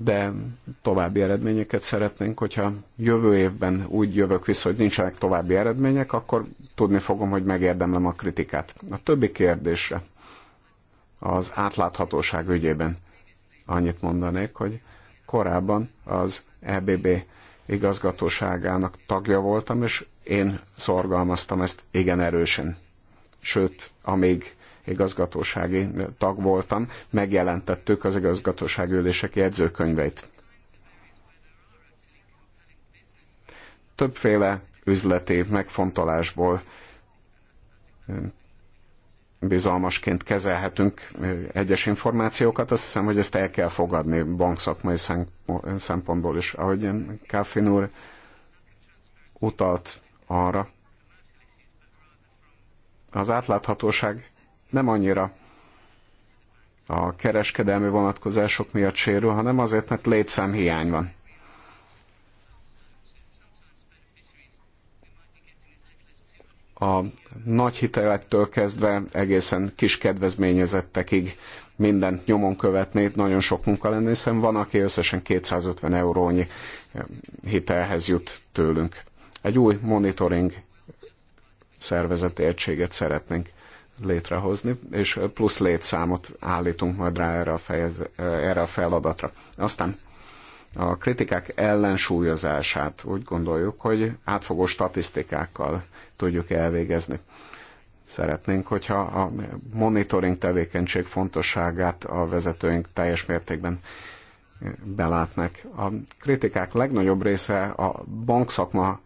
de további eredményeket szeretnénk, hogyha jövő évben úgy jövök vissza, hogy nincsenek további eredmények, akkor tudni fogom, hogy megérdemlem a kritikát. A többi kérdésre az átláthatóság ügyében annyit mondanék, hogy korábban az EBB igazgatóságának tagja voltam, és én szorgalmaztam ezt igen erősen. Sőt, amíg igazgatósági tag voltam, megjelentettük az igazgatóság ülések jegyzőkönyveit. Többféle üzleti megfontolásból hm, bizalmasként kezelhetünk hm, egyes információkat, azt hiszem, hogy ezt el kell fogadni bankszakmai szempontból is. Ahogy Káfin úr utalt arra, az átláthatóság nem annyira a kereskedelmi vonatkozások miatt sérül, hanem azért, mert létszámhiány van. a nagy hitelektől kezdve egészen kis kedvezményezettekig mindent nyomon követni, nagyon sok munka lenne, hiszen van, aki összesen 250 eurónyi hitelhez jut tőlünk. Egy új monitoring szervezeti egységet szeretnénk létrehozni, és plusz létszámot állítunk majd rá erre a, fejez, erre a feladatra. Aztán a kritikák ellensúlyozását úgy gondoljuk, hogy átfogó statisztikákkal tudjuk elvégezni. Szeretnénk, hogyha a monitoring tevékenység fontosságát a vezetőink teljes mértékben belátnak. A kritikák legnagyobb része a bankszakma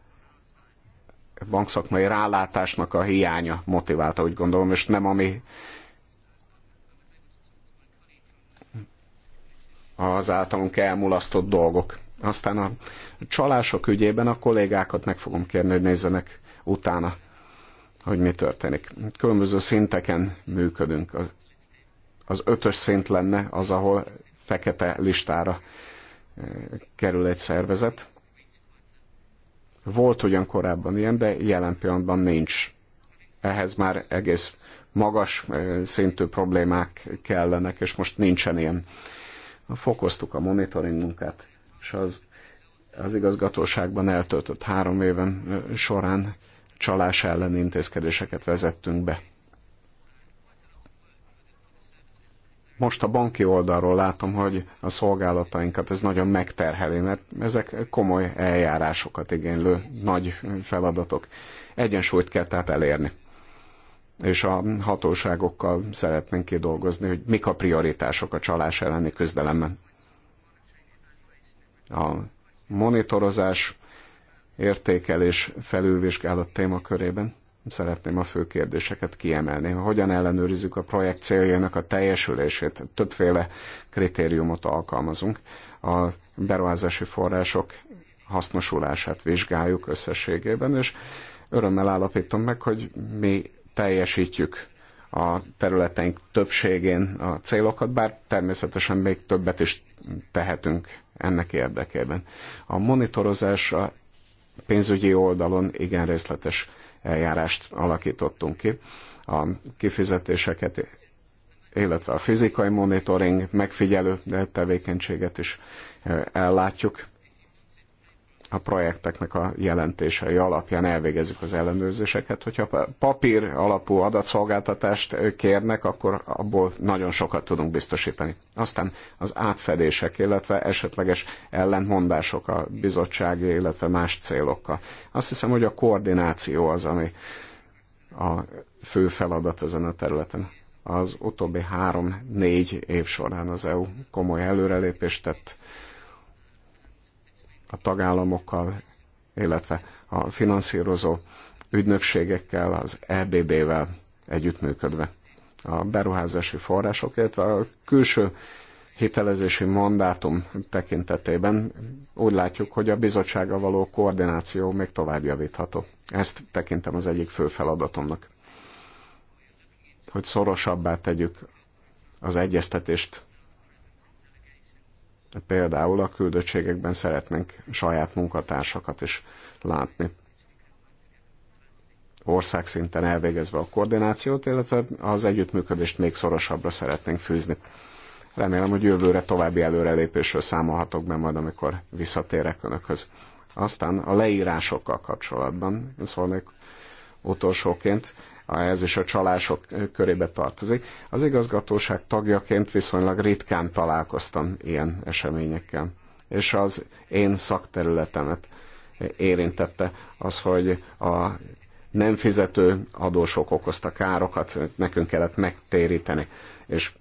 bankszakmai rálátásnak a hiánya motiválta, úgy gondolom, és nem ami az általunk elmulasztott dolgok. Aztán a csalások ügyében a kollégákat meg fogom kérni, hogy nézzenek utána, hogy mi történik. Különböző szinteken működünk. Az, ötös szint lenne az, ahol fekete listára eh, kerül egy szervezet, volt ugyan korábban ilyen, de jelen pillanatban nincs. Ehhez már egész magas szintű problémák kellenek, és most nincsen ilyen. Fokoztuk a monitoring munkát, és az, az igazgatóságban eltöltött három éven során csalás ellen intézkedéseket vezettünk be. most a banki oldalról látom, hogy a szolgálatainkat ez nagyon megterheli, mert ezek komoly eljárásokat igénylő nagy feladatok. Egyensúlyt kell tehát elérni. És a hatóságokkal szeretnénk kidolgozni, hogy mik a prioritások a csalás elleni küzdelemben. A monitorozás, értékelés, felülvizsgálat témakörében szeretném a fő kérdéseket kiemelni. Hogyan ellenőrizzük a projekt céljának a teljesülését? Többféle kritériumot alkalmazunk. A beruházási források hasznosulását vizsgáljuk összességében, és örömmel állapítom meg, hogy mi teljesítjük a területeink többségén a célokat, bár természetesen még többet is tehetünk ennek érdekében. A monitorozás a pénzügyi oldalon igen részletes eljárást alakítottunk ki. A kifizetéseket, illetve a fizikai monitoring megfigyelő tevékenységet is eh, ellátjuk a projekteknek a jelentései alapján elvégezzük az ellenőrzéseket. Hogyha papír alapú adatszolgáltatást kérnek, akkor abból nagyon sokat tudunk biztosítani. Aztán az átfedések, illetve esetleges ellentmondások a bizottsági, illetve más célokkal. Azt hiszem, hogy a koordináció az, ami a fő feladat ezen a területen. Az utóbbi három-négy év során az EU komoly előrelépést tett a tagállamokkal, illetve a finanszírozó ügynökségekkel, az EBB-vel együttműködve. A beruházási források, illetve a külső hitelezési mandátum tekintetében úgy látjuk, hogy a bizottsága való koordináció még tovább javítható. Ezt tekintem az egyik fő feladatomnak. Hogy szorosabbá tegyük az egyeztetést Például a küldöttségekben szeretnénk saját munkatársakat is látni országszinten elvégezve a koordinációt, illetve az együttműködést még szorosabbra szeretnénk fűzni. Remélem, hogy jövőre további előrelépésről számolhatok be majd, amikor visszatérek Önökhöz. Aztán a leírásokkal kapcsolatban szólnék utolsóként ez is a csalások körébe tartozik. Az igazgatóság tagjaként viszonylag ritkán találkoztam ilyen eseményekkel. És az én szakterületemet érintette az, hogy a nem fizető adósok okozta károkat, nekünk kellett megtéríteni. És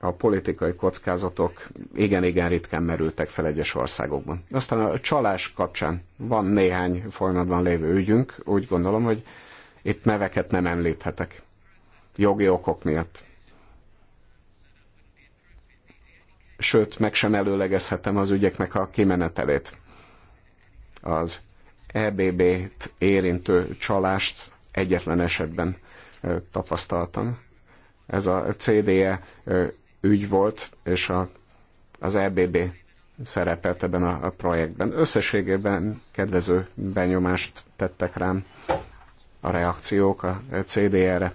a politikai kockázatok igen-igen ritkán merültek fel egyes országokban. Aztán a csalás kapcsán van néhány folyamatban lévő ügyünk, úgy gondolom, hogy itt neveket nem említhetek. Jogi okok miatt. Sőt, meg sem előlegezhetem az ügyeknek a kimenetelét. Az EBB-t érintő csalást egyetlen esetben tapasztaltam. Ez a CDE ügy volt, és a, az EBB szerepelt ebben a, a projektben. Összességében kedvező benyomást tettek rám a reakciók a CDR-re.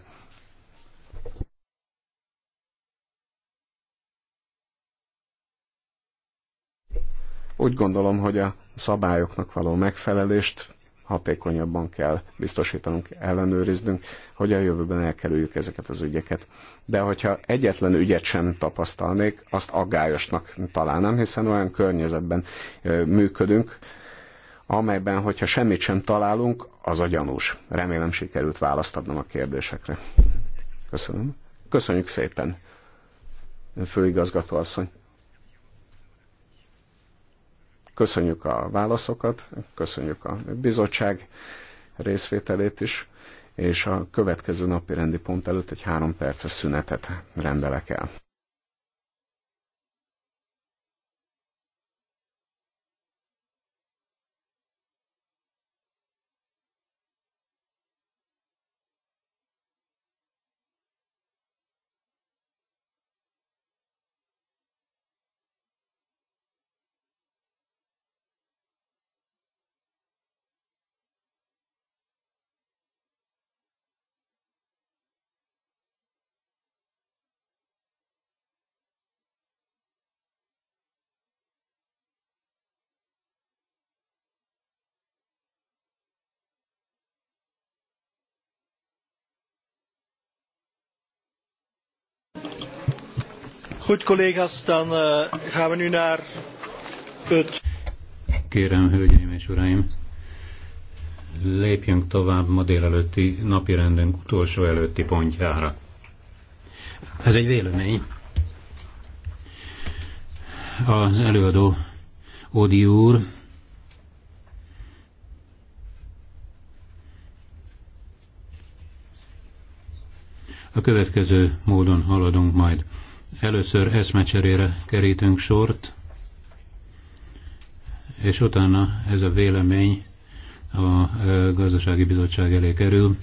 Úgy gondolom, hogy a szabályoknak való megfelelést hatékonyabban kell biztosítanunk, ellenőriznünk, hogy a jövőben elkerüljük ezeket az ügyeket. De hogyha egyetlen ügyet sem tapasztalnék, azt aggályosnak találnám, hiszen olyan környezetben működünk, amelyben, hogyha semmit sem találunk, az a gyanús. Remélem sikerült választ adnom a kérdésekre. Köszönöm. Köszönjük szépen, főigazgató asszony. Köszönjük a válaszokat, köszönjük a bizottság részvételét is, és a következő napi rendi pont előtt egy három perces szünetet rendelek el. Goed, collega's, dan uh, gaan we nu naar het... Kérem, hölgyeim és uraim, lépjünk tovább ma délelőtti napirendünk utolsó előtti pontjára. Ez egy vélemény. Az előadó Odi úr a következő módon haladunk majd. Először eszmecserére kerítünk sort, és utána ez a vélemény a gazdasági bizottság elé kerül.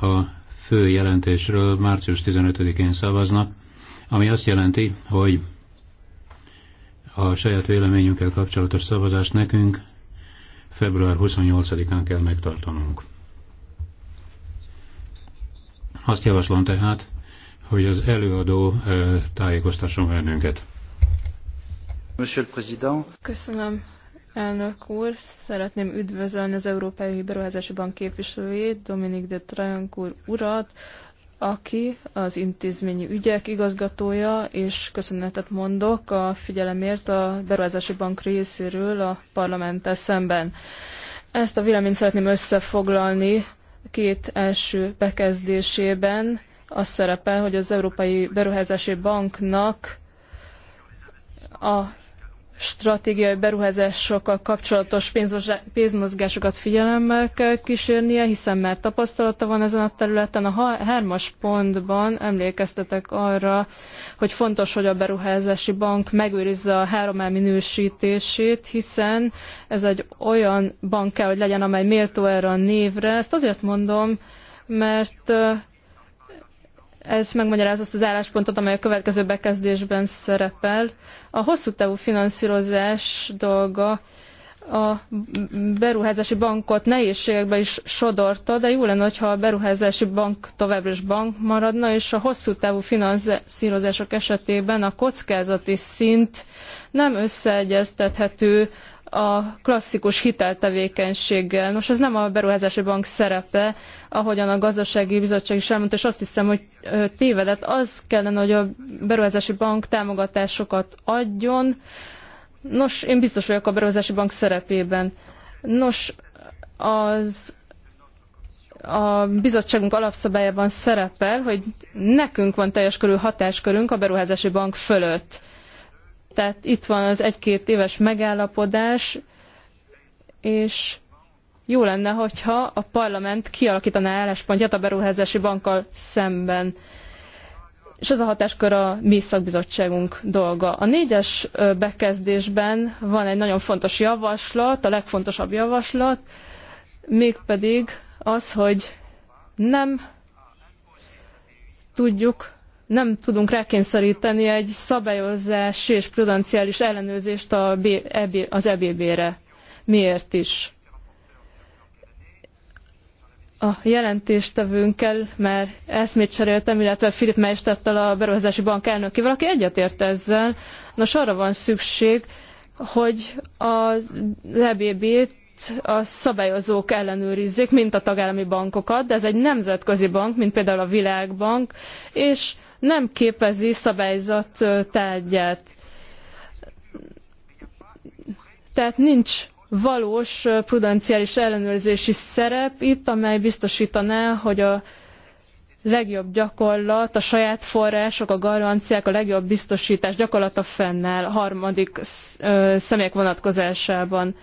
A fő jelentésről március 15-én szavaznak, ami azt jelenti, hogy a saját véleményünkkel kapcsolatos szavazást nekünk február 28-án kell megtartanunk. Azt javaslom tehát, hogy az előadó tájékoztasson bennünket. Monsieur le Président. Köszönöm. Elnök úr, szeretném üdvözölni az Európai Beruházási Bank képviselőjét, Dominik de Trajankur urat, aki az intézményi ügyek igazgatója, és köszönetet mondok a figyelemért a Beruházási Bank részéről a parlamenttel szemben. Ezt a véleményt szeretném összefoglalni két első bekezdésében, az szerepel, hogy az Európai Beruházási Banknak a stratégiai beruházásokkal kapcsolatos pénzmozgásokat figyelemmel kell kísérnie, hiszen már tapasztalata van ezen a területen. A hármas pontban emlékeztetek arra, hogy fontos, hogy a beruházási bank megőrizze a 3 minősítését, hiszen ez egy olyan bank kell, hogy legyen, amely méltó erre a névre. Ezt azért mondom, mert ez megmagyaráz azt az álláspontot, amely a következő bekezdésben szerepel. A hosszú távú finanszírozás dolga a beruházási bankot nehézségekbe is sodorta, de jó lenne, hogyha a beruházási bank továbbra is bank maradna, és a hosszú távú finanszírozások esetében a kockázati szint nem összeegyeztethető a klasszikus hiteltevékenységgel. Nos, ez nem a beruházási bank szerepe, ahogyan a gazdasági bizottság is elmondta, és azt hiszem, hogy tévedett. Az kellene, hogy a beruházási bank támogatásokat adjon. Nos, én biztos vagyok a beruházási bank szerepében. Nos, az a bizottságunk alapszabályában szerepel, hogy nekünk van teljes körű hatáskörünk a beruházási bank fölött tehát itt van az egy-két éves megállapodás, és jó lenne, hogyha a parlament kialakítaná álláspontját a beruházási bankkal szemben. És ez a hatáskör a mi szakbizottságunk dolga. A négyes bekezdésben van egy nagyon fontos javaslat, a legfontosabb javaslat, mégpedig az, hogy nem tudjuk nem tudunk rákényszeríteni egy szabályozás és prudenciális ellenőrzést a e az EBB-re. Miért is? A jelentéstevőnkkel már eszmét cseréltem, illetve Filip Meistettel a beruházási bank elnökével, aki egyetért ezzel. Nos, arra van szükség, hogy az EBB-t a szabályozók ellenőrizzék, mint a tagállami bankokat, de ez egy nemzetközi bank, mint például a Világbank, és nem képezi szabályzat tárgyát. Tehát nincs valós prudenciális ellenőrzési szerep itt, amely biztosítaná, hogy a legjobb gyakorlat, a saját források, a garanciák, a legjobb biztosítás gyakorlata fennáll harmadik személyek vonatkozásában.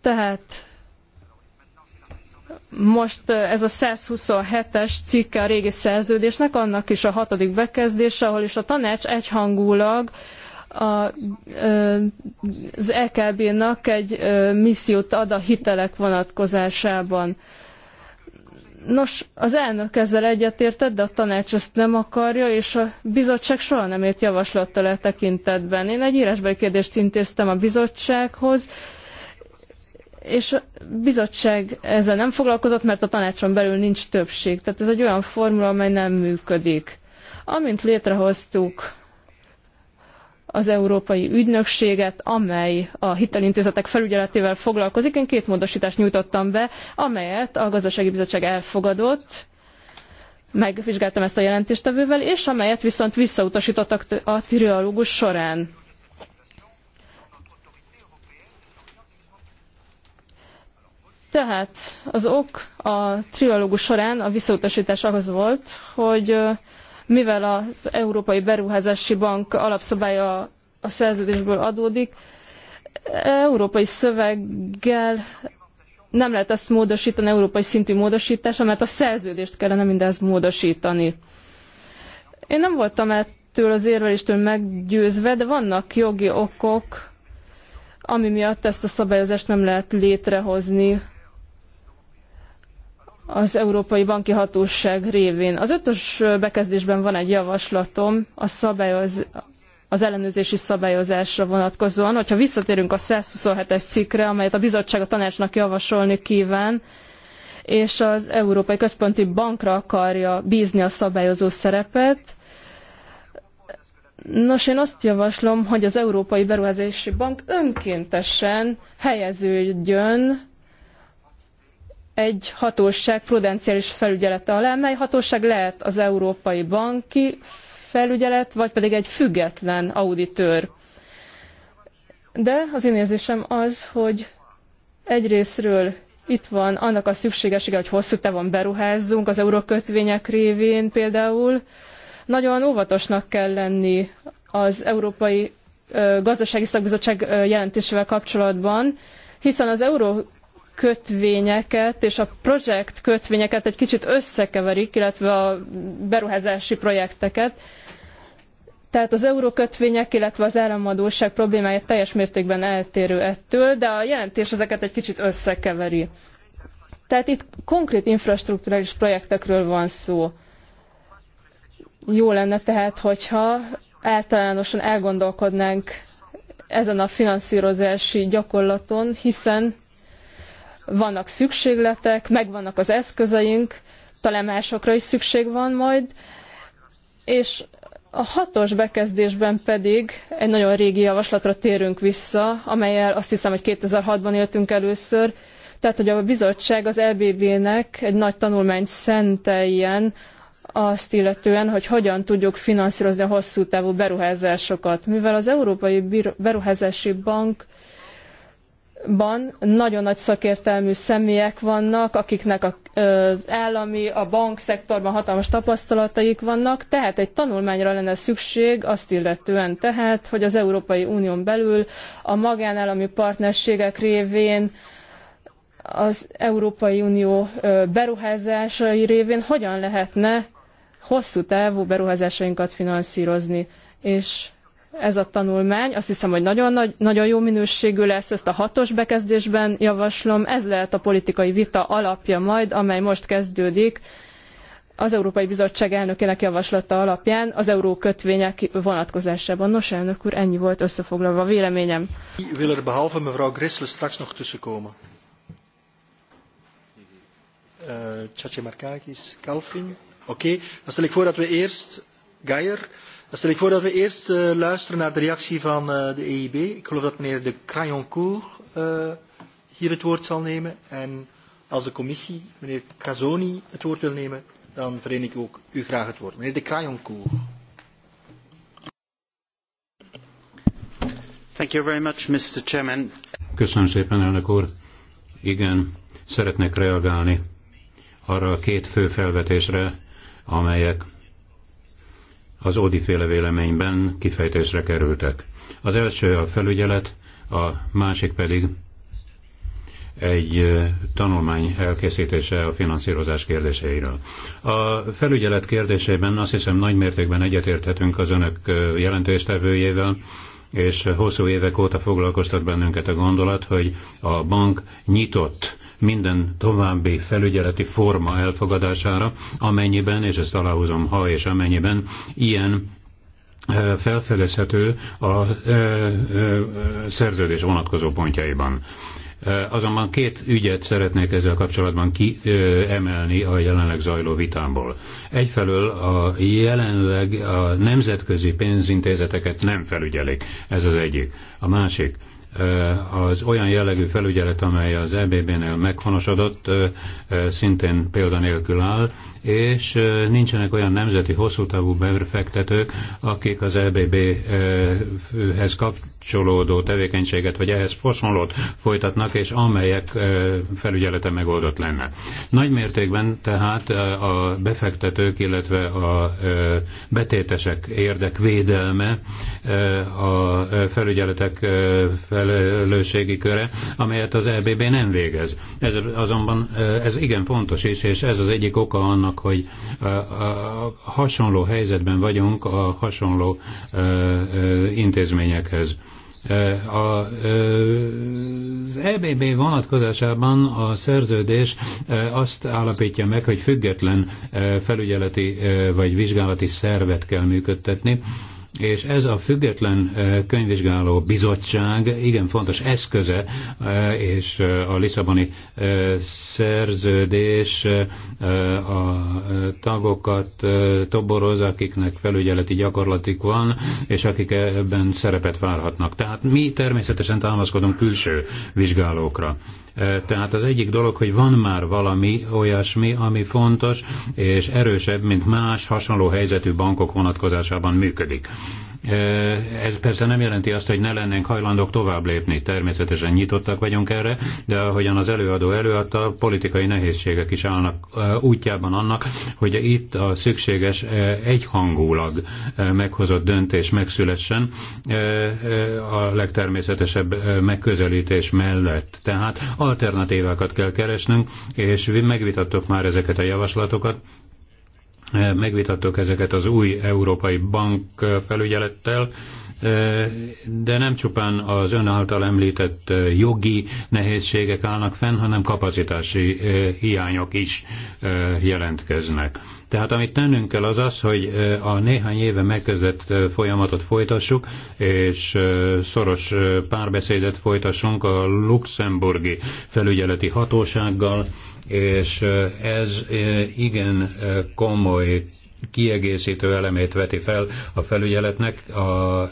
Tehát most ez a 127-es cikke a régi szerződésnek, annak is a hatodik bekezdése, ahol is a tanács egyhangulag a, az EKB-nak egy missziót ad a hitelek vonatkozásában. Nos, az elnök ezzel egyetértett, de a tanács ezt nem akarja, és a bizottság soha nem ért javaslattal e tekintetben. Én egy írásbeli kérdést intéztem a bizottsághoz, és a bizottság ezzel nem foglalkozott, mert a tanácson belül nincs többség. Tehát ez egy olyan formula, amely nem működik. Amint létrehoztuk az Európai Ügynökséget, amely a hitelintézetek felügyeletével foglalkozik. Én két módosítást nyújtottam be, amelyet a Gazdasági Bizottság elfogadott, megvizsgáltam ezt a jelentéstevővel, és amelyet viszont visszautasítottak a trialógus során. Tehát az ok a trialógus során a visszautasítás az volt, hogy mivel az Európai Beruházási Bank alapszabálya a szerződésből adódik, európai szöveggel nem lehet ezt módosítani, európai szintű módosításra, mert a szerződést kellene mindezt módosítani. Én nem voltam ettől az érveléstől meggyőzve, de vannak jogi okok, ami miatt ezt a szabályozást nem lehet létrehozni az Európai Banki Hatóság révén. Az ötös bekezdésben van egy javaslatom a szabályoz, az ellenőrzési szabályozásra vonatkozóan. Hogyha visszatérünk a 127-es cikkre, amelyet a bizottság a tanácsnak javasolni kíván, és az Európai Központi Bankra akarja bízni a szabályozó szerepet, Nos, én azt javaslom, hogy az Európai Beruházási Bank önkéntesen helyeződjön egy hatóság prudenciális felügyelete alá, mely hatóság lehet az Európai Banki felügyelet, vagy pedig egy független auditőr. De az én érzésem az, hogy egyrésztről itt van annak a szükségessége, hogy hosszú távon beruházzunk az eurókötvények révén például. Nagyon óvatosnak kell lenni az Európai Gazdasági Szakbizottság jelentésével kapcsolatban, hiszen az euró kötvényeket és a projekt kötvényeket egy kicsit összekeverik, illetve a beruházási projekteket. Tehát az eurókötvények, illetve az államadóság problémája teljes mértékben eltérő ettől, de a jelentés ezeket egy kicsit összekeveri. Tehát itt konkrét infrastrukturális projektekről van szó. Jó lenne tehát, hogyha általánosan elgondolkodnánk ezen a finanszírozási gyakorlaton, hiszen vannak szükségletek, megvannak az eszközeink, talán másokra is szükség van majd, és a hatos bekezdésben pedig egy nagyon régi javaslatra térünk vissza, amelyel azt hiszem, hogy 2006-ban éltünk először, tehát hogy a bizottság az EBB-nek egy nagy tanulmányt szenteljen azt illetően, hogy hogyan tudjuk finanszírozni a hosszú távú beruházásokat, mivel az Európai Beruházási Bank Ban nagyon nagy szakértelmű személyek vannak, akiknek az állami, a bankszektorban hatalmas tapasztalataik vannak, tehát egy tanulmányra lenne szükség azt illetően tehát, hogy az Európai Unión belül a magánállami partnerségek révén az Európai Unió beruházásai révén hogyan lehetne hosszú távú beruházásainkat finanszírozni. És ez a tanulmány. Azt hiszem, hogy nagyon, nagy, nagyon jó minőségű lesz, ezt a hatos bekezdésben javaslom. Ez lehet a politikai vita alapja majd, amely most kezdődik az Európai Bizottság elnökének javaslata alapján az eurókötvények vonatkozásában. Nos, elnök úr, ennyi volt összefoglalva a véleményem. Wil er behalve mevrouw Grissel straks nog tussenkomen? Uh, eh, Markakis, Oké, okay. dan stel ik voor dat we eerst Geyer Dan stel ik voor dat we eerst uh, luisteren naar de reactie van uh, de EIB. Ik geloof dat meneer de Crayoncourt uh, eh, hier het woord zal nemen. En als de commissie, meneer Casoni, het woord wil nemen, dan vereen ik ook u graag het woord. Meneer de Crayoncourt. Thank you very much, Mr. Chairman. Köszönöm szépen, elnök úr. Igen, szeretnék reagálni arra a két fő felvetésre, amelyek az odi féle véleményben kifejtésre kerültek. Az első a felügyelet, a másik pedig egy tanulmány elkészítése a finanszírozás kérdéseiről. A felügyelet kérdésében azt hiszem nagy mértékben egyetérthetünk az önök jelentéstevőjével, és hosszú évek óta foglalkoztat bennünket a gondolat, hogy a bank nyitott minden további felügyeleti forma elfogadására, amennyiben, és ezt aláhozom, ha és amennyiben ilyen felfedezhető a szerződés vonatkozó pontjaiban. Azonban két ügyet szeretnék ezzel kapcsolatban kiemelni a jelenleg zajló vitából. Egyfelől a jelenleg a nemzetközi pénzintézeteket nem felügyelik, ez az egyik. A másik, az olyan jellegű felügyelet, amely az EBB-nél meghonosodott, szintén példanélkül áll, és nincsenek olyan nemzeti hosszútávú befektetők, akik az EBB-hez kapcsolódó tevékenységet, vagy ehhez foszonlót folytatnak, és amelyek felügyelete megoldott lenne. Nagy mértékben tehát a befektetők, illetve a betétesek érdekvédelme a felügyeletek fel felelősségi köre, amelyet az EBB nem végez. Ez azonban ez igen fontos is, és ez az egyik oka annak, hogy hasonló helyzetben vagyunk a hasonló intézményekhez. A, az EBB vonatkozásában a szerződés azt állapítja meg, hogy független felügyeleti vagy vizsgálati szervet kell működtetni, és ez a független eh, könyvvizsgáló bizottság igen fontos eszköze, eh, és eh, a Lisszaboni szerződés a tagokat toboroz, akiknek felügyeleti gyakorlatik van, és akik ebben szerepet várhatnak. Tehát mi természetesen támaszkodunk külső vizsgálókra. Tehát az egyik dolog, hogy van már valami olyasmi, ami fontos és erősebb, mint más hasonló helyzetű bankok vonatkozásában működik. Ez persze nem jelenti azt, hogy ne lennénk hajlandók tovább lépni. Természetesen nyitottak vagyunk erre, de ahogyan az előadó előadta, politikai nehézségek is állnak útjában annak, hogy itt a szükséges egyhangulag meghozott döntés megszülessen a legtermészetesebb megközelítés mellett. Tehát alternatívákat kell keresnünk, és megvitattuk már ezeket a javaslatokat, megvitattuk ezeket az új európai bank felügyelettel, de nem csupán az ön által említett jogi nehézségek állnak fenn, hanem kapacitási hiányok is jelentkeznek. Tehát amit tennünk kell az az, hogy a néhány éve megkezdett folyamatot folytassuk, és szoros párbeszédet folytassunk a luxemburgi felügyeleti hatósággal, és ez igen komoly kiegészítő elemét veti fel a felügyeletnek a e,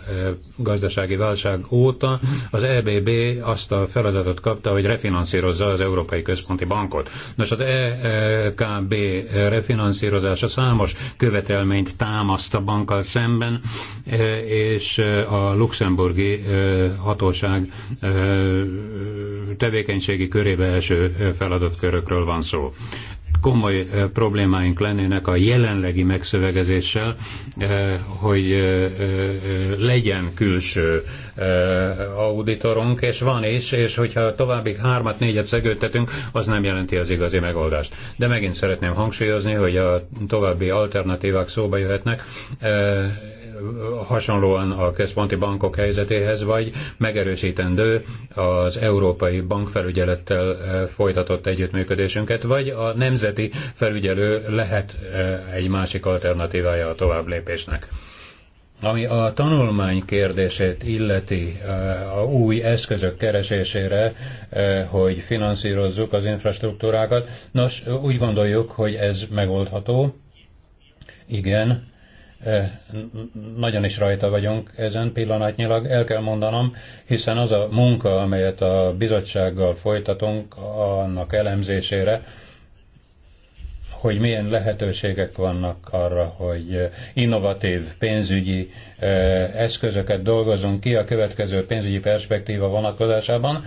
gazdasági válság óta. Az EBB azt a feladatot kapta, hogy refinanszírozza az Európai Központi Bankot. Nos, az EKB refinanszírozása számos követelményt támaszt a bankkal szemben, e, és e, a luxemburgi hatóság tevékenységi körébe első feladatkörökről van szó komoly problémáink lennének a jelenlegi megszövegezéssel, hogy legyen külső auditorunk, és van is, és hogyha további hármat, négyet szegődtetünk, az nem jelenti az igazi megoldást. De megint szeretném hangsúlyozni, hogy a további alternatívák szóba jöhetnek, hasonlóan a központi bankok helyzetéhez, vagy megerősítendő az európai bankfelügyelettel eh, folytatott együttműködésünket, vagy a nemzeti felügyelő lehet eh, egy másik alternatívája a tovább lépésnek. Ami a tanulmány kérdését illeti eh, a új eszközök keresésére, hogy finanszírozzuk az infrastruktúrákat, nos, úgy gondoljuk, hogy ez megoldható. Igen, Eh, nagyon is rajta vagyunk ezen pillanatnyilag, el kell mondanom, hiszen az a munka, amelyet a bizottsággal folytatunk annak elemzésére, hogy milyen lehetőségek vannak arra, hogy eh, innovatív pénzügyi eh, eszközöket dolgozunk ki a következő pénzügyi perspektíva vonatkozásában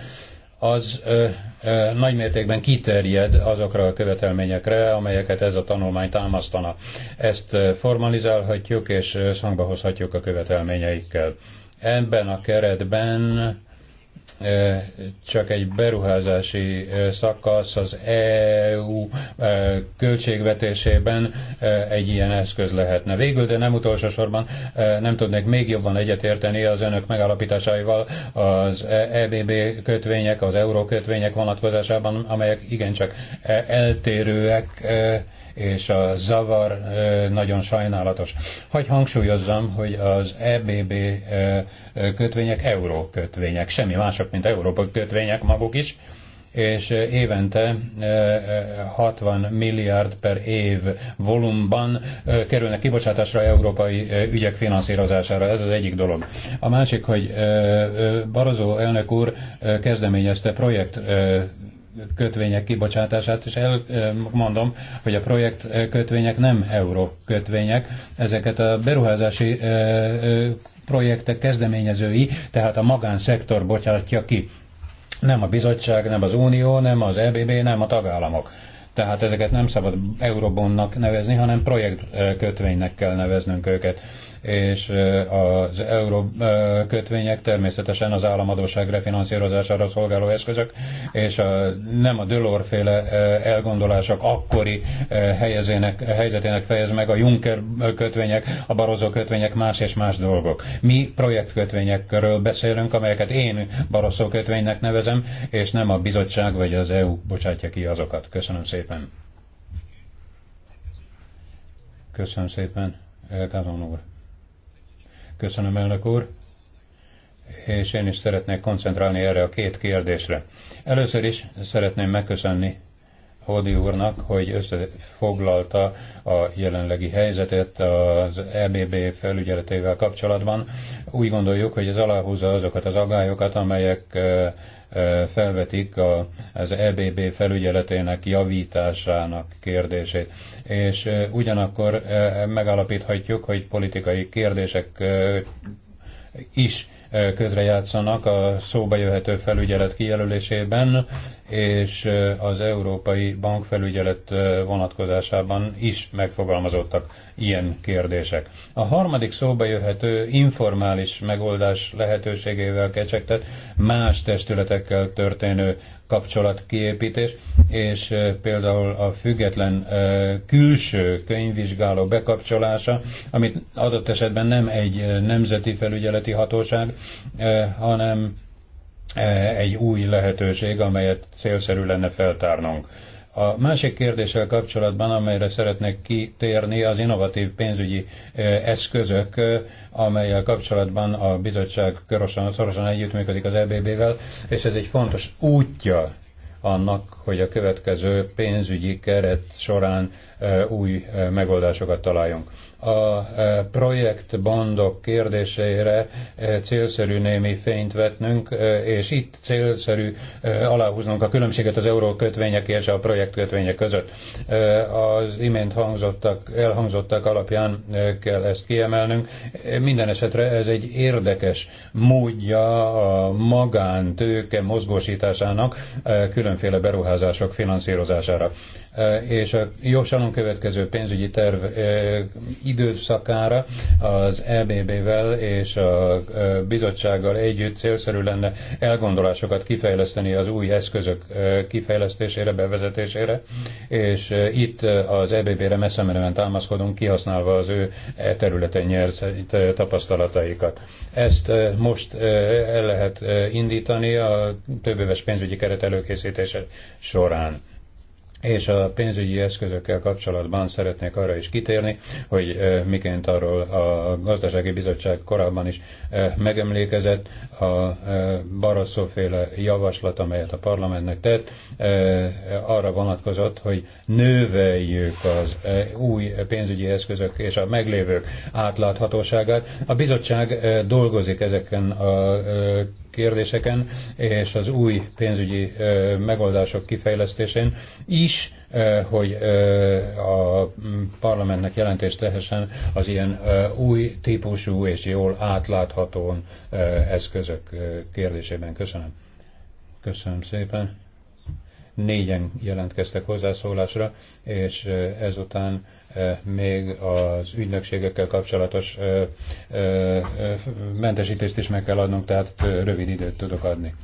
az ö, ö, nagy mértékben kiterjed azokra a követelményekre, amelyeket ez a tanulmány támasztana. Ezt formalizálhatjuk és szangba hozhatjuk a követelményeikkel. Ebben a keretben csak egy beruházási szakasz az EU költségvetésében egy ilyen eszköz lehetne. Végül, de nem utolsó sorban nem tudnék még jobban egyetérteni az önök megállapításaival az EBB kötvények, az euró kötvények vonatkozásában, amelyek igencsak eltérőek és a zavar nagyon sajnálatos. Hogy hangsúlyozzam, hogy az EBB kötvények euró kötvények, semmi mások, mint Európa kötvények maguk is, és évente 60 milliárd per év volumban kerülnek kibocsátásra európai ügyek finanszírozására. Ez az egyik dolog. A másik, hogy Barozó elnök úr kezdeményezte projekt kötvények kibocsátását, és elmondom, hogy a projekt kötvények nem euró kötvények, ezeket a beruházási projektek kezdeményezői, tehát a magánszektor bocsátja ki. Nem a bizottság, nem az unió, nem az EBB, nem a tagállamok. Tehát ezeket nem szabad eurobonnak nevezni, hanem projektkötvénynek kell neveznünk őket és az euró kötvények természetesen az államadóság refinanszírozására szolgáló eszközök, és a, nem a Delors féle elgondolások akkori helyezének, helyzetének fejez meg a Juncker kötvények, a Barozó kötvények más és más dolgok. Mi projektkötvényekről beszélünk, amelyeket én Barozó kötvénynek nevezem, és nem a bizottság vagy az EU bocsátja ki azokat. Köszönöm szépen. Köszönöm szépen, Gazon úr. Köszönöm, elnök úr. És én is szeretnék koncentrálni erre a két kérdésre. Először is szeretném megköszönni Hódi úrnak, hogy összefoglalta a jelenlegi helyzetet az EBB felügyeletével kapcsolatban. Úgy gondoljuk, hogy ez aláhúzza azokat az agályokat, amelyek felvetik az EBB felügyeletének javításának kérdését. És ugyanakkor megállapíthatjuk, hogy politikai kérdések is közrejátszanak a szóba jöhető felügyelet kijelölésében, és az Európai Bankfelügyelet vonatkozásában is megfogalmazottak ilyen kérdések. A harmadik szóba jöhető informális megoldás lehetőségével kecsegtet más testületekkel történő kapcsolatkiépítés, és például a független külső könyvvizsgáló bekapcsolása, amit adott esetben nem egy nemzeti felügyeleti hatóság, hanem egy új lehetőség, amelyet célszerű lenne feltárnunk. A másik kérdéssel kapcsolatban, amelyre szeretnék kitérni, az innovatív pénzügyi eszközök, amelyel kapcsolatban a bizottság korosan, szorosan együttműködik az EBB-vel, és ez egy fontos útja annak, hogy a következő pénzügyi keret során új megoldásokat találjunk a e, projektbandok kérdésére e, célszerű némi fényt vetnünk, e, és itt célszerű aláhúznunk a különbséget az euró kötvények és a kötvények között. Az imént hangzottak, elhangzottak alapján kell ezt kiemelnünk. Minden esetre ez egy érdekes módja a magántőke mozgósításának különféle beruházások finanszírozására és a jósanon következő pénzügyi terv időszakára az EBB-vel és a bizottsággal együtt célszerű lenne elgondolásokat kifejleszteni az új eszközök kifejlesztésére, bevezetésére, és itt az EBB-re messze menően támaszkodunk, kihasználva az ő e területen nyert tapasztalataikat. Ezt most el lehet indítani a többéves pénzügyi keret előkészítése során és a pénzügyi eszközökkel kapcsolatban szeretnék arra is kitérni, hogy miként arról a gazdasági bizottság korábban is megemlékezett a Barroso-féle javaslat, amelyet a parlamentnek tett, arra vonatkozott, hogy növeljük az új pénzügyi eszközök és a meglévők átláthatóságát. A bizottság dolgozik ezeken a kérdéseken és az új pénzügyi megoldások kifejlesztésén is, hogy a parlamentnek jelentést tehessen az ilyen új típusú és jól átlátható eszközök kérdésében. Köszönöm. Köszönöm szépen. Négyen jelentkeztek hozzászólásra, és ezután még az ügynökségekkel kapcsolatos mentesítést is meg kell adnunk, tehát rövid időt tudok adni.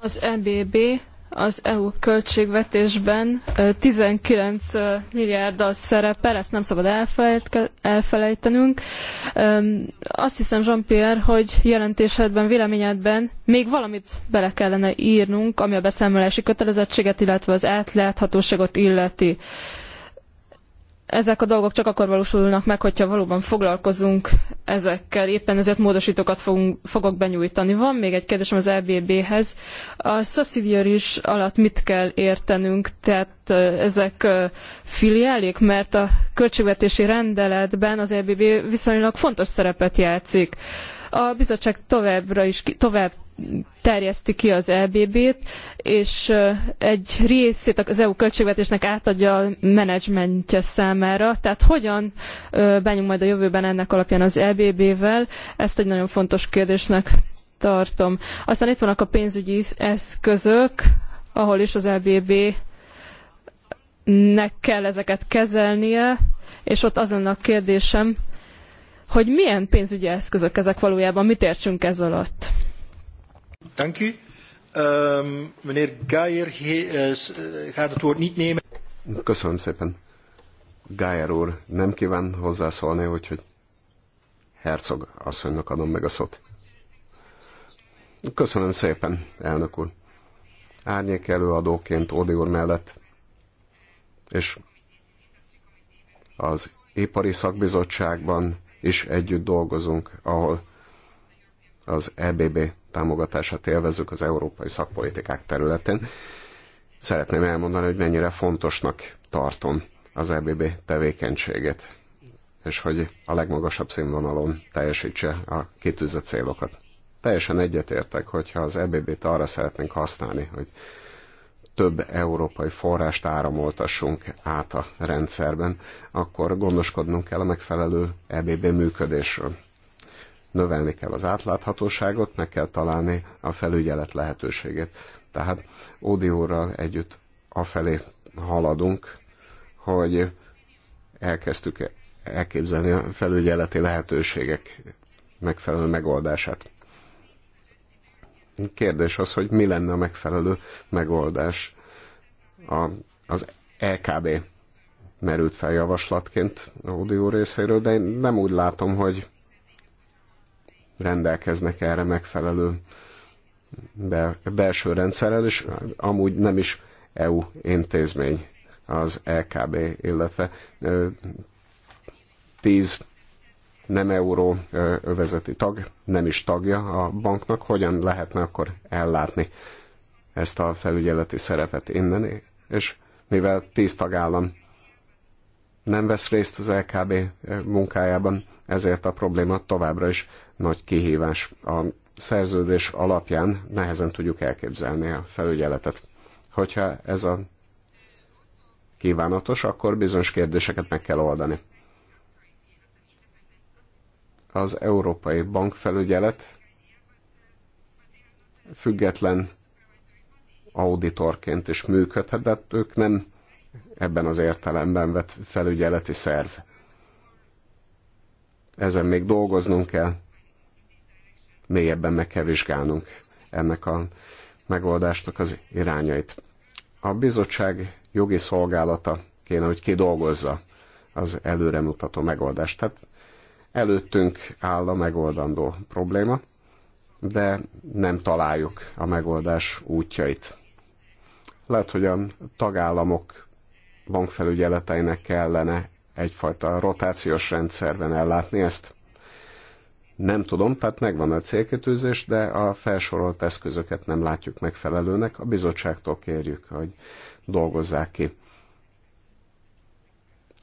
Az MBB e az EU költségvetésben 19 milliárddal szerepel, ezt nem szabad elfelejtenünk. Azt hiszem, Jean-Pierre, hogy jelentésedben, véleményedben még valamit bele kellene írnunk, ami a beszámolási kötelezettséget, illetve az átláthatóságot illeti ezek a dolgok csak akkor valósulnak meg, hogyha valóban foglalkozunk ezekkel. Éppen ezért módosítókat fogunk, fogok benyújtani. Van még egy kérdésem az EBB-hez. A szubszidiaris alatt mit kell értenünk? Tehát ezek filiálék, mert a költségvetési rendeletben az EBB viszonylag fontos szerepet játszik. A bizottság továbbra is tovább terjeszti ki az EBB-t, és egy részét az EU költségvetésnek átadja a menedzsmentje számára. Tehát hogyan bánjunk majd a jövőben ennek alapján az EBB-vel? Ezt egy nagyon fontos kérdésnek tartom. Aztán itt vannak a pénzügyi eszközök, ahol is az EBB nek kell ezeket kezelnie, és ott az lenne a kérdésem, hogy milyen pénzügyi eszközök ezek valójában, mit értsünk ez alatt? Dank u. Um, meneer eh, eh, gaat het woord niet nemen. Köszönöm szépen. Gájer úr nem kíván hozzászólni, úgyhogy Herzog asszonynak adom meg a szót. Köszönöm szépen, elnök úr. Árnyék előadóként Ódi úr mellett, és az Ipari Szakbizottságban is együtt dolgozunk, ahol az EBB támogatását élvezünk az európai szakpolitikák területén. Szeretném elmondani, hogy mennyire fontosnak tartom az EBB tevékenységet, és hogy a legmagasabb színvonalon teljesítse a kitűzött célokat. Teljesen egyetértek, hogyha az EBB-t arra szeretnénk használni, hogy több európai forrást áramoltassunk át a rendszerben, akkor gondoskodnunk kell a megfelelő EBB működésről növelni kell az átláthatóságot, meg kell találni a felügyelet lehetőségét. Tehát ódióral együtt afelé haladunk, hogy elkezdtük elképzelni a felügyeleti lehetőségek megfelelő megoldását. Kérdés az, hogy mi lenne a megfelelő megoldás. A, az LKB e merült fel javaslatként a audio részéről, de én nem úgy látom, hogy rendelkeznek erre megfelelő belső rendszerrel, és amúgy nem is EU intézmény az LKB, e illetve tíz nem euró övezeti tag, nem is tagja a banknak, hogyan lehetne akkor ellátni ezt a felügyeleti szerepet innen, és mivel tíz tagállam nem vesz részt az LKB eh, munkájában, ezért a probléma továbbra is nagy kihívás. A szerződés alapján nehezen tudjuk elképzelni a felügyeletet. Hogyha ez a kívánatos, akkor bizonyos kérdéseket meg kell oldani. Az Európai Bankfelügyelet független auditorként is működhet, de ők nem ebben az értelemben vett felügyeleti szerv. Ezen még dolgoznunk kell, mélyebben meg kell vizsgálnunk ennek a megoldástok az irányait. A bizottság jogi szolgálata kéne, hogy kidolgozza az előremutató megoldást. Tehát előttünk áll a megoldandó probléma, de nem találjuk a megoldás útjait. Lehet, hogy a tagállamok bankfelügyeleteinek kellene egyfajta rotációs rendszerben ellátni ezt. Nem tudom, tehát megvan a célkitűzés, de a felsorolt eszközöket nem látjuk megfelelőnek. A bizottságtól kérjük, hogy dolgozzák ki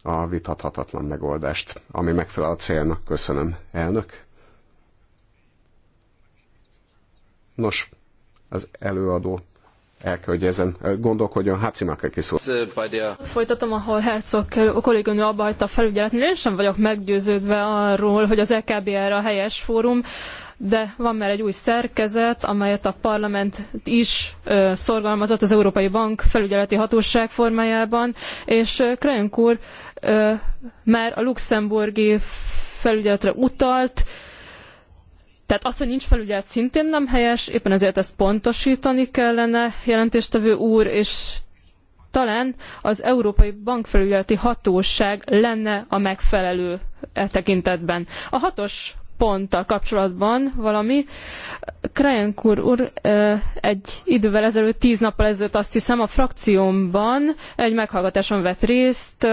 a vitathatatlan megoldást, ami megfelel a célnak. Köszönöm, elnök. Nos, az előadó el kell, hogy ezen gondolkodjon Hácimákekis úr. Ott folytatom, ahol Herzog a kolléganő abba hagyta a felügyeletnél. Én sem vagyok meggyőződve arról, hogy az e erre a helyes fórum, de van már egy új szerkezet, amelyet a parlament is ö, szorgalmazott az Európai Bank felügyeleti hatóság formájában, és Krajank úr ö, már a luxemburgi felügyeletre utalt, ö, tehát az, hogy nincs felügyelet, szintén nem helyes, éppen ezért ezt pontosítani kellene, jelentéstevő úr, és talán az Európai Bankfelügyeleti Hatóság lenne a megfelelő e tekintetben. A hatos ponttal kapcsolatban valami. Krajenkur úr egy idővel ezelőtt, tíz nappal ezelőtt azt hiszem a frakciómban egy meghallgatáson vett részt,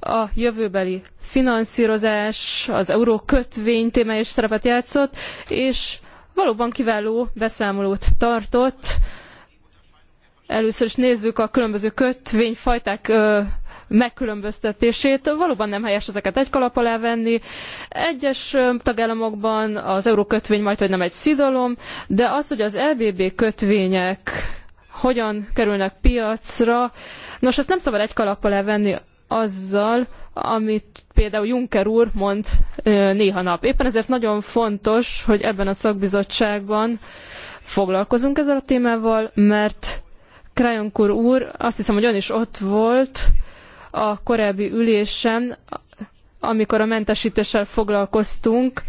a jövőbeli finanszírozás, az euró kötvény témája is szerepet játszott, és valóban kiváló beszámolót tartott. Először is nézzük a különböző kötvényfajták ö, megkülönböztetését. Valóban nem helyes ezeket egy kalap alá venni. Egyes tagállamokban az eurókötvény majd, hogy nem egy szidalom, de az, hogy az EBB kötvények hogyan kerülnek piacra. Nos, ezt nem szabad egy kalap alá venni azzal, amit például Juncker úr mond néha nap. Éppen ezért nagyon fontos, hogy ebben a szakbizottságban foglalkozunk ezzel a témával, mert Krajonkor úr azt hiszem, hogy ön is ott volt a korábbi ülésen, amikor a mentesítéssel foglalkoztunk,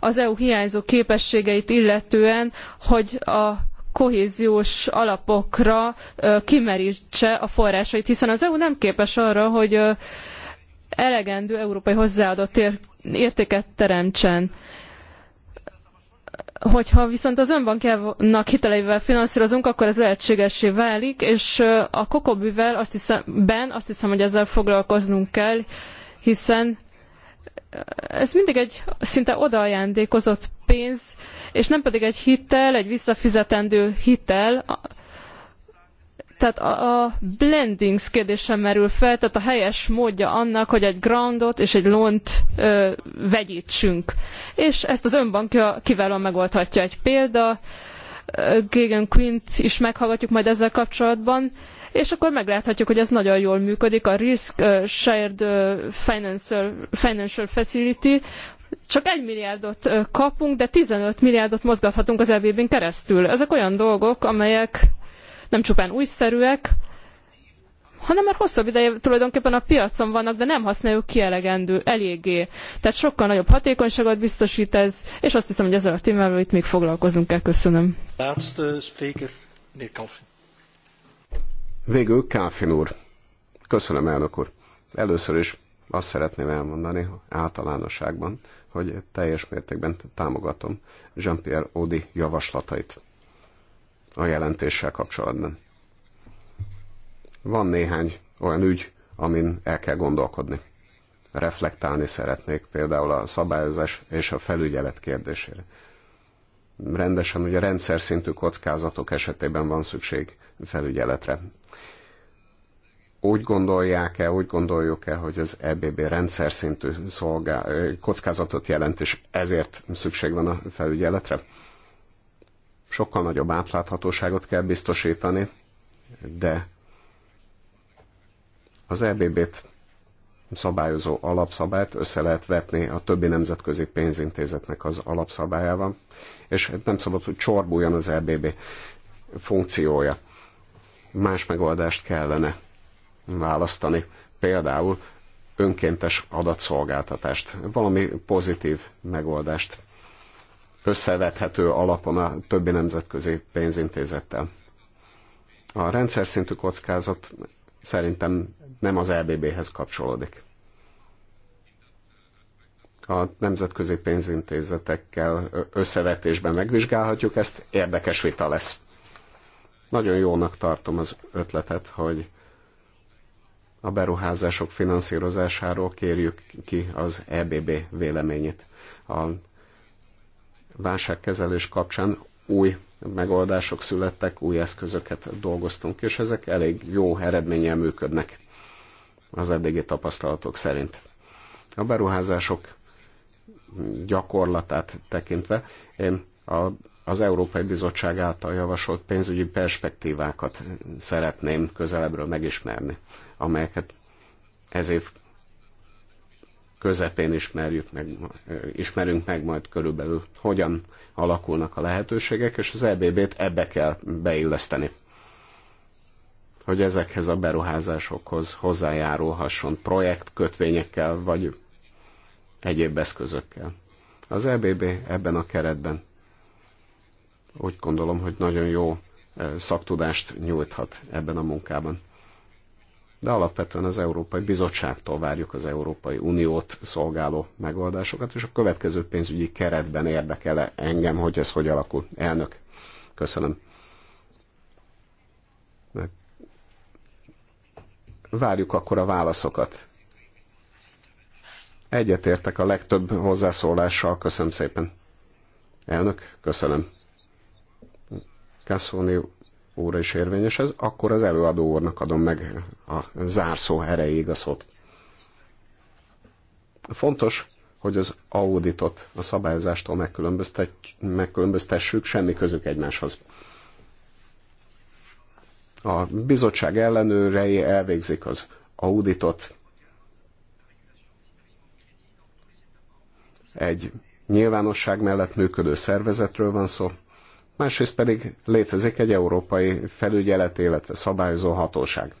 az EU hiányzó képességeit illetően, hogy a kohéziós alapokra kimerítse a forrásait, hiszen az EU nem képes arra, hogy elegendő európai hozzáadott értéket teremtsen. Hogyha viszont az önbankjának hiteleivel finanszírozunk, akkor ez lehetségessé válik, és a kokobűvel azt hiszem, ben azt hiszem, hogy ezzel foglalkoznunk kell, hiszen ez mindig egy szinte odaajándékozott pénz, és nem pedig egy hitel, egy visszafizetendő hitel. Tehát a, a blendings kérdése merül fel, tehát a helyes módja annak, hogy egy groundot és egy lont ö, vegyítsünk. És ezt az önbankja kiválóan megoldhatja egy példa. Gégen Quint is meghallgatjuk majd ezzel kapcsolatban. Ö, és akkor megláthatjuk, hogy ez nagyon jól működik, a Risk Shared Financial, Financial Facility, csak egy milliárdot kapunk, de 15 milliárdot mozgathatunk az ebb n keresztül. Ezek olyan dolgok, amelyek nem csupán újszerűek, hanem már hosszabb ideje tulajdonképpen a piacon vannak, de nem használjuk ki elegendő, eléggé. Tehát sokkal nagyobb hatékonyságot biztosít ez, és azt hiszem, hogy ezzel a témával itt még foglalkozunk kell. Köszönöm. Laatste Végül Káfin úr. Köszönöm, elnök úr. Először is azt szeretném elmondani általánosságban, hogy teljes mértékben támogatom Jean-Pierre Odi javaslatait a jelentéssel kapcsolatban. Van néhány olyan ügy, amin el kell gondolkodni. Reflektálni szeretnék például a szabályozás és a felügyelet kérdésére. Rendesen ugye rendszer szintű kockázatok esetében van szükség felügyeletre, úgy gondolják-e, úgy gondoljuk-e, hogy az EBB rendszer szintű szolgál, kockázatot jelent, és ezért szükség van a felügyeletre? Sokkal nagyobb átláthatóságot kell biztosítani, de az EBB-t szabályozó alapszabályt össze lehet vetni a többi nemzetközi pénzintézetnek az alapszabályával, és nem szabad, hogy csorbuljon az EBB funkciója. Más megoldást kellene választani. Például önkéntes adatszolgáltatást, valami pozitív megoldást összevethető alapon a többi nemzetközi pénzintézettel. A rendszer szintű kockázat szerintem nem az LBB-hez e kapcsolódik. A nemzetközi pénzintézetekkel összevetésben megvizsgálhatjuk, ezt érdekes vita lesz. Nagyon jónak tartom az ötletet, hogy a beruházások finanszírozásáról kérjük ki az EBB véleményét. A válságkezelés kapcsán új megoldások születtek, új eszközöket dolgoztunk, és ezek elég jó eredménnyel működnek az eddigi tapasztalatok szerint. A beruházások gyakorlatát tekintve én a, az Európai Bizottság által javasolt pénzügyi perspektívákat szeretném közelebbről megismerni amelyeket ez év közepén ismerjük meg, ismerünk meg majd körülbelül, hogyan alakulnak a lehetőségek, és az EBB-t ebbe kell beilleszteni. Hogy ezekhez a beruházásokhoz hozzájárulhasson projekt kötvényekkel, vagy egyéb eszközökkel. Az EBB ebben a keretben úgy gondolom, hogy nagyon jó szaktudást nyújthat ebben a munkában de alapvetően az Európai Bizottságtól várjuk az Európai Uniót szolgáló megoldásokat, és a következő pénzügyi keretben érdekele engem, hogy ez hogy alakul. Elnök, köszönöm. Várjuk akkor a válaszokat. Egyetértek a legtöbb hozzászólással, köszönöm szépen. Elnök, köszönöm. Köszönöm óra is érvényes ez, akkor az előadó úrnak adom meg a zárszó erejéig a szót. Fontos, hogy az auditot a szabályozástól megkülönböztet, megkülönböztessük, semmi közük egymáshoz. A bizottság ellenőrei elvégzik az auditot. Egy nyilvánosság mellett működő szervezetről van szó, másrészt pedig létezik egy európai felügyelet, illetve szabályozó hatóság.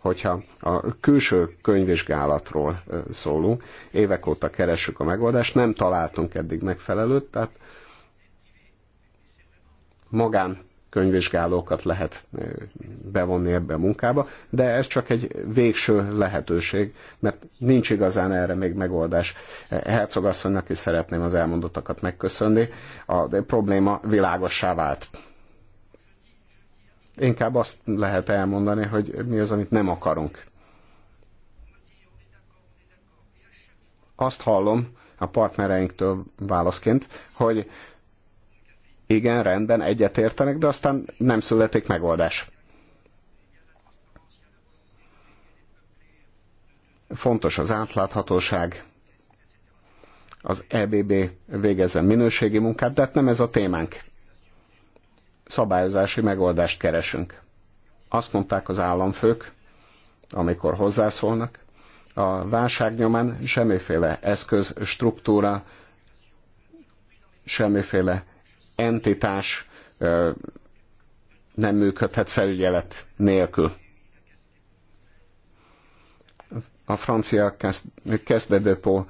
Hogyha a külső könyvvizsgálatról szólunk, évek óta keressük a megoldást, nem találtunk eddig megfelelőt, tehát magán könyvvizsgálókat lehet bevonni ebbe a munkába, de ez csak egy végső lehetőség, mert nincs igazán erre még megoldás. Herzog asszonynak is szeretném az elmondottakat megköszönni, a probléma világossá vált. Inkább azt lehet elmondani, hogy mi az, amit nem akarunk. Azt hallom a partnereinktől válaszként, hogy igen, rendben, egyetértenek, de aztán nem születik megoldás. Fontos az átláthatóság, az EBB végezzen minőségi munkát, de hát nem ez a témánk. Szabályozási megoldást keresünk. Azt mondták az államfők, amikor hozzászólnak, a válság nyomán semmiféle eszköz, struktúra, semmiféle entitás nem működhet felügyelet nélkül. A francia kezdedőpó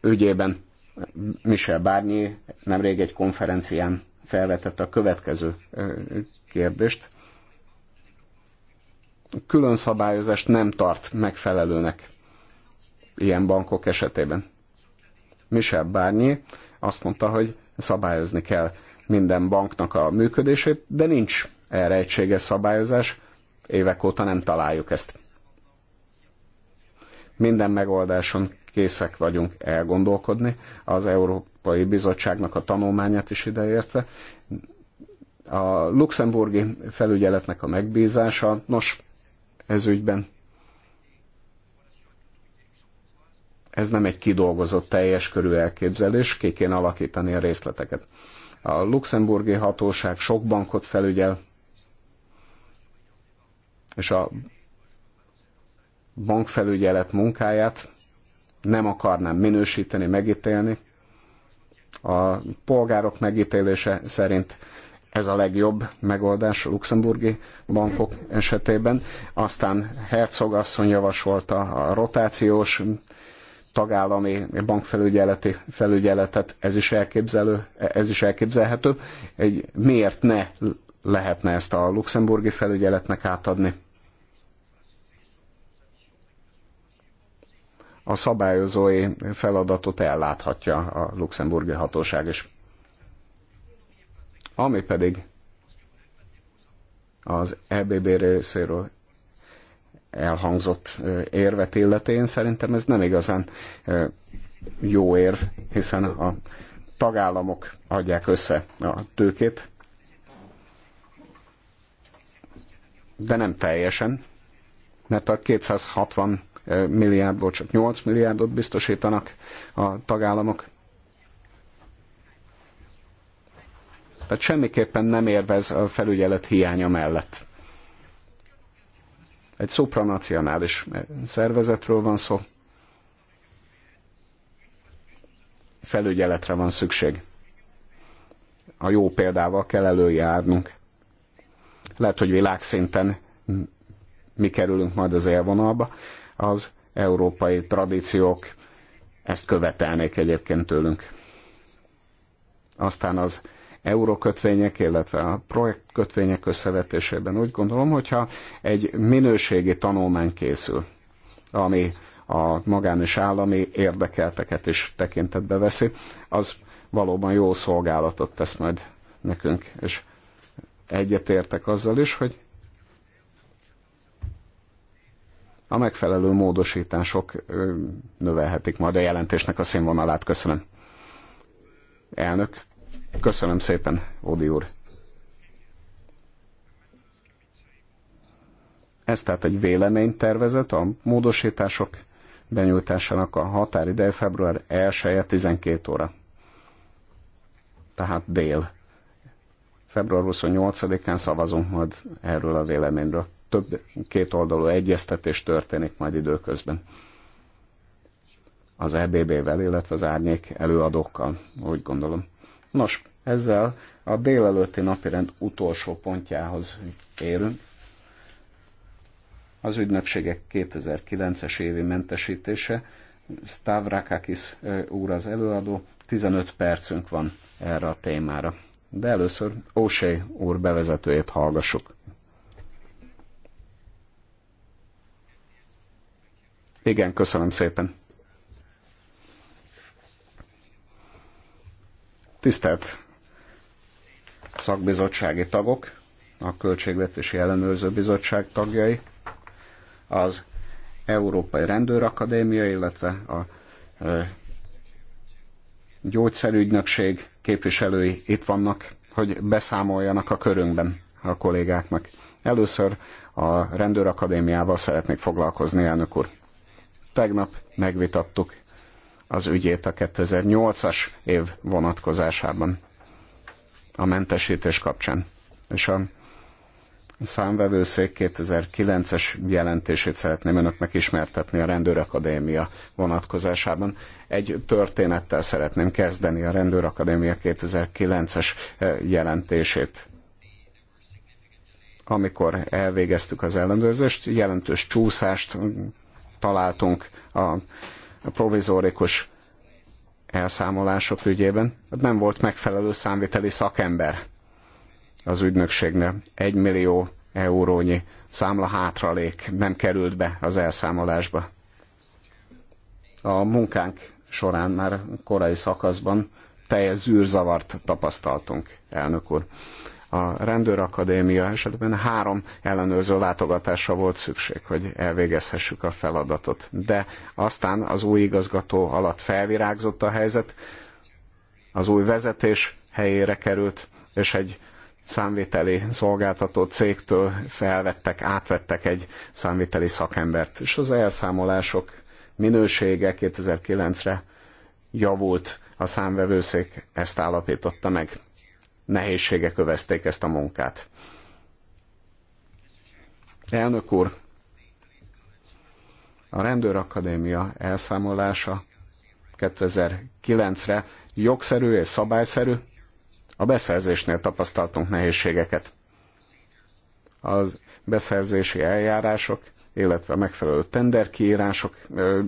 ügyében Michel Barnier nemrég egy konferencián felvetette a következő kérdést. Külön szabályozást nem tart megfelelőnek ilyen bankok esetében. Michel Barnier azt mondta, hogy szabályozni kell minden banknak a működését, de nincs erre egységes szabályozás, évek óta nem találjuk ezt. Minden megoldáson készek vagyunk elgondolkodni, az Európai Bizottságnak a tanulmányát is ideértve. A luxemburgi felügyeletnek a megbízása, nos, ez ügyben ez nem egy kidolgozott teljes körű elképzelés, ki kéne alakítani a részleteket. A luxemburgi hatóság sok bankot felügyel, és a bankfelügyelet munkáját nem akarnám minősíteni, megítélni. A polgárok megítélése szerint ez a legjobb megoldás a luxemburgi bankok esetében. Aztán Herzog asszony javasolta a rotációs tagállami bankfelügyeleti felügyeletet, ez is, elképzelő, ez is elképzelhető. Egy, miért ne lehetne ezt a luxemburgi felügyeletnek átadni? A szabályozói feladatot elláthatja a luxemburgi hatóság is. Ami pedig az EBB részéről elhangzott érvet illetén, szerintem ez nem igazán jó érv, hiszen a tagállamok adják össze a tőkét, de nem teljesen, mert a 260 milliárdból csak 8 milliárdot biztosítanak a tagállamok. Tehát semmiképpen nem érvez a felügyelet hiánya mellett. Egy szupranacionális szervezetről van szó. Felügyeletre van szükség. A jó példával kell előjárnunk. Lehet, hogy világszinten mi kerülünk majd az élvonalba. Az európai tradíciók ezt követelnék egyébként tőlünk. Aztán az eurokötvények, illetve a projektkötvények összevetésében. Úgy gondolom, hogyha egy minőségi tanulmány készül, ami a magán és állami érdekelteket is tekintetbe veszi, az valóban jó szolgálatot tesz majd nekünk, és egyetértek azzal is, hogy a megfelelő módosítások növelhetik majd a jelentésnek a színvonalát. Köszönöm. Elnök, Köszönöm szépen, Odi úr. Ez tehát egy véleménytervezet, a módosítások benyújtásának a határideje február 1-e 12 óra. Tehát dél. Február 28-án szavazunk majd erről a véleményről. Több két oldalú egyeztetés történik majd időközben. Az EBB-vel, illetve az árnyék előadókkal, úgy gondolom. Nos, ezzel a délelőtti napirend utolsó pontjához érünk. Az ügynökségek 2009-es évi mentesítése. Stavrakakis úr az előadó, 15 percünk van erre a témára. De először Ósé úr bevezetőjét hallgassuk. Igen, köszönöm szépen. Tisztelt szakbizottsági tagok, a Költségvetési Ellenőrző Bizottság tagjai, az Európai Rendőrakadémia, illetve a gyógyszerügynökség képviselői itt vannak, hogy beszámoljanak a körünkben a kollégáknak. Először a Rendőrakadémiával szeretnék foglalkozni, elnök úr. Tegnap megvitattuk az ügyét a 2008-as év vonatkozásában a mentesítés kapcsán. És a számvevőszék 2009-es jelentését szeretném önöknek ismertetni a Rendőrakadémia vonatkozásában. Egy történettel szeretném kezdeni a Rendőrakadémia 2009-es eh, jelentését. Amikor elvégeztük az ellenőrzést, jelentős csúszást találtunk a a provizórikus elszámolások ügyében hát nem volt megfelelő számviteli szakember az ügynökségnél. Egy millió eurónyi számla hátralék nem került be az elszámolásba. A munkánk során már korai szakaszban teljes zűrzavart tapasztaltunk, elnök úr a rendőrakadémia esetben három ellenőrző látogatásra volt szükség, hogy elvégezhessük a feladatot. De aztán az új igazgató alatt felvirágzott a helyzet, az új vezetés helyére került, és egy számviteli szolgáltató cégtől felvettek, átvettek egy számviteli szakembert, és az elszámolások minősége 2009-re javult, a számvevőszék ezt állapította meg nehézségek övezték ezt a munkát. Elnök úr, a rendőrakadémia elszámolása 2009-re jogszerű és szabályszerű, a beszerzésnél tapasztaltunk nehézségeket. Az beszerzési eljárások, illetve a megfelelő tenderkiírások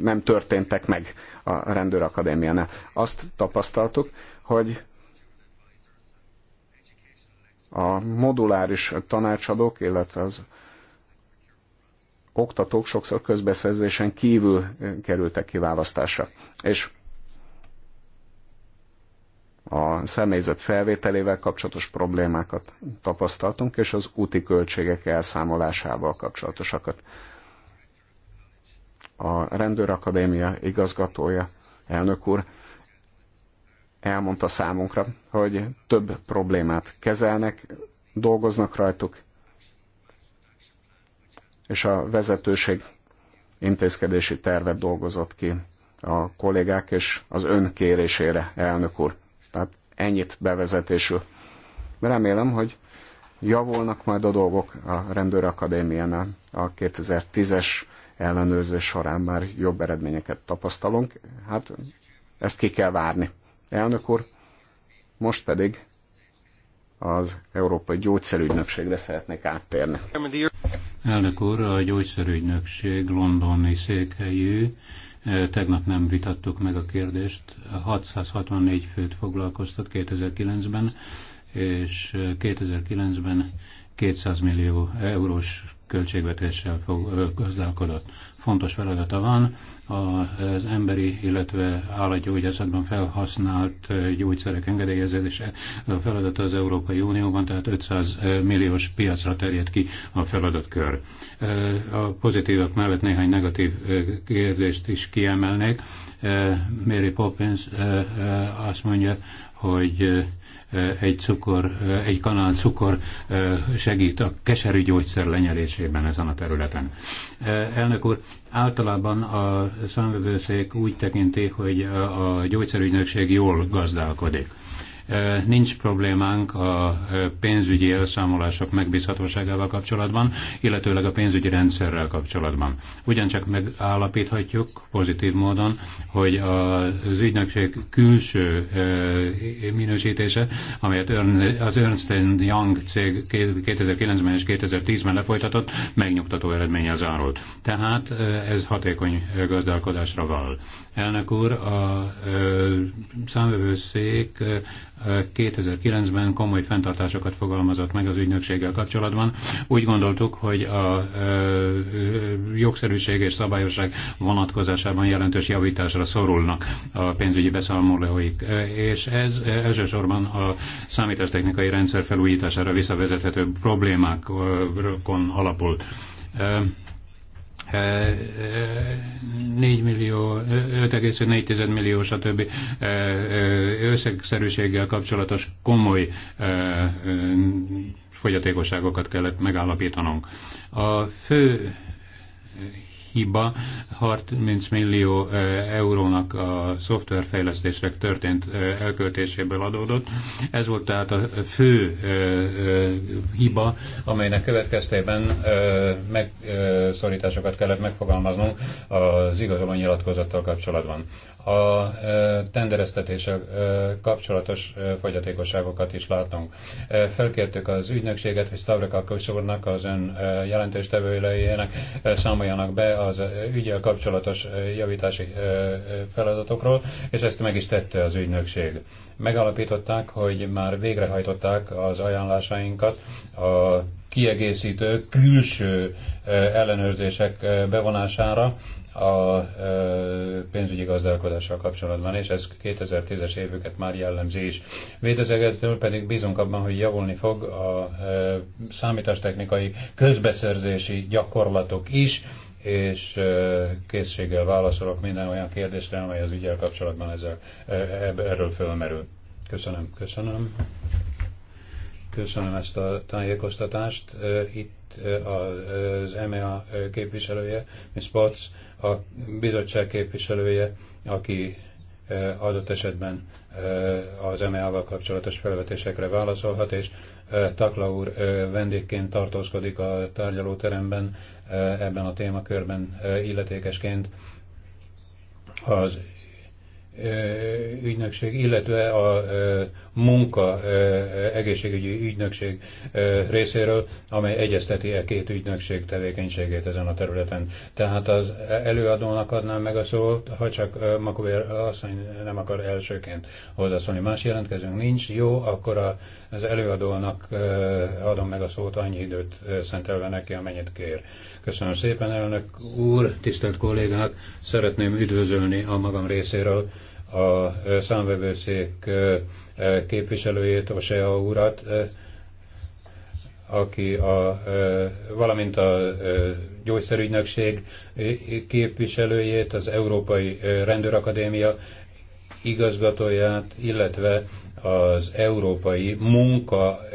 nem történtek meg a rendőrakadémiánál. Azt tapasztaltuk, hogy a moduláris tanácsadók, illetve az oktatók sokszor közbeszerzésen kívül kerültek kiválasztásra. És a személyzet felvételével kapcsolatos problémákat tapasztaltunk, és az úti költségek elszámolásával kapcsolatosakat. A rendőrakadémia igazgatója, elnök úr, elmondta számunkra, hogy több problémát kezelnek, dolgoznak rajtuk, és a vezetőség intézkedési tervet dolgozott ki a kollégák és az ön kérésére, elnök úr. Tehát ennyit bevezetésül. Remélem, hogy javulnak majd a dolgok a rendőrakadémiánál a 2010-es ellenőrzés során már jobb eredményeket tapasztalunk. Hát ezt ki kell várni elnök úr. Most pedig az Európai Gyógyszerügynökségre szeretnék áttérni. Elnök úr, a gyógyszerügynökség londoni székhelyű. E, tegnap nem vitattuk meg a kérdést. 664 főt foglalkoztat 2009-ben, és 2009-ben 200 millió eurós költségvetéssel gazdálkodott fontos feladata van az emberi, illetve állatgyógyászatban felhasznált gyógyszerek engedélyezése a feladata az Európai Unióban, tehát 500 milliós piacra terjed ki a feladatkör. A pozitívak mellett néhány negatív kérdést is kiemelnék. Mary Poppins azt mondja, hogy egy cukor, egy kanál cukor segít a keserű gyógyszer lenyelésében ezen a területen. Elnök úr, általában a számvevőszék úgy tekinti, hogy a gyógyszerügynökség jól gazdálkodik. Nincs problémánk a pénzügyi elszámolások megbízhatóságával kapcsolatban, illetőleg a pénzügyi rendszerrel kapcsolatban. Ugyancsak megállapíthatjuk pozitív módon, hogy az ügynökség külső minősítése, amelyet az Ernst Young cég 2009-ben és 2010-ben lefolytatott, megnyugtató eredménye zárult. Tehát ez hatékony gazdálkodásra val. Elnök úr, a számvevőszék 2009-ben komoly fenntartásokat fogalmazott meg az ügynökséggel kapcsolatban. Úgy gondoltuk, hogy a jogszerűség és szabályosság vonatkozásában jelentős javításra szorulnak a pénzügyi beszámolóik, és ez elsősorban a számítástechnikai rendszer felújítására visszavezethető problémákon alapul 4 e, e, millió, 5,4 millió, stb. E, összegszerűséggel kapcsolatos komoly fogyatékosságokat kellett megállapítanunk. A fő hiba 30 millió eurónak a szoftverfejlesztésre történt elköltéséből adódott. Ez volt tehát a fő hiba, amelynek következtében megszorításokat kellett megfogalmaznunk az igazolónyilatkozattal kapcsolatban a tendereztetéssel kapcsolatos fogyatékosságokat is látunk. Felkértük az ügynökséget, hogy Stavrika Kösornak az ön jelentéstevőjének számoljanak be az ügyel kapcsolatos javítási feladatokról, és ezt meg is tette az ügynökség. Megalapították, hogy már végrehajtották az ajánlásainkat a kiegészítő külső ellenőrzések bevonására, a pénzügyi gazdálkodással kapcsolatban, és ez 2010-es évüket már jellemzi is. Védezegetől pedig bízunk abban, hogy javulni fog a számítástechnikai közbeszerzési gyakorlatok is, és készséggel válaszolok minden olyan kérdésre, amely az ügyel kapcsolatban ezzel, erről fölmerül. Köszönöm, köszönöm. Köszönöm ezt a tájékoztatást. Itt az EMEA képviselője, Ms. Potts, a bizottság képviselője, aki adott esetben az EMEA-val kapcsolatos felvetésekre válaszolhat, és Takla úr vendégként tartózkodik a tárgyalóteremben ebben a témakörben illetékesként az ügynökség, illetve a munka egészségügyi ügynökség részéről, amely egyezteti a e két ügynökség tevékenységét ezen a területen. Tehát az előadónak adnám meg a szót, ha csak Makovér asszony nem akar elsőként hozzászólni. Más jelentkezőnk nincs, jó, akkor az előadónak adom meg a szót, annyi időt szentelve neki, amennyit kér. Köszönöm szépen, elnök úr, tisztelt kollégák, szeretném üdvözölni a magam részéről a számvevőszék képviselőjét, Osea urat, aki a, valamint a gyógyszerügynökség képviselőjét, az Európai Rendőrakadémia igazgatóját, illetve az Európai Munka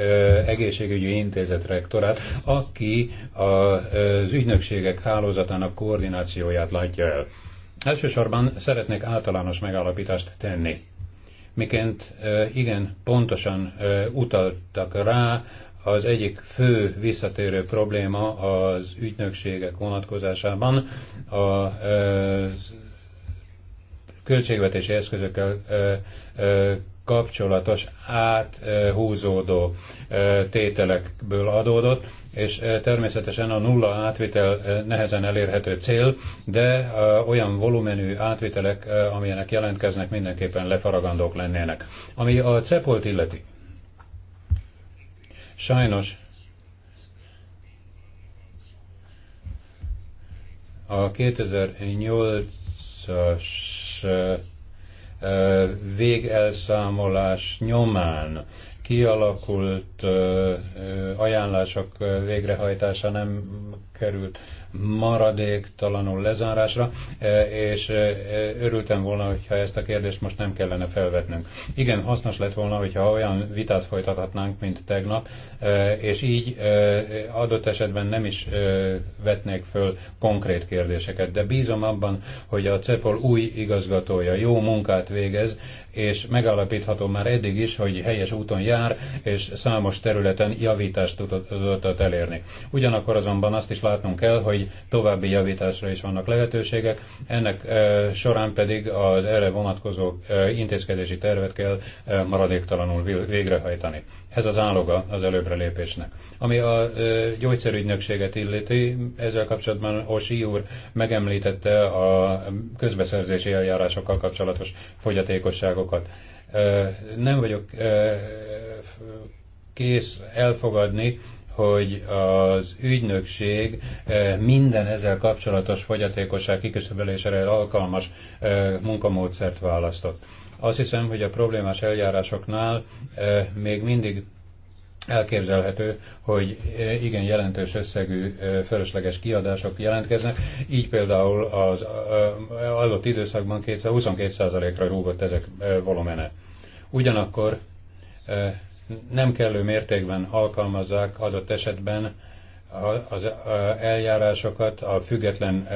Egészségügyi Intézet rektorát, aki az ügynökségek hálózatának koordinációját látja el. Elsősorban szeretnék általános megállapítást tenni. Miként igen pontosan utaltak rá, az egyik fő visszatérő probléma az ügynökségek vonatkozásában a költségvetési eszközökkel kapcsolatos áthúzódó tételekből adódott, és természetesen a nulla átvitel nehezen elérhető cél, de olyan volumenű átvitelek, amilyenek jelentkeznek, mindenképpen lefaragandók lennének. Ami a cepolt illeti, sajnos a 2008-as végelszámolás nyomán kialakult ajánlások végrehajtása nem került maradéktalanul lezárásra, e, és e, örültem volna, hogyha ezt a kérdést most nem kellene felvetnünk. Igen, hasznos lett volna, hogyha olyan vitát folytathatnánk, mint tegnap, e, és így adott esetben nem is vetnék föl konkrét kérdéseket, de bízom abban, hogy a CEPOL új igazgatója jó munkát végez, és megállapítható már eddig is, hogy helyes úton jár, és számos területen javítást tudott elérni. Ugyanakkor azonban azt is látnunk kell, hogy további javításra is vannak lehetőségek, ennek során pedig az erre vonatkozó intézkedési tervet kell maradéktalanul végrehajtani. Ez az áloga az előbbre lépésnek. Ami a gyógyszerügynökséget illeti, ezzel kapcsolatban Osi úr megemlítette a közbeszerzési eljárásokkal kapcsolatos fogyatékosságokat. Nem vagyok kész elfogadni hogy az ügynökség e, minden ezzel kapcsolatos fogyatékosság kiküszöbölésére alkalmas e, munkamódszert választott. Azt hiszem, hogy a problémás eljárásoknál e, még mindig elképzelhető, hogy igen jelentős összegű fölösleges kiadások jelentkeznek, így például az adott időszakban 22%-ra rúgott ezek volumene. Ugyanakkor nem kellő mértékben alkalmazzák adott esetben az eljárásokat a független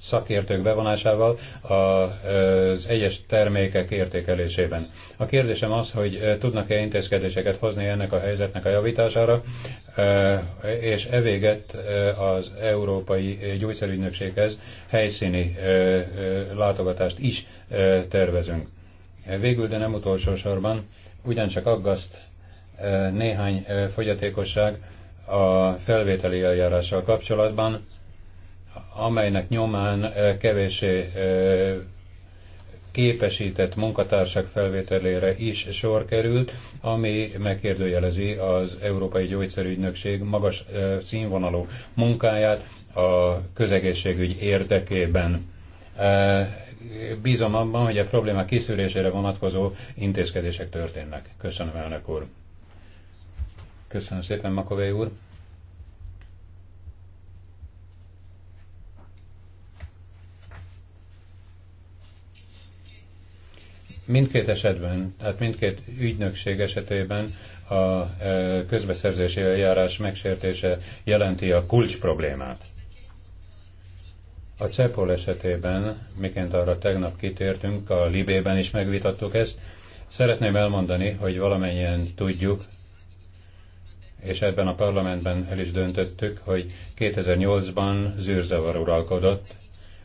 szakértők bevonásával az egyes termékek értékelésében. A kérdésem az, hogy tudnak-e intézkedéseket hozni ennek a helyzetnek a javítására, és e véget az Európai Gyógyszerügynökséghez helyszíni látogatást is tervezünk. Végül, de nem utolsó sorban, ugyancsak aggaszt néhány fogyatékosság a felvételi eljárással kapcsolatban, amelynek nyomán kevésé képesített munkatársak felvételére is sor került, ami megkérdőjelezi az Európai Gyógyszerügynökség magas színvonalú munkáját a közegészségügy érdekében bízom abban, hogy a probléma kiszűrésére vonatkozó intézkedések történnek. Köszönöm, elnök úr. Köszönöm szépen, Makovei úr. Mindkét esetben, tehát mindkét ügynökség esetében a közbeszerzési eljárás megsértése jelenti a kulcs problémát. A CEPOL esetében, miként arra tegnap kitértünk, a Libében is megvitattuk ezt, szeretném elmondani, hogy valamennyien tudjuk, és ebben a parlamentben el is döntöttük, hogy 2008-ban zűrzavar uralkodott,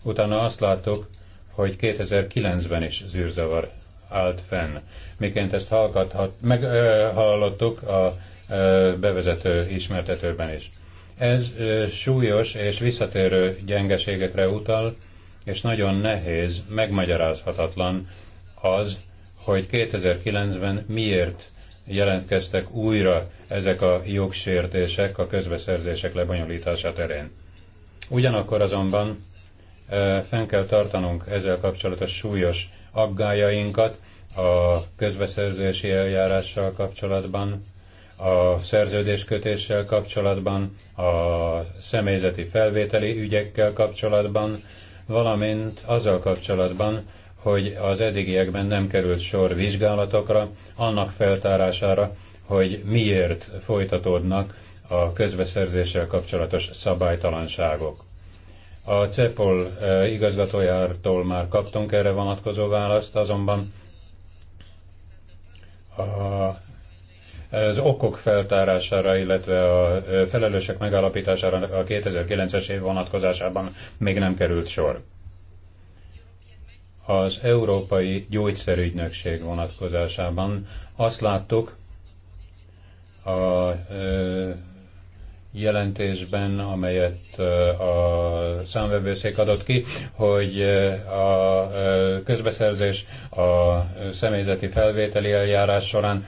utána azt láttuk, hogy 2009-ben is zűrzavar állt fenn. Miként ezt hallgathat, a ö, bevezető ismertetőben is. Ez súlyos és visszatérő gyengeségekre utal, és nagyon nehéz, megmagyarázhatatlan az, hogy 2009-ben miért jelentkeztek újra ezek a jogsértések a közbeszerzések lebonyolítása terén. Ugyanakkor azonban fenn kell tartanunk ezzel kapcsolatos súlyos aggájainkat a közbeszerzési eljárással kapcsolatban, a szerződéskötéssel kapcsolatban, a személyzeti felvételi ügyekkel kapcsolatban, valamint azzal kapcsolatban, hogy az eddigiekben nem került sor vizsgálatokra, annak feltárására, hogy miért folytatódnak a közbeszerzéssel kapcsolatos szabálytalanságok. A CEPOL e, igazgatójártól már kaptunk erre vonatkozó választ, azonban a az okok feltárására, illetve a felelősek megállapítására a 2009-es év vonatkozásában még nem került sor. Az Európai Gyógyszerügynökség vonatkozásában azt láttuk, a jelentésben, amelyet a számvevőszék adott ki, hogy a közbeszerzés a személyzeti felvételi eljárás során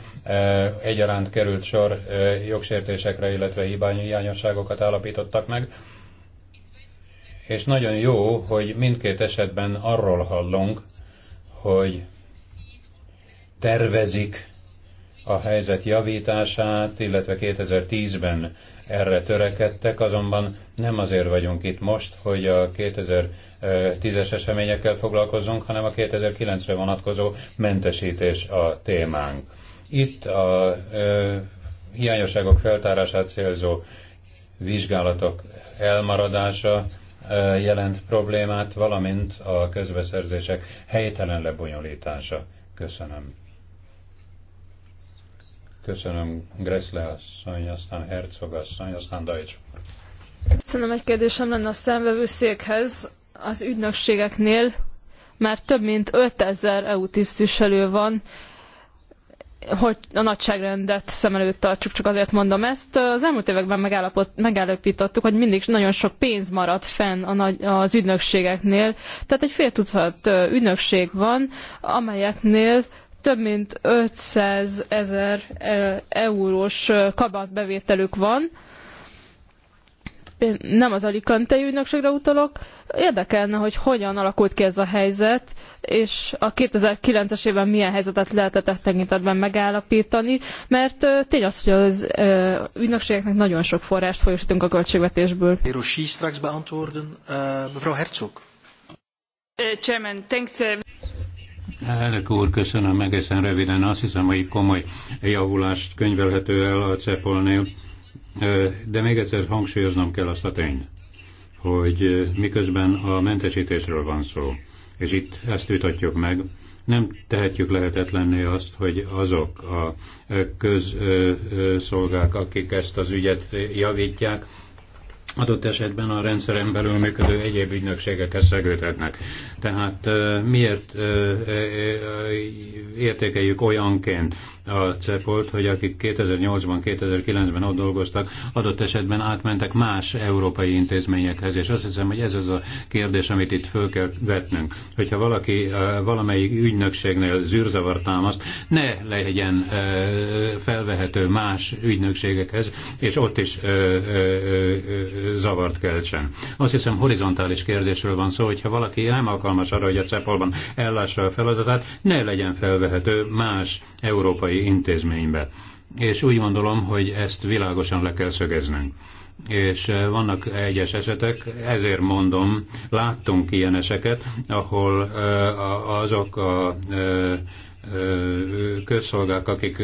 egyaránt került sor jogsértésekre, illetve hiányosságokat állapítottak meg. És nagyon jó, hogy mindkét esetben arról hallunk, hogy tervezik a helyzet javítását, illetve 2010-ben erre törekedtek, azonban nem azért vagyunk itt most, hogy a 2010-es eseményekkel foglalkozzunk, hanem a 2009-re vonatkozó mentesítés a témánk. Itt a ö, hiányosságok feltárását célzó vizsgálatok elmaradása ö, jelent problémát, valamint a közbeszerzések helytelen lebonyolítása. Köszönöm. Köszönöm Gressle asszony, aztán Herzog asszony, aztán Dajcs. Köszönöm, egy kérdésem lenne a szemvevőszékhez. Az ügynökségeknél már több mint 5000 EU tisztviselő van, hogy a nagyságrendet szem előtt tartsuk, csak azért mondom ezt. Az elmúlt években megállapítottuk, hogy mindig nagyon sok pénz maradt fenn a nagy, az ügynökségeknél. Tehát egy fél tucat ügynökség van, amelyeknél több mint 500 ezer e, eurós e, kamatbevételük van, én nem az Alicante ügynökségre utalok, érdekelne, hogy hogyan alakult ki ez a helyzet, és a 2009-es évben milyen helyzetet lehetett e tekintetben megállapítani, mert e, tény az, hogy az ügynökségeknek nagyon sok forrást folyosítunk a költségvetésből. Herzog. Uh, Chairman, thanks. Uh, Elnök úr, köszönöm egészen röviden. Azt hiszem, hogy komoly javulást könyvelhető el a Cepolnél. de még egyszer hangsúlyoznom kell azt a tényt, hogy miközben a mentesítésről van szó, és itt ezt vitatjuk meg, nem tehetjük lehetetlenné azt, hogy azok a közszolgák, akik ezt az ügyet javítják, adott esetben a rendszeren belül működő egyéb ügynökségekhez szegődhetnek. Tehát miért értékeljük olyanként a CEPOLT, hogy akik 2008-ban, 2009-ben ott dolgoztak, adott esetben átmentek más európai intézményekhez, és azt hiszem, hogy ez az a kérdés, amit itt föl kell vetnünk. Hogyha valaki valamelyik ügynökségnél zűrzavar támaszt, ne legyen felvehető más ügynökségekhez, és ott is zavart keltsen. Azt hiszem horizontális kérdésről van szó, hogyha valaki nem alkalmas arra, hogy a cepol ellássa a feladatát, ne legyen felvehető más európai intézménybe. És úgy gondolom, hogy ezt világosan le kell szögeznünk és eh, vannak egyes esetek, ezért mondom, láttunk ilyen eseket, ahol eh, azok a eh, közszolgák, akik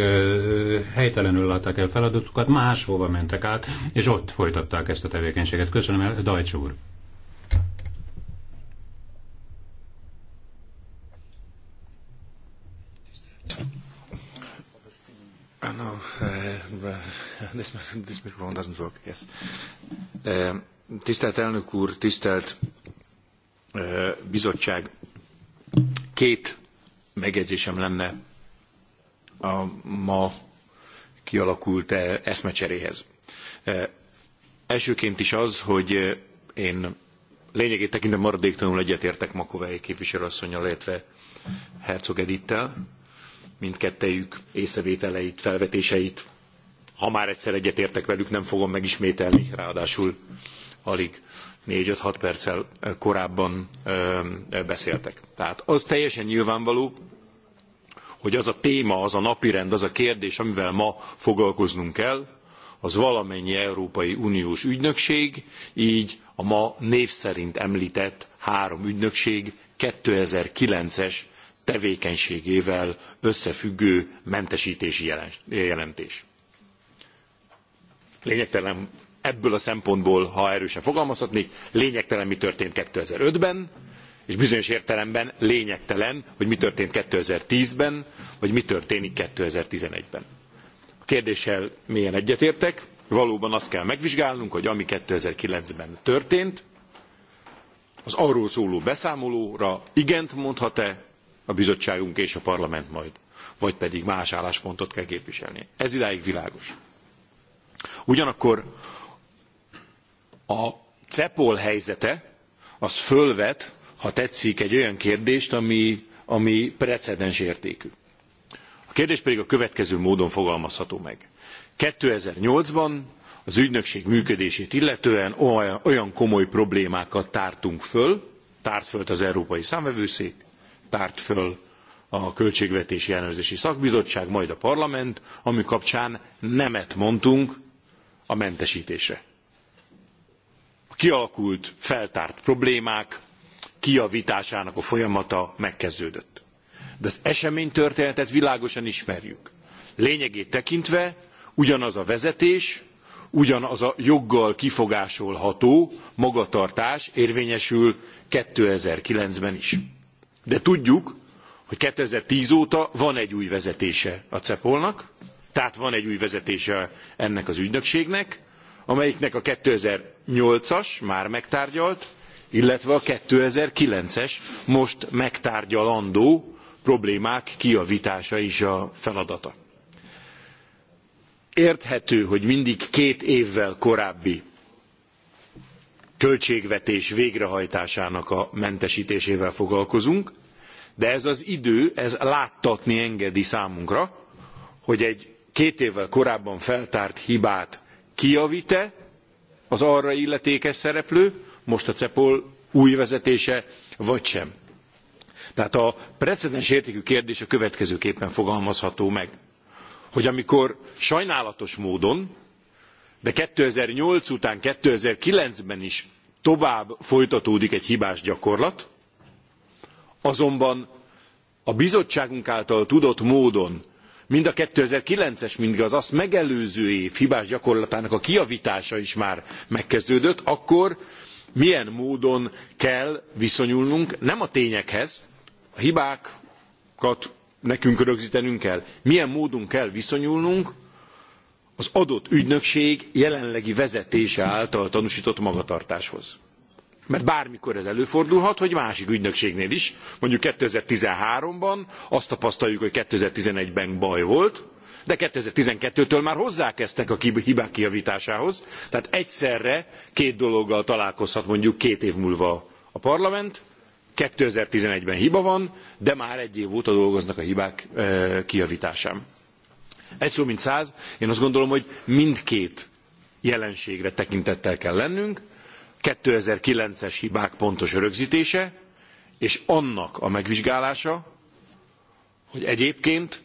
helytelenül látták el feladatukat, máshova mentek át, és ott folytatták ezt a tevékenységet. Köszönöm el, Dajcs úr! no, eh, eh, this, this microphone doesn't work, yes. Eh, tisztelt elnök úr, tisztelt bizottság, két megjegyzésem lenne a ma kialakult eh, eszmecseréhez. Eh, elsőként is az, hogy eh, én lényegét tekintve maradéktalanul egyetértek Makovei képviselőasszonynal, illetve Herzog Edittel, mindkettejük észrevételeit, felvetéseit. Ha már egyszer egyetértek velük, nem fogom megismételni, ráadásul alig 4-5-6 perccel korábban beszéltek. Tehát az teljesen nyilvánvaló, hogy az a téma, az a napirend, az a kérdés, amivel ma foglalkoznunk kell, az valamennyi Európai Uniós ügynökség, így a ma név szerint említett három ügynökség 2009-es tevékenységével összefüggő mentesítési jelentés. Lényegtelen ebből a szempontból, ha erősen fogalmazhatnék, lényegtelen mi történt 2005-ben, és bizonyos értelemben lényegtelen, hogy mi történt 2010-ben, vagy mi történik 2011-ben. A kérdéssel mélyen egyetértek, valóban azt kell megvizsgálnunk, hogy ami 2009-ben történt, az arról szóló beszámolóra igent mondhat-e a bizottságunk és a parlament majd, vagy pedig más álláspontot kell képviselnie. Ez idáig világos. Ugyanakkor a CEPOL helyzete az fölvet, ha tetszik, egy olyan kérdést, ami, ami precedens értékű. A kérdés pedig a következő módon fogalmazható meg. 2008-ban az ügynökség működését illetően olyan komoly problémákat tártunk föl, tárt föl az Európai Számvevőszék, tárt föl a Költségvetési Ellenőrzési Szakbizottság, majd a parlament, ami kapcsán nemet mondtunk a mentesítésre kialakult, feltárt problémák kijavításának a folyamata megkezdődött. De az eseménytörténetet világosan ismerjük. Lényegét tekintve ugyanaz a vezetés, ugyanaz a joggal kifogásolható magatartás érvényesül 2009-ben is. De tudjuk, hogy 2010 óta van egy új vezetése a CEPOL-nak, tehát van egy új vezetése ennek az ügynökségnek, amelyiknek a 2000 2008-as, már megtárgyalt, illetve a 2009-es, most megtárgyalandó problémák kiavítása is a feladata. Érthető, hogy mindig két évvel korábbi költségvetés végrehajtásának a mentesítésével foglalkozunk, de ez az idő, ez láttatni engedi számunkra, hogy egy két évvel korábban feltárt hibát kijavít-e, az arra illetékes szereplő, most a CEPOL új vezetése, vagy sem. Tehát a precedens értékű kérdés a következőképpen fogalmazható meg, hogy amikor sajnálatos módon, de 2008 után 2009-ben is tovább folytatódik egy hibás gyakorlat, azonban a bizottságunk által tudott módon mind a 2009-es, mind az azt megelőző év hibás gyakorlatának a kiavítása is már megkezdődött, akkor milyen módon kell viszonyulnunk nem a tényekhez, a hibákat nekünk rögzítenünk kell, milyen módon kell viszonyulnunk az adott ügynökség jelenlegi vezetése által tanúsított magatartáshoz mert bármikor ez előfordulhat, hogy másik ügynökségnél is, mondjuk 2013-ban azt tapasztaljuk, hogy 2011-ben baj volt, de 2012-től már hozzákezdtek a hibák kijavításához, tehát egyszerre két dologgal találkozhat mondjuk két év múlva a parlament, 2011-ben hiba van, de már egy év óta dolgoznak a hibák e, kijavításán. Egy szó mint száz, én azt gondolom, hogy mindkét jelenségre tekintettel kell lennünk, 2009-es hibák pontos rögztése és annak a megvizsgálása, hogy egyébként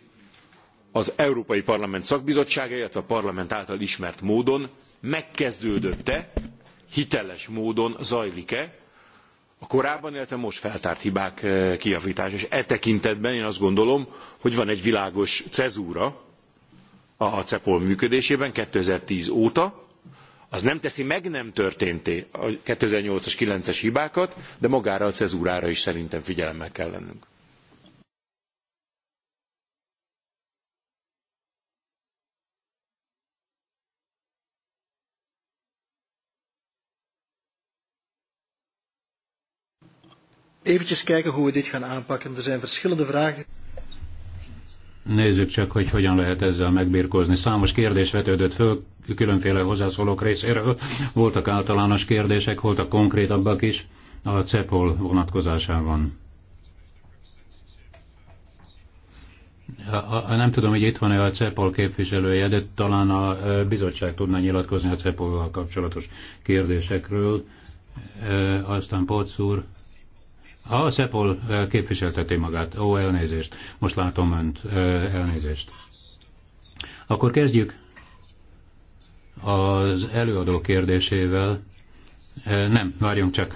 az Európai Parlament szakbizottsága, illetve a parlament által ismert módon megkezdődött-e, hiteles módon zajlik-e a korábban, illetve most feltárt hibák eh, kijavtása És e tekintetben én azt gondolom, hogy van egy világos cezúra a CEPOL működésében 2010 óta, az nem teszi meg nem történté a 2008-as, 9-es hibákat, de magára a cezúrára is szerintem figyelemmel kell lennünk. Eventjes kijken hoe we dit gaan aanpakken. Er zijn verschillende vragen. Nézzük csak, hogy hogyan lehet ezzel megbírkozni. Számos kérdés vetődött föl, különféle hozzászólók részéről. Voltak általános kérdések, voltak konkrétabbak is a CEPOL vonatkozásában. Nem tudom, hogy itt van-e a CEPOL képviselője, de talán a bizottság tudna nyilatkozni a CEPOL-val kapcsolatos kérdésekről. Aztán Pocz úr a Szepol képviselteti magát. Ó, elnézést. Most látom önt. Elnézést. Akkor kezdjük az előadó kérdésével. Nem, várjunk csak.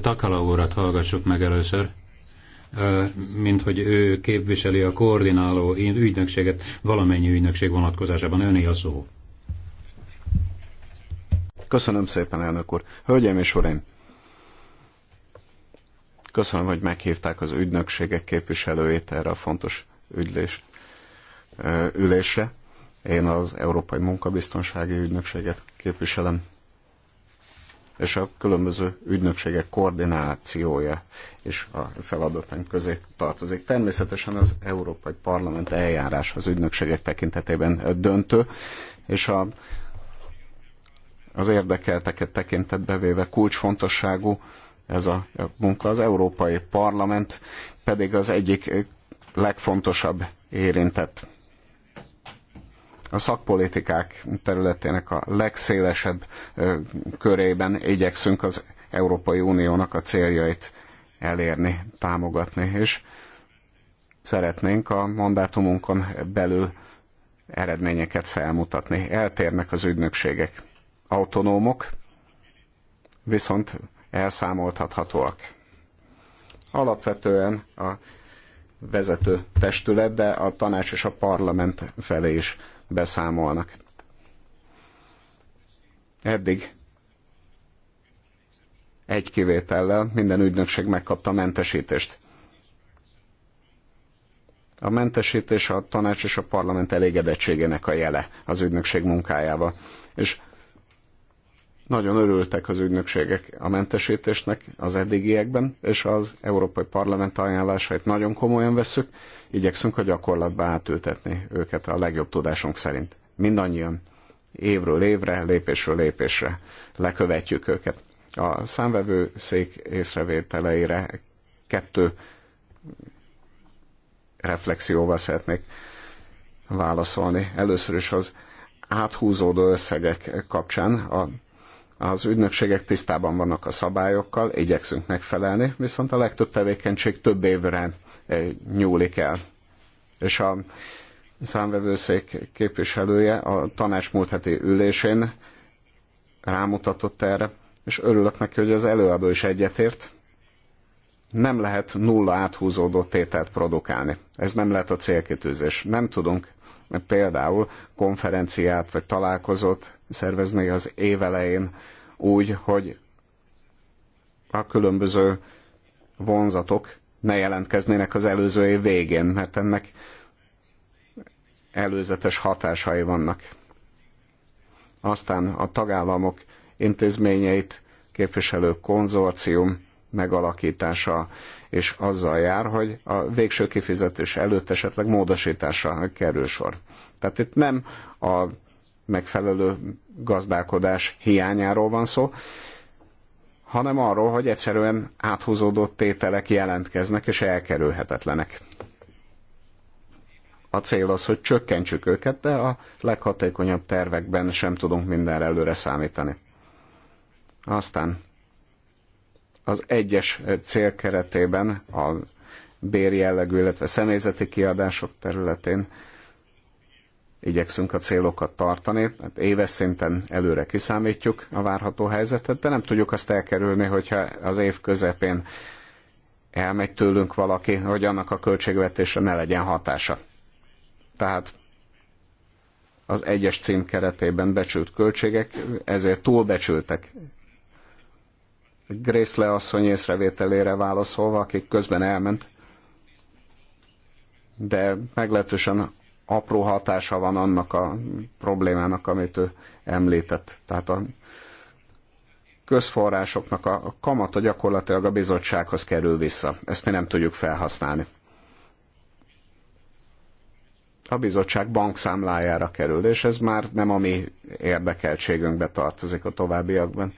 Takala úrat hallgassuk meg először mint hogy ő képviseli a koordináló ügynökséget valamennyi ügynökség vonatkozásában. Öné a szó. Köszönöm szépen, elnök úr. Hölgyeim és uraim, Köszönöm, hogy meghívták az ügynökségek képviselőjét erre a fontos ügylés, ülésre. Én az Európai Munkabiztonsági Ügynökséget képviselem, és a különböző ügynökségek koordinációja és a feladatány közé tartozik. Természetesen az Európai Parlament eljárás az ügynökségek tekintetében döntő, és a, az érdekelteket tekintetbe véve kulcsfontosságú ez a munka. Az Európai Parlament pedig az egyik legfontosabb érintett. A szakpolitikák területének a legszélesebb körében igyekszünk az Európai Uniónak a céljait elérni, támogatni, és szeretnénk a mandátumunkon belül eredményeket felmutatni. Eltérnek az ügynökségek. Autonómok, viszont elszámoltathatóak. Alapvetően a vezető testület, de a tanács és a parlament felé is beszámolnak. Eddig egy kivétellel minden ügynökség megkapta a mentesítést. A mentesítés a tanács és a parlament elégedettségének a jele az ügynökség munkájával. És nagyon örültek az ügynökségek a mentesítésnek az eddigiekben, és az Európai Parlament ajánlásait nagyon komolyan veszük, igyekszünk a gyakorlatba átültetni őket a legjobb tudásunk szerint. Mindannyian évről évre, lépésről lépésre lekövetjük őket. A számvevő szék észrevételeire kettő reflexióval szeretnék válaszolni. Először is az áthúzódó összegek kapcsán a az ügynökségek tisztában vannak a szabályokkal, igyekszünk megfelelni, viszont a legtöbb tevékenység több évre eh, nyúlik el. És a számvevőszék képviselője a tanács múlt heti ülésén rámutatott erre, és örülök neki, hogy az előadó is egyetért. Nem lehet nulla áthúzódó tételt produkálni. Ez nem lehet a célkitűzés. Nem tudunk például konferenciát vagy találkozót szervezni az elején úgy, hogy a különböző vonzatok ne jelentkeznének az előző év végén, mert ennek előzetes hatásai vannak. Aztán a tagállamok intézményeit képviselő konzorcium megalakítása, és azzal jár, hogy a végső kifizetés előtt esetleg módosításra kerül sor. Tehát itt nem a megfelelő gazdálkodás hiányáról van szó, hanem arról, hogy egyszerűen áthúzódott tételek jelentkeznek és elkerülhetetlenek. A cél az, hogy csökkentsük őket, de a leghatékonyabb tervekben sem tudunk mindenre előre számítani. Aztán az egyes cél keretében a bérjellegű, illetve személyzeti kiadások területén igyekszünk a célokat tartani, hát éves szinten előre kiszámítjuk a várható helyzetet, de nem tudjuk azt elkerülni, hogyha az év közepén elmegy tőlünk valaki, hogy annak a költségvetésre ne legyen hatása. Tehát az egyes cím keretében becsült költségek, ezért túlbecsültek. Grészle asszony észrevételére válaszolva, akik közben elment, de meglehetősen apró hatása van annak a problémának, amit ő említett. Tehát a közforrásoknak a kamata gyakorlatilag a bizottsághoz kerül vissza. Ezt mi nem tudjuk felhasználni. A bizottság bankszámlájára kerül, és ez már nem a mi érdekeltségünkbe tartozik a továbbiakban.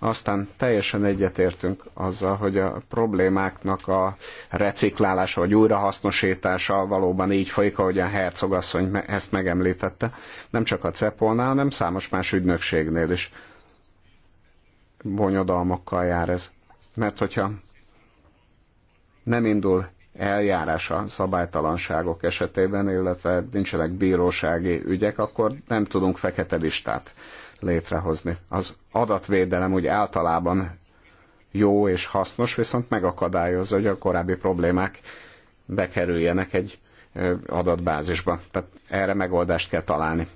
Aztán teljesen egyetértünk azzal, hogy a problémáknak a reciklálása vagy újrahasznosítása valóban így folyik, ahogy a hercogasszony ezt megemlítette. Nem csak a Cepolnál, hanem számos más ügynökségnél is bonyodalmakkal jár ez. Mert hogyha nem indul eljárása szabálytalanságok esetében, illetve nincsenek bírósági ügyek, akkor nem tudunk fekete listát létrehozni. Az adatvédelem úgy általában jó és hasznos, viszont megakadályozza, hogy a korábbi problémák bekerüljenek egy adatbázisba. Tehát erre megoldást kell találni.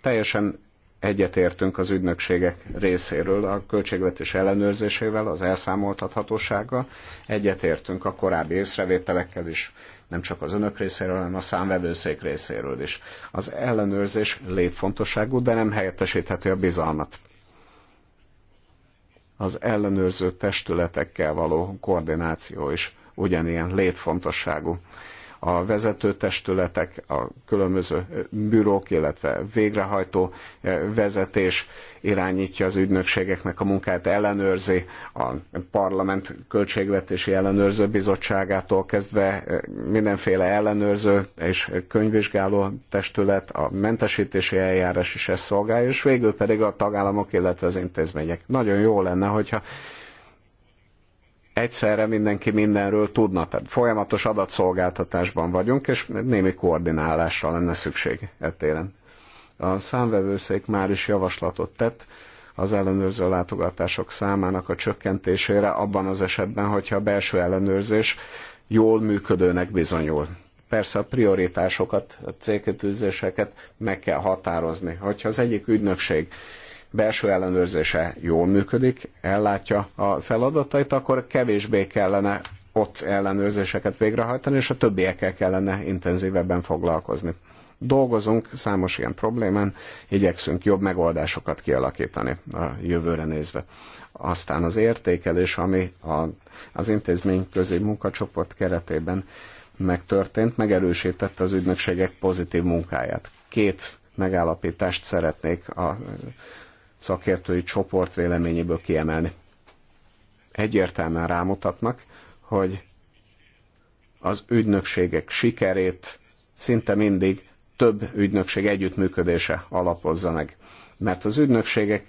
Teljesen egyetértünk az ügynökségek részéről a költségvetés ellenőrzésével, az elszámoltathatósággal, egyetértünk a korábbi észrevételekkel is, nem csak az önök részéről, hanem a számvevőszék részéről is. Az ellenőrzés létfontosságú, de nem helyettesítheti a bizalmat. Az ellenőrző testületekkel való koordináció is ugyanilyen létfontosságú a vezetőtestületek, a különböző bürók, illetve végrehajtó eh, vezetés irányítja az ügynökségeknek a munkát, ellenőrzi a parlament költségvetési ellenőrző bizottságától kezdve eh, mindenféle ellenőrző és könyvvizsgáló testület, a mentesítési eljárás is ezt szolgálja, és végül pedig a tagállamok, illetve az intézmények. Nagyon jó lenne, hogyha egyszerre mindenki mindenről tudna. Tehát folyamatos adatszolgáltatásban vagyunk, és némi koordinálásra lenne szükség ettéren. A számvevőszék már is javaslatot tett az ellenőrző látogatások számának a csökkentésére abban az esetben, hogyha a belső ellenőrzés jól működőnek bizonyul. Persze a prioritásokat, a célkitűzéseket meg kell határozni. Hogyha az egyik ügynökség belső ellenőrzése jól működik, ellátja a feladatait, akkor kevésbé kellene ott ellenőrzéseket végrehajtani, és a többiekkel kellene intenzívebben foglalkozni. Dolgozunk számos ilyen problémán, igyekszünk jobb megoldásokat kialakítani a jövőre nézve. Aztán az értékelés, ami a, az intézmény közé munkacsoport keretében megtörtént, megerősítette az ügynökségek pozitív munkáját. Két megállapítást szeretnék a szakértői csoport véleményéből kiemelni. Egyértelműen rámutatnak, hogy az ügynökségek sikerét szinte mindig több ügynökség együttműködése alapozza meg. Mert az ügynökségek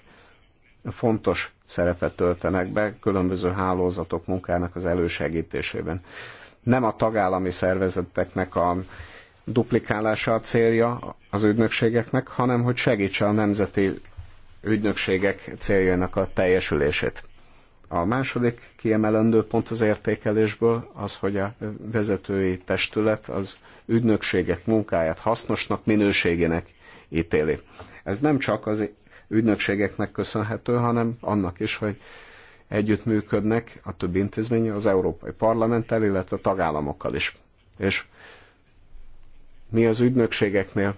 fontos szerepet töltenek be különböző hálózatok munkának az elősegítésében. Nem a tagállami szervezeteknek a duplikálása a célja az ügynökségeknek, hanem hogy segítse a nemzeti ügynökségek céljának a teljesülését. A második kiemelendő pont az értékelésből az, hogy a vezetői testület az ügynökségek munkáját hasznosnak, minőségének ítéli. Ez nem csak az ügynökségeknek köszönhető, hanem annak is, hogy együttműködnek a többi intézmény az Európai Parlamenttel, illetve a tagállamokkal is. És mi az ügynökségeknél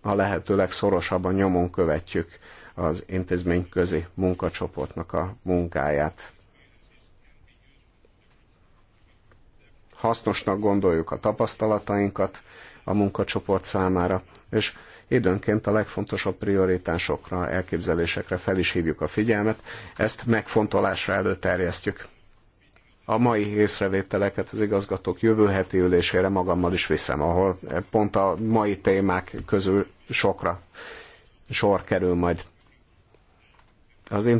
a lehető legszorosabban nyomon követjük az intézményközi munkacsoportnak a munkáját. Hasznosnak gondoljuk a tapasztalatainkat a munkacsoport számára, és időnként a legfontosabb prioritásokra, elképzelésekre fel is hívjuk a figyelmet, ezt megfontolásra előterjesztjük. A mai észrevételeket az igazgatók jövő heti ülésére magammal is viszem, ahol pont a mai témák közül sokra sor kerül majd az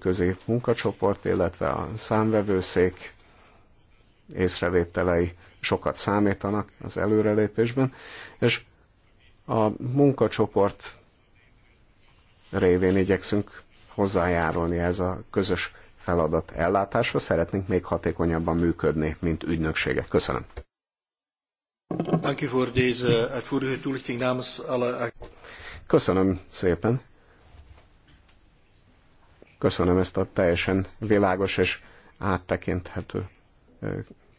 közé munkacsoport, illetve a számvevőszék észrevételei sokat számítanak az előrelépésben, és a munkacsoport révén igyekszünk hozzájárulni ez a közös feladat ellátásra. Szeretnénk még hatékonyabban működni, mint ügynökségek. Köszönöm. Köszönöm szépen Köszönöm ezt a teljesen világos és áttekinthető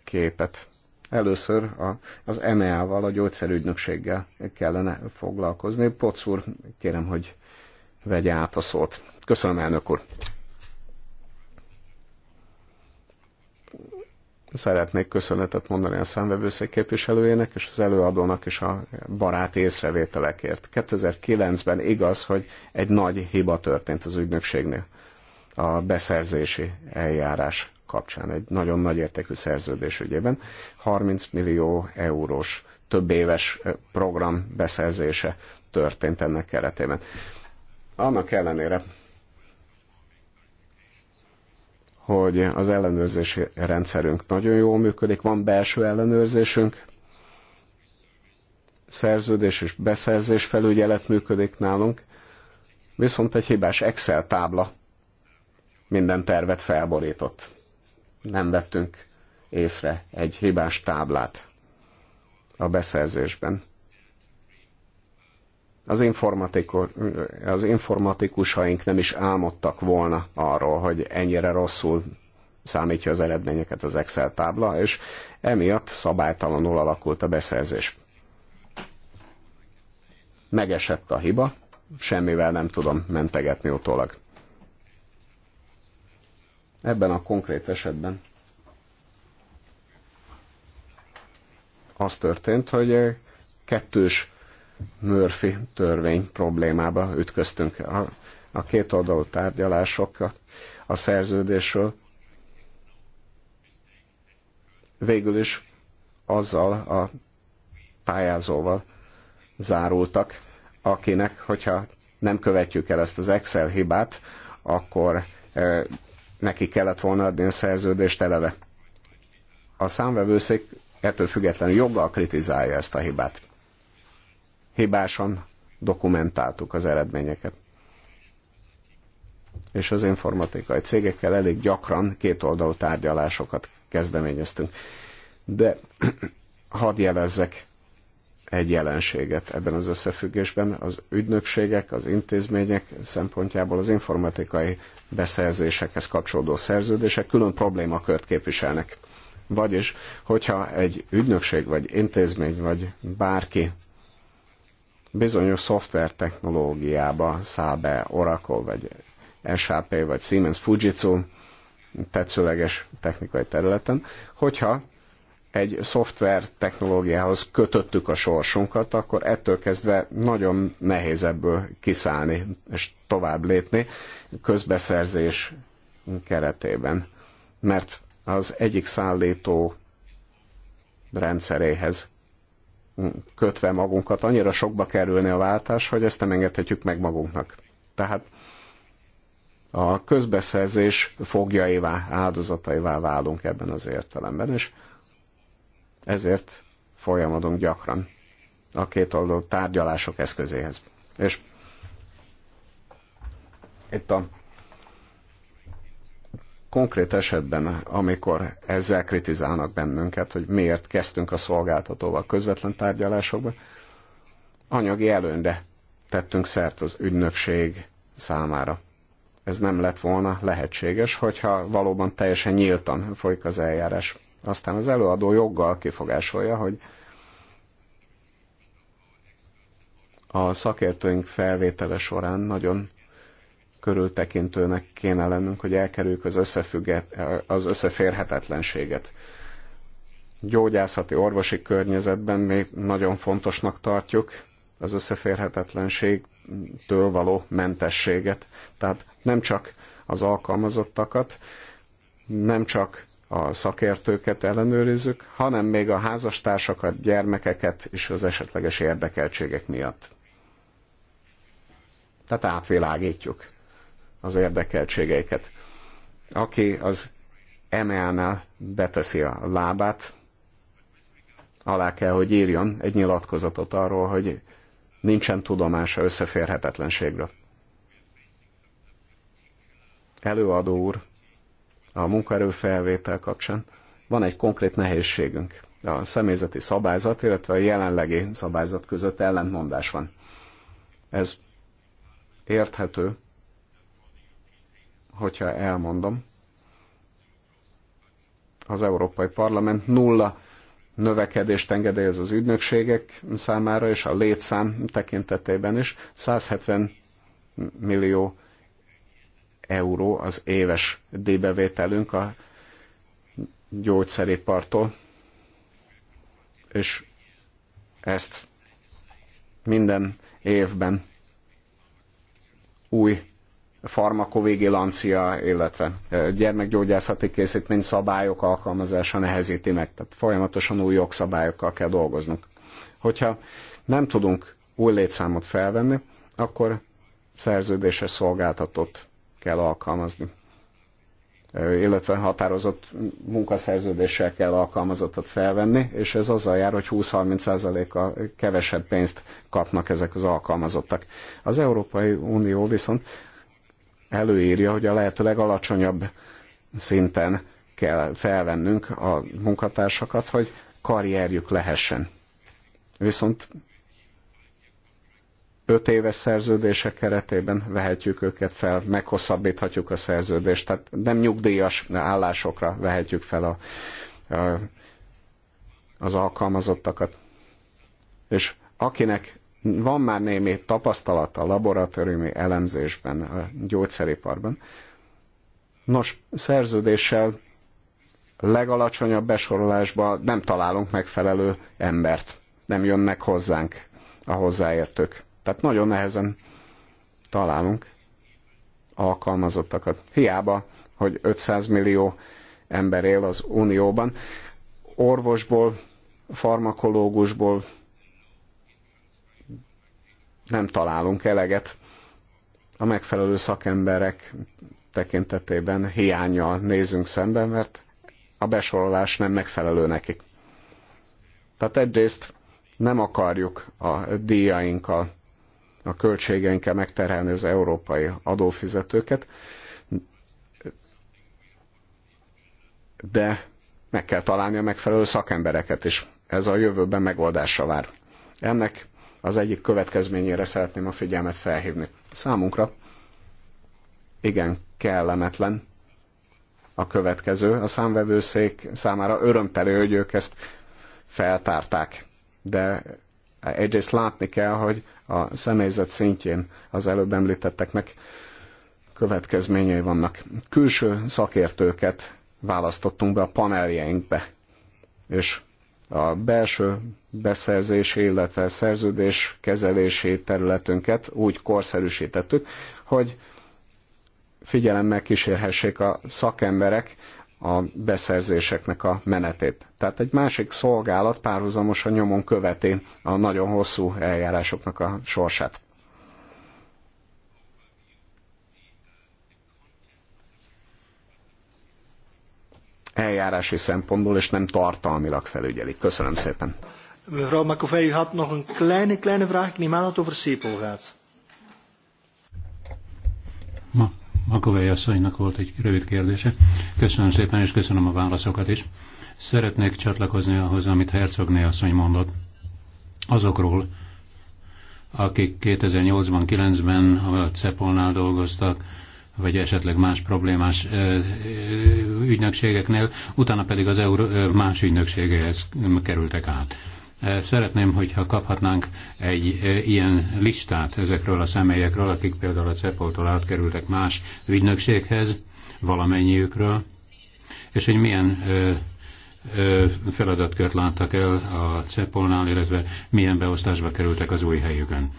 képet. Először a, az EMEA-val, a gyógyszerügynökséggel kellene foglalkozni. Poc úr, kérem, hogy vegye át a szót. Köszönöm, elnök úr. Szeretnék köszönetet mondani a számvevőszék képviselőjének és az előadónak és a barát észrevételekért. 2009-ben igaz, hogy egy nagy hiba történt az ügynökségnél a beszerzési eljárás kapcsán, egy nagyon nagy értékű szerződés ügyében. 30 millió eurós több éves program beszerzése történt ennek keretében. Annak ellenére, hogy az ellenőrzési rendszerünk nagyon jól működik, van belső ellenőrzésünk, szerződés és beszerzés felügyelet működik nálunk, viszont egy hibás Excel tábla minden tervet felborított. Nem vettünk észre egy hibás táblát a beszerzésben. Az, az informatikusaink nem is álmodtak volna arról, hogy ennyire rosszul számítja az eredményeket az Excel tábla, és emiatt szabálytalanul alakult a beszerzés. Megesett a hiba, semmivel nem tudom mentegetni utólag. Ebben a konkrét esetben az történt, hogy eh, kettős Murphy törvény problémába ütköztünk. A, a két oldalú tárgyalások a, a szerződésről végül is azzal a pályázóval zárultak, akinek, hogyha nem követjük el ezt az Excel hibát, akkor eh, neki kellett volna adni a szerződést eleve. A számvevőszék ettől függetlenül joggal kritizálja ezt a hibát. Hibásan dokumentáltuk az eredményeket. És az informatikai cégekkel elég gyakran kétoldalú tárgyalásokat kezdeményeztünk. De hadd jelezzek egy jelenséget ebben az összefüggésben. Az ügynökségek, az intézmények szempontjából az informatikai beszerzésekhez kapcsolódó szerződések külön problémakört képviselnek. Vagyis, hogyha egy ügynökség, vagy intézmény, vagy bárki bizonyos technológiába száll be Oracle, vagy SAP, vagy Siemens, Fujitsu tetszőleges technikai területen, hogyha egy szoftver technológiához kötöttük a sorsunkat, akkor ettől kezdve nagyon nehéz ebből kiszállni és tovább lépni közbeszerzés keretében. Mert az egyik szállító rendszeréhez kötve magunkat, annyira sokba kerülne a váltás, hogy ezt nem engedhetjük meg magunknak. Tehát a közbeszerzés fogjaivá, áldozataivá válunk ebben az értelemben, és ezért folyamodunk gyakran a kétoldalú tárgyalások eszközéhez. És itt a konkrét esetben, amikor ezzel kritizálnak bennünket, hogy miért kezdtünk a szolgáltatóval közvetlen tárgyalásokba, anyagi előnyre tettünk szert az ügynökség számára. Ez nem lett volna lehetséges, hogyha valóban teljesen nyíltan folyik az eljárás. Aztán az előadó joggal kifogásolja, hogy a szakértőink felvétele során nagyon körültekintőnek kéne lennünk, hogy elkerüljük az, összefügget, az összeférhetetlenséget. Gyógyászati, orvosi környezetben még nagyon fontosnak tartjuk az összeférhetetlenségtől való mentességet. Tehát nem csak az alkalmazottakat, nem csak a szakértőket ellenőrizzük, hanem még a házastársakat, gyermekeket is az esetleges érdekeltségek miatt. Tehát átvilágítjuk az érdekeltségeiket. Aki az emea nál beteszi a lábát, alá kell, hogy írjon egy nyilatkozatot arról, hogy nincsen tudomása összeférhetetlenségről. Előadó úr a munkaerő felvétel kapcsán. Van egy konkrét nehézségünk. A személyzeti szabályzat, illetve a jelenlegi szabályzat között ellentmondás van. Ez érthető, hogyha elmondom. Az Európai Parlament nulla növekedést engedélyez az ügynökségek számára, és a létszám tekintetében is 170 millió euró az éves díjbevételünk a gyógyszeripartól, és ezt minden évben új farmakovigilancia, illetve gyermekgyógyászati készítmény szabályok alkalmazása nehezíti meg. Tehát folyamatosan új jogszabályokkal kell dolgoznunk. Hogyha nem tudunk új létszámot felvenni, akkor szerződéses szolgáltatott kell alkalmazni, illetve határozott munkaszerződéssel kell alkalmazottat felvenni, és ez azzal jár, hogy 20-30%-kal kevesebb pénzt kapnak ezek az alkalmazottak. Az Európai Unió viszont előírja, hogy a lehető legalacsonyabb szinten kell felvennünk a munkatársakat, hogy karrierjük lehessen. Viszont öt éves szerződések keretében vehetjük őket fel, meghosszabbíthatjuk a szerződést, tehát nem nyugdíjas állásokra vehetjük fel a, a, az alkalmazottakat. És akinek van már némi tapasztalata laboratóriumi elemzésben, a gyógyszeriparban, nos, szerződéssel legalacsonyabb besorolásban nem találunk megfelelő embert, nem jönnek hozzánk a hozzáértők tehát nagyon nehezen találunk alkalmazottakat. Hiába, hogy 500 millió ember él az Unióban, orvosból, farmakológusból nem találunk eleget. A megfelelő szakemberek tekintetében hiányjal nézünk szemben, mert a besorolás nem megfelelő nekik. Tehát egyrészt nem akarjuk a díjainkkal a költségeinkkel megterhelni az európai adófizetőket, de meg kell találni a megfelelő szakembereket, és ez a jövőben megoldásra vár. Ennek az egyik következményére szeretném a figyelmet felhívni. Számunkra igen kellemetlen a következő. A számvevőszék számára örömteli, hogy ők ezt feltárták. De egyrészt látni kell, hogy a személyzet szintjén az előbb említetteknek következményei vannak. Külső szakértőket választottunk be a paneljeinkbe, és a belső beszerzési, illetve szerződés kezelési területünket úgy korszerűsítettük, hogy figyelemmel kísérhessék a szakemberek a beszerzéseknek a menetét. Tehát egy másik szolgálat párhuzamosan nyomon követi a nagyon hosszú eljárásoknak a sorsát. Eljárási szempontból, és nem tartalmilag felügyelik. Köszönöm szépen. Mevrouw Makovey, u had nog een kleine, kleine vraag. Ik neem aan dat het over gaat. Ma. Makovei asszonynak volt egy rövid kérdése. Köszönöm szépen, és köszönöm a válaszokat is. Szeretnék csatlakozni ahhoz, amit Hercogné asszony mondott. Azokról, akik 2008-ban, 9-ben a Cepolnál dolgoztak, vagy esetleg más problémás ügynökségeknél, utána pedig az EU más ügynökségehez kerültek át. Szeretném, hogyha kaphatnánk egy ilyen listát ezekről a személyekről, akik például a CEPOL-tól átkerültek más ügynökséghez, valamennyiükről, és hogy milyen feladatkört láttak el a CEPOL-nál, illetve milyen beosztásba kerültek az új helyükön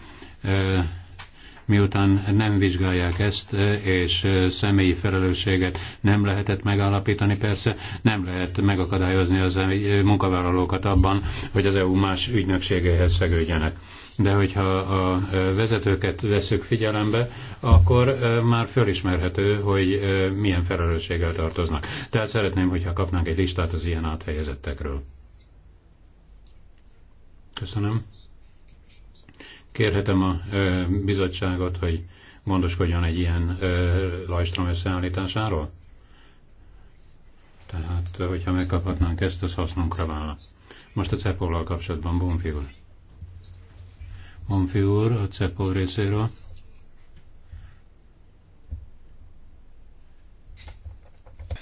miután nem vizsgálják ezt, e, és e, személyi felelősséget nem lehetett megállapítani, persze nem lehet megakadályozni az e, munkavállalókat abban, hogy az EU más ügynökségeihez szegődjenek de hogyha a vezetőket veszük figyelembe, akkor már fölismerhető, hogy milyen felelősséggel tartoznak. Tehát szeretném, hogyha kapnánk egy listát az ilyen áthelyezettekről. Köszönöm. Kérhetem a bizottságot, hogy gondoskodjon egy ilyen lajstrom összeállításáról? Tehát, hogyha megkaphatnánk ezt, az hasznunkra válna. Most a Cepollal kapcsolatban Bonfi úr. Bonfi úr a Cepol részéről.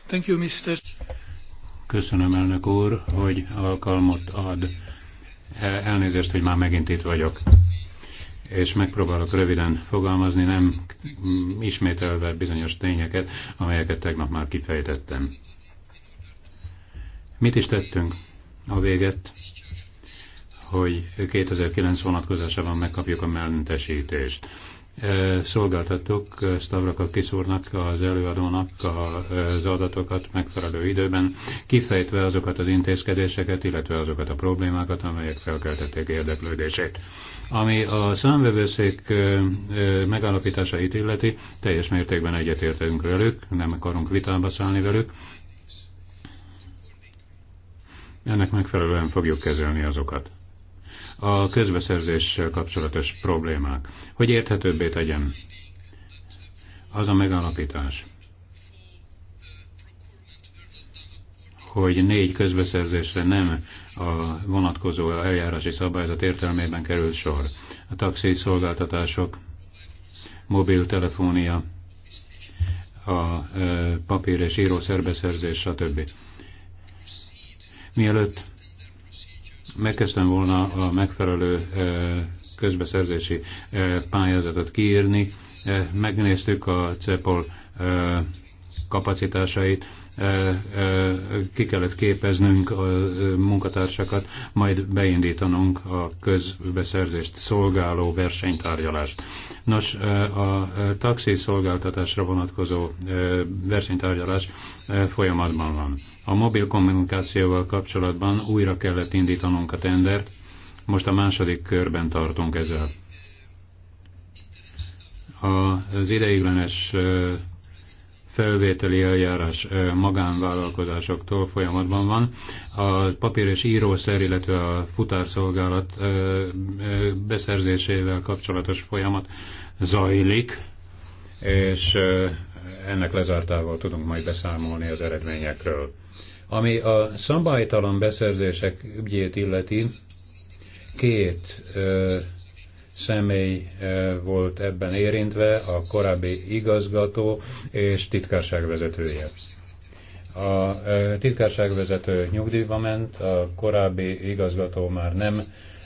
Thank you, Mr. Köszönöm, elnök úr, hogy alkalmat ad. Elnézést, hogy már megint itt vagyok és megpróbálok röviden fogalmazni, nem ismételve bizonyos tényeket, amelyeket tegnap már kifejtettem. Mit is tettünk a véget, hogy 2009 vonatkozásában megkapjuk a mellentesítést? szolgáltattuk Stavraka Kiszúrnak, az előadónak az adatokat megfelelő időben, kifejtve azokat az intézkedéseket, illetve azokat a problémákat, amelyek felkeltették érdeklődését. Ami a számvevőszék megállapításait illeti, teljes mértékben egyetértünk velük, nem akarunk vitába szállni velük, ennek megfelelően fogjuk kezelni azokat a közbeszerzéssel kapcsolatos problémák. Hogy érthetőbbé tegyen? Az a megalapítás, hogy négy közbeszerzésre nem a vonatkozó eljárási szabályzat értelmében kerül sor. A taxi szolgáltatások, mobiltelefónia, a papír és író szerbeszerzés, stb. Mielőtt megkezdtem volna a megfelelő eh, közbeszerzési eh, pályázatot kiírni, eh, megnéztük a CEPOL kapacitásait, ki kellett képeznünk a munkatársakat, majd beindítanunk a közbeszerzést szolgáló versenytárgyalást. Nos, a taxi szolgáltatásra vonatkozó versenytárgyalás folyamatban van. A mobil kommunikációval kapcsolatban újra kellett indítanunk a tendert, most a második körben tartunk ezzel. Az ideiglenes felvételi eljárás magánvállalkozásoktól folyamatban van. A papír és írószer, illetve a futárszolgálat beszerzésével kapcsolatos folyamat zajlik, és ennek lezártával tudunk majd beszámolni az eredményekről. Ami a szabálytalan beszerzések ügyét illeti, két ö, személy ö, volt ebben érintve, a korábbi igazgató és titkárságvezetője. vezetője. A ö, titkárságvezető vezető nyugdíjba ment, a korábbi igazgató már nem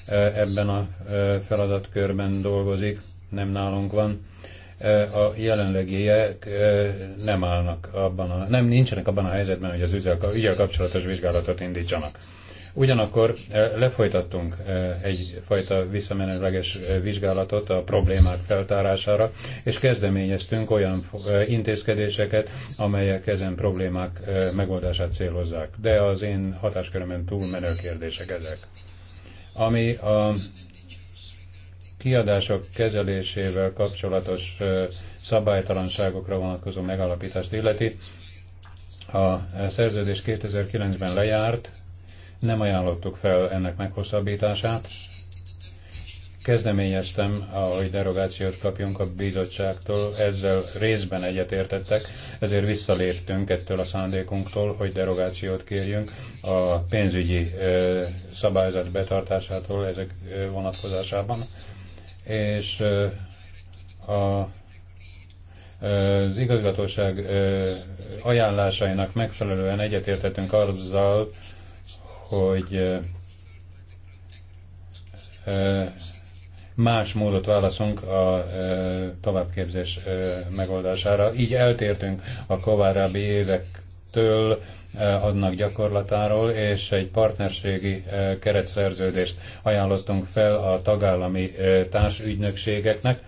ö, ebben a ö, feladatkörben dolgozik, nem nálunk van a jelenlegiek nem állnak abban a, nem nincsenek abban a helyzetben, hogy az ügyel kapcsolatos vizsgálatot indítsanak. Ugyanakkor lefolytattunk egyfajta visszamenőleges vizsgálatot a problémák feltárására, és kezdeményeztünk olyan intézkedéseket, amelyek ezen problémák megoldását célozzák. De az én hatáskörömen menő kérdések ezek. Ami a kiadások kezelésével kapcsolatos szabálytalanságokra vonatkozó megalapítást illeti. A szerződés 2009-ben lejárt, nem ajánlottuk fel ennek meghosszabbítását. Kezdeményeztem, hogy derogációt kapjunk a bizottságtól, ezzel részben egyetértettek, ezért visszaléptünk ettől a szándékunktól, hogy derogációt kérjünk a pénzügyi szabályzat betartásától ezek vonatkozásában és a az igazgatóság ajánlásainak megfelelően egyetértettünk azzal, hogy más módot válaszunk a továbbképzés megoldására. Így eltértünk a kovárábbi évek től eh, adnak gyakorlatáról, és egy partnerségi eh, keretszerződést ajánlottunk fel a tagállami eh, társügynökségeknek.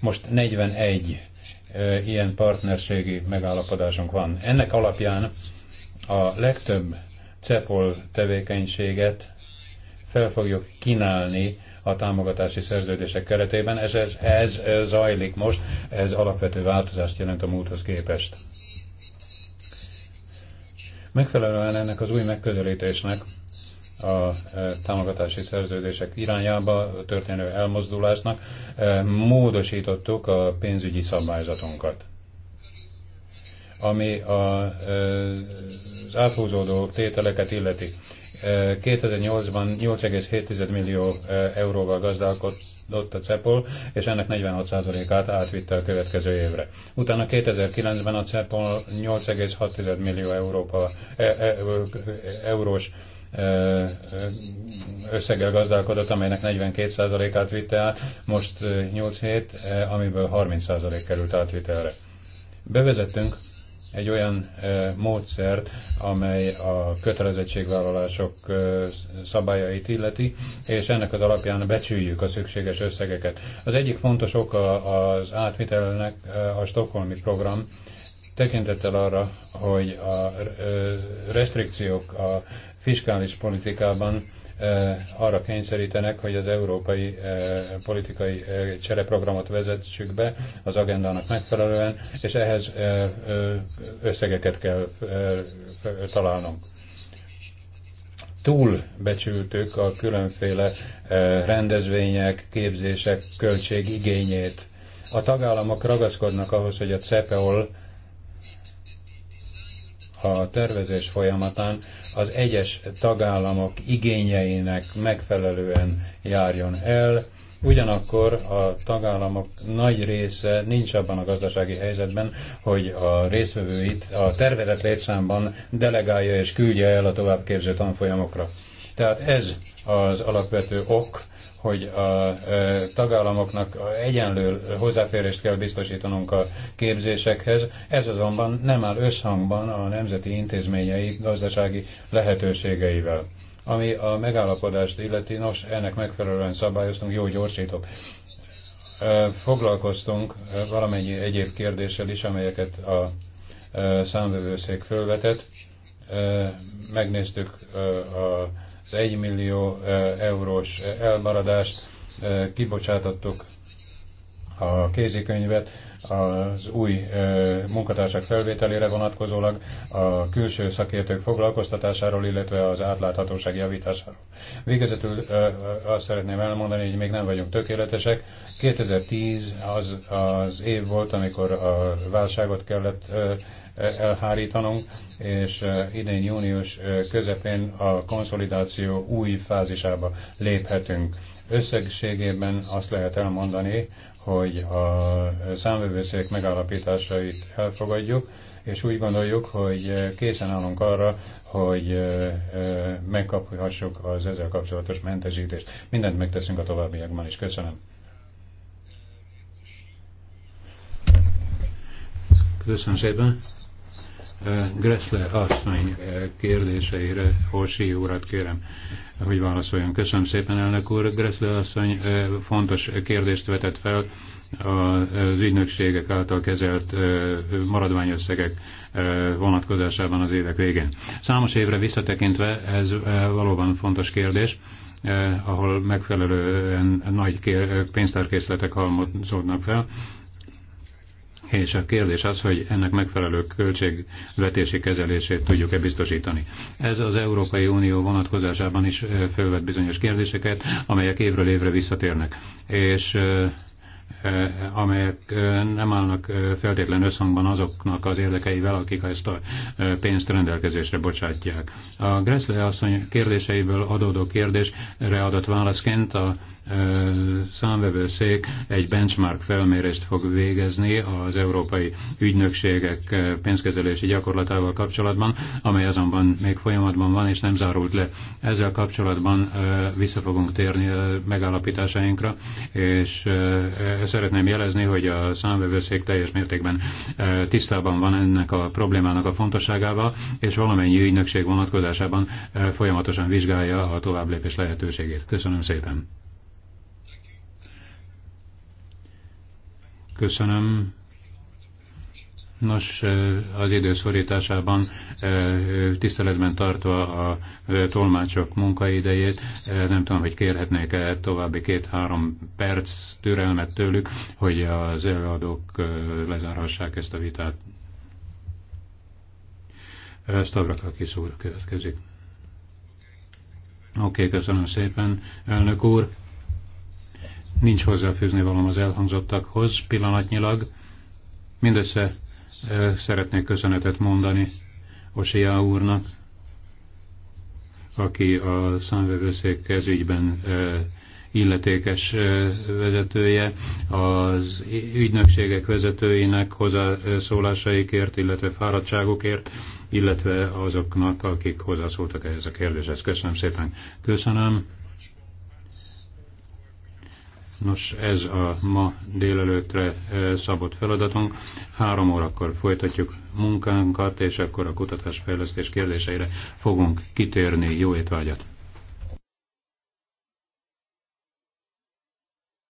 Most 41 ilyen partnerségi megállapodásunk van. Ennek alapján a legtöbb CEPOL tevékenységet fel fogjuk kínálni a támogatási szerződések keretében. Ez, ez, ez zajlik most, ez alapvető változást jelent a múlthoz képest. Megfelelően ennek az új megközelítésnek a e, támogatási szerződések irányába történő elmozdulásnak e, módosítottuk a pénzügyi szabályzatunkat ami a, e, az áthúzódó tételeket illeti. 2008-ban 8,7 millió euróval gazdálkodott a CEPOL, és ennek 46%-át átvitte a következő évre. Utána 2009-ben a CEPOL 8,6 millió Európa, e, e, eurós összeggel gazdálkodott, amelynek 42%-át vitte át, most 8 hét, amiből 30% került átvitelre. Bevezettünk egy olyan módszert, amely a kötelezettségvállalások szabályait illeti, és ennek az alapján becsüljük a szükséges összegeket. Az egyik fontos oka az átvitelnek a Stockholmi program, tekintettel arra, hogy a restrikciók a fiskális politikában arra kényszerítenek, hogy az európai politikai csereprogramot vezetsük be az agendának megfelelően, és ehhez összegeket kell találnunk túlbecsültük a különféle rendezvények, képzések költségigényét. A tagállamok ragaszkodnak ahhoz, hogy a CEPEOL a tervezés folyamatán az egyes tagállamok igényeinek megfelelően járjon el, Ugyanakkor a tagállamok nagy része nincs abban a gazdasági helyzetben, hogy a részvevőit a tervezett létszámban delegálja és küldje el a továbbképző tanfolyamokra. Tehát ez az alapvető ok, hogy a tagállamoknak egyenlő hozzáférést kell biztosítanunk a képzésekhez, ez azonban nem áll összhangban a nemzeti intézményei gazdasági lehetőségeivel. Ami a megállapodást illeti, nos, ennek megfelelően szabályoztunk, jó gyorsítok foglalkoztunk valamennyi egyéb kérdéssel is, amelyeket a számvevőszék fölvetett. Megnéztük a az 1 millió eurós elmaradást, kibocsátottuk a kézikönyvet az új munkatársak felvételére vonatkozólag, a külső szakértők foglalkoztatásáról, illetve az átláthatóság javításáról. Végezetül azt szeretném elmondani, hogy még nem vagyunk tökéletesek. 2010 az, az év volt, amikor a válságot kellett elhárítanunk, és idén június közepén a konszolidáció új fázisába léphetünk. Összegségében azt lehet elmondani, hogy a számvevőszék megállapításait elfogadjuk, és úgy gondoljuk, hogy készen állunk arra, hogy megkaphassuk az ezzel kapcsolatos mentesítést. Mindent megteszünk a továbbiakban is. Köszönöm. Köszönöm szépen. Gressle asszony kérdéseire Orsi urat kérem, hogy válaszoljon. Köszönöm szépen, elnök úr. Gressle asszony fontos kérdést vetett fel az ügynökségek által kezelt maradványösszegek vonatkozásában az évek végén. Számos évre visszatekintve ez valóban fontos kérdés, ahol megfelelően nagy pénztárkészletek halmozódnak fel, és a kérdés az, hogy ennek megfelelő költségvetési kezelését tudjuk-e biztosítani. Ez az Európai Unió vonatkozásában is felvet bizonyos kérdéseket, amelyek évről évre visszatérnek. És amelyek nem állnak feltétlen összhangban azoknak az érdekeivel, akik ezt a pénzt rendelkezésre bocsátják. A Gressle asszony kérdéseiből adódó kérdésre adott válaszként a számvevőszék egy benchmark felmérést fog végezni az európai ügynökségek pénzkezelési gyakorlatával kapcsolatban, amely azonban még folyamatban van és nem zárult le. Ezzel kapcsolatban vissza fogunk térni a megállapításainkra, és szeretném jelezni, hogy a számvevőszék teljes mértékben tisztában van ennek a problémának a fontosságával, és valamennyi ügynökség vonatkozásában folyamatosan vizsgálja a továbblépés lehetőségét. Köszönöm szépen! Köszönöm. Nos, az időszorításában tiszteletben tartva a tolmácsok munkaidejét, nem tudom, hogy kérhetnék-e további két-három perc türelmet tőlük, hogy az előadók lezárhassák ezt a vitát. Stavrakakis úr következik. Oké, okay, köszönöm szépen, elnök úr. Nincs hozzáfűzni valam az elhangzottakhoz pillanatnyilag. Mindössze szeretnék köszönetet mondani Osia úrnak, aki a számvevőszék kezügyben illetékes vezetője, az ügynökségek vezetőinek hozzászólásaikért, illetve fáradtságokért, illetve azoknak, akik hozzászóltak ehhez a kérdéshez. Köszönöm szépen. Köszönöm. Nos, ez a ma délelőtre eh, szabott feladatunk. Három órakor folytatjuk munkánkat, és akkor a kutatásfejlesztés kérdéseire fogunk kitérni. Jó étvágyat!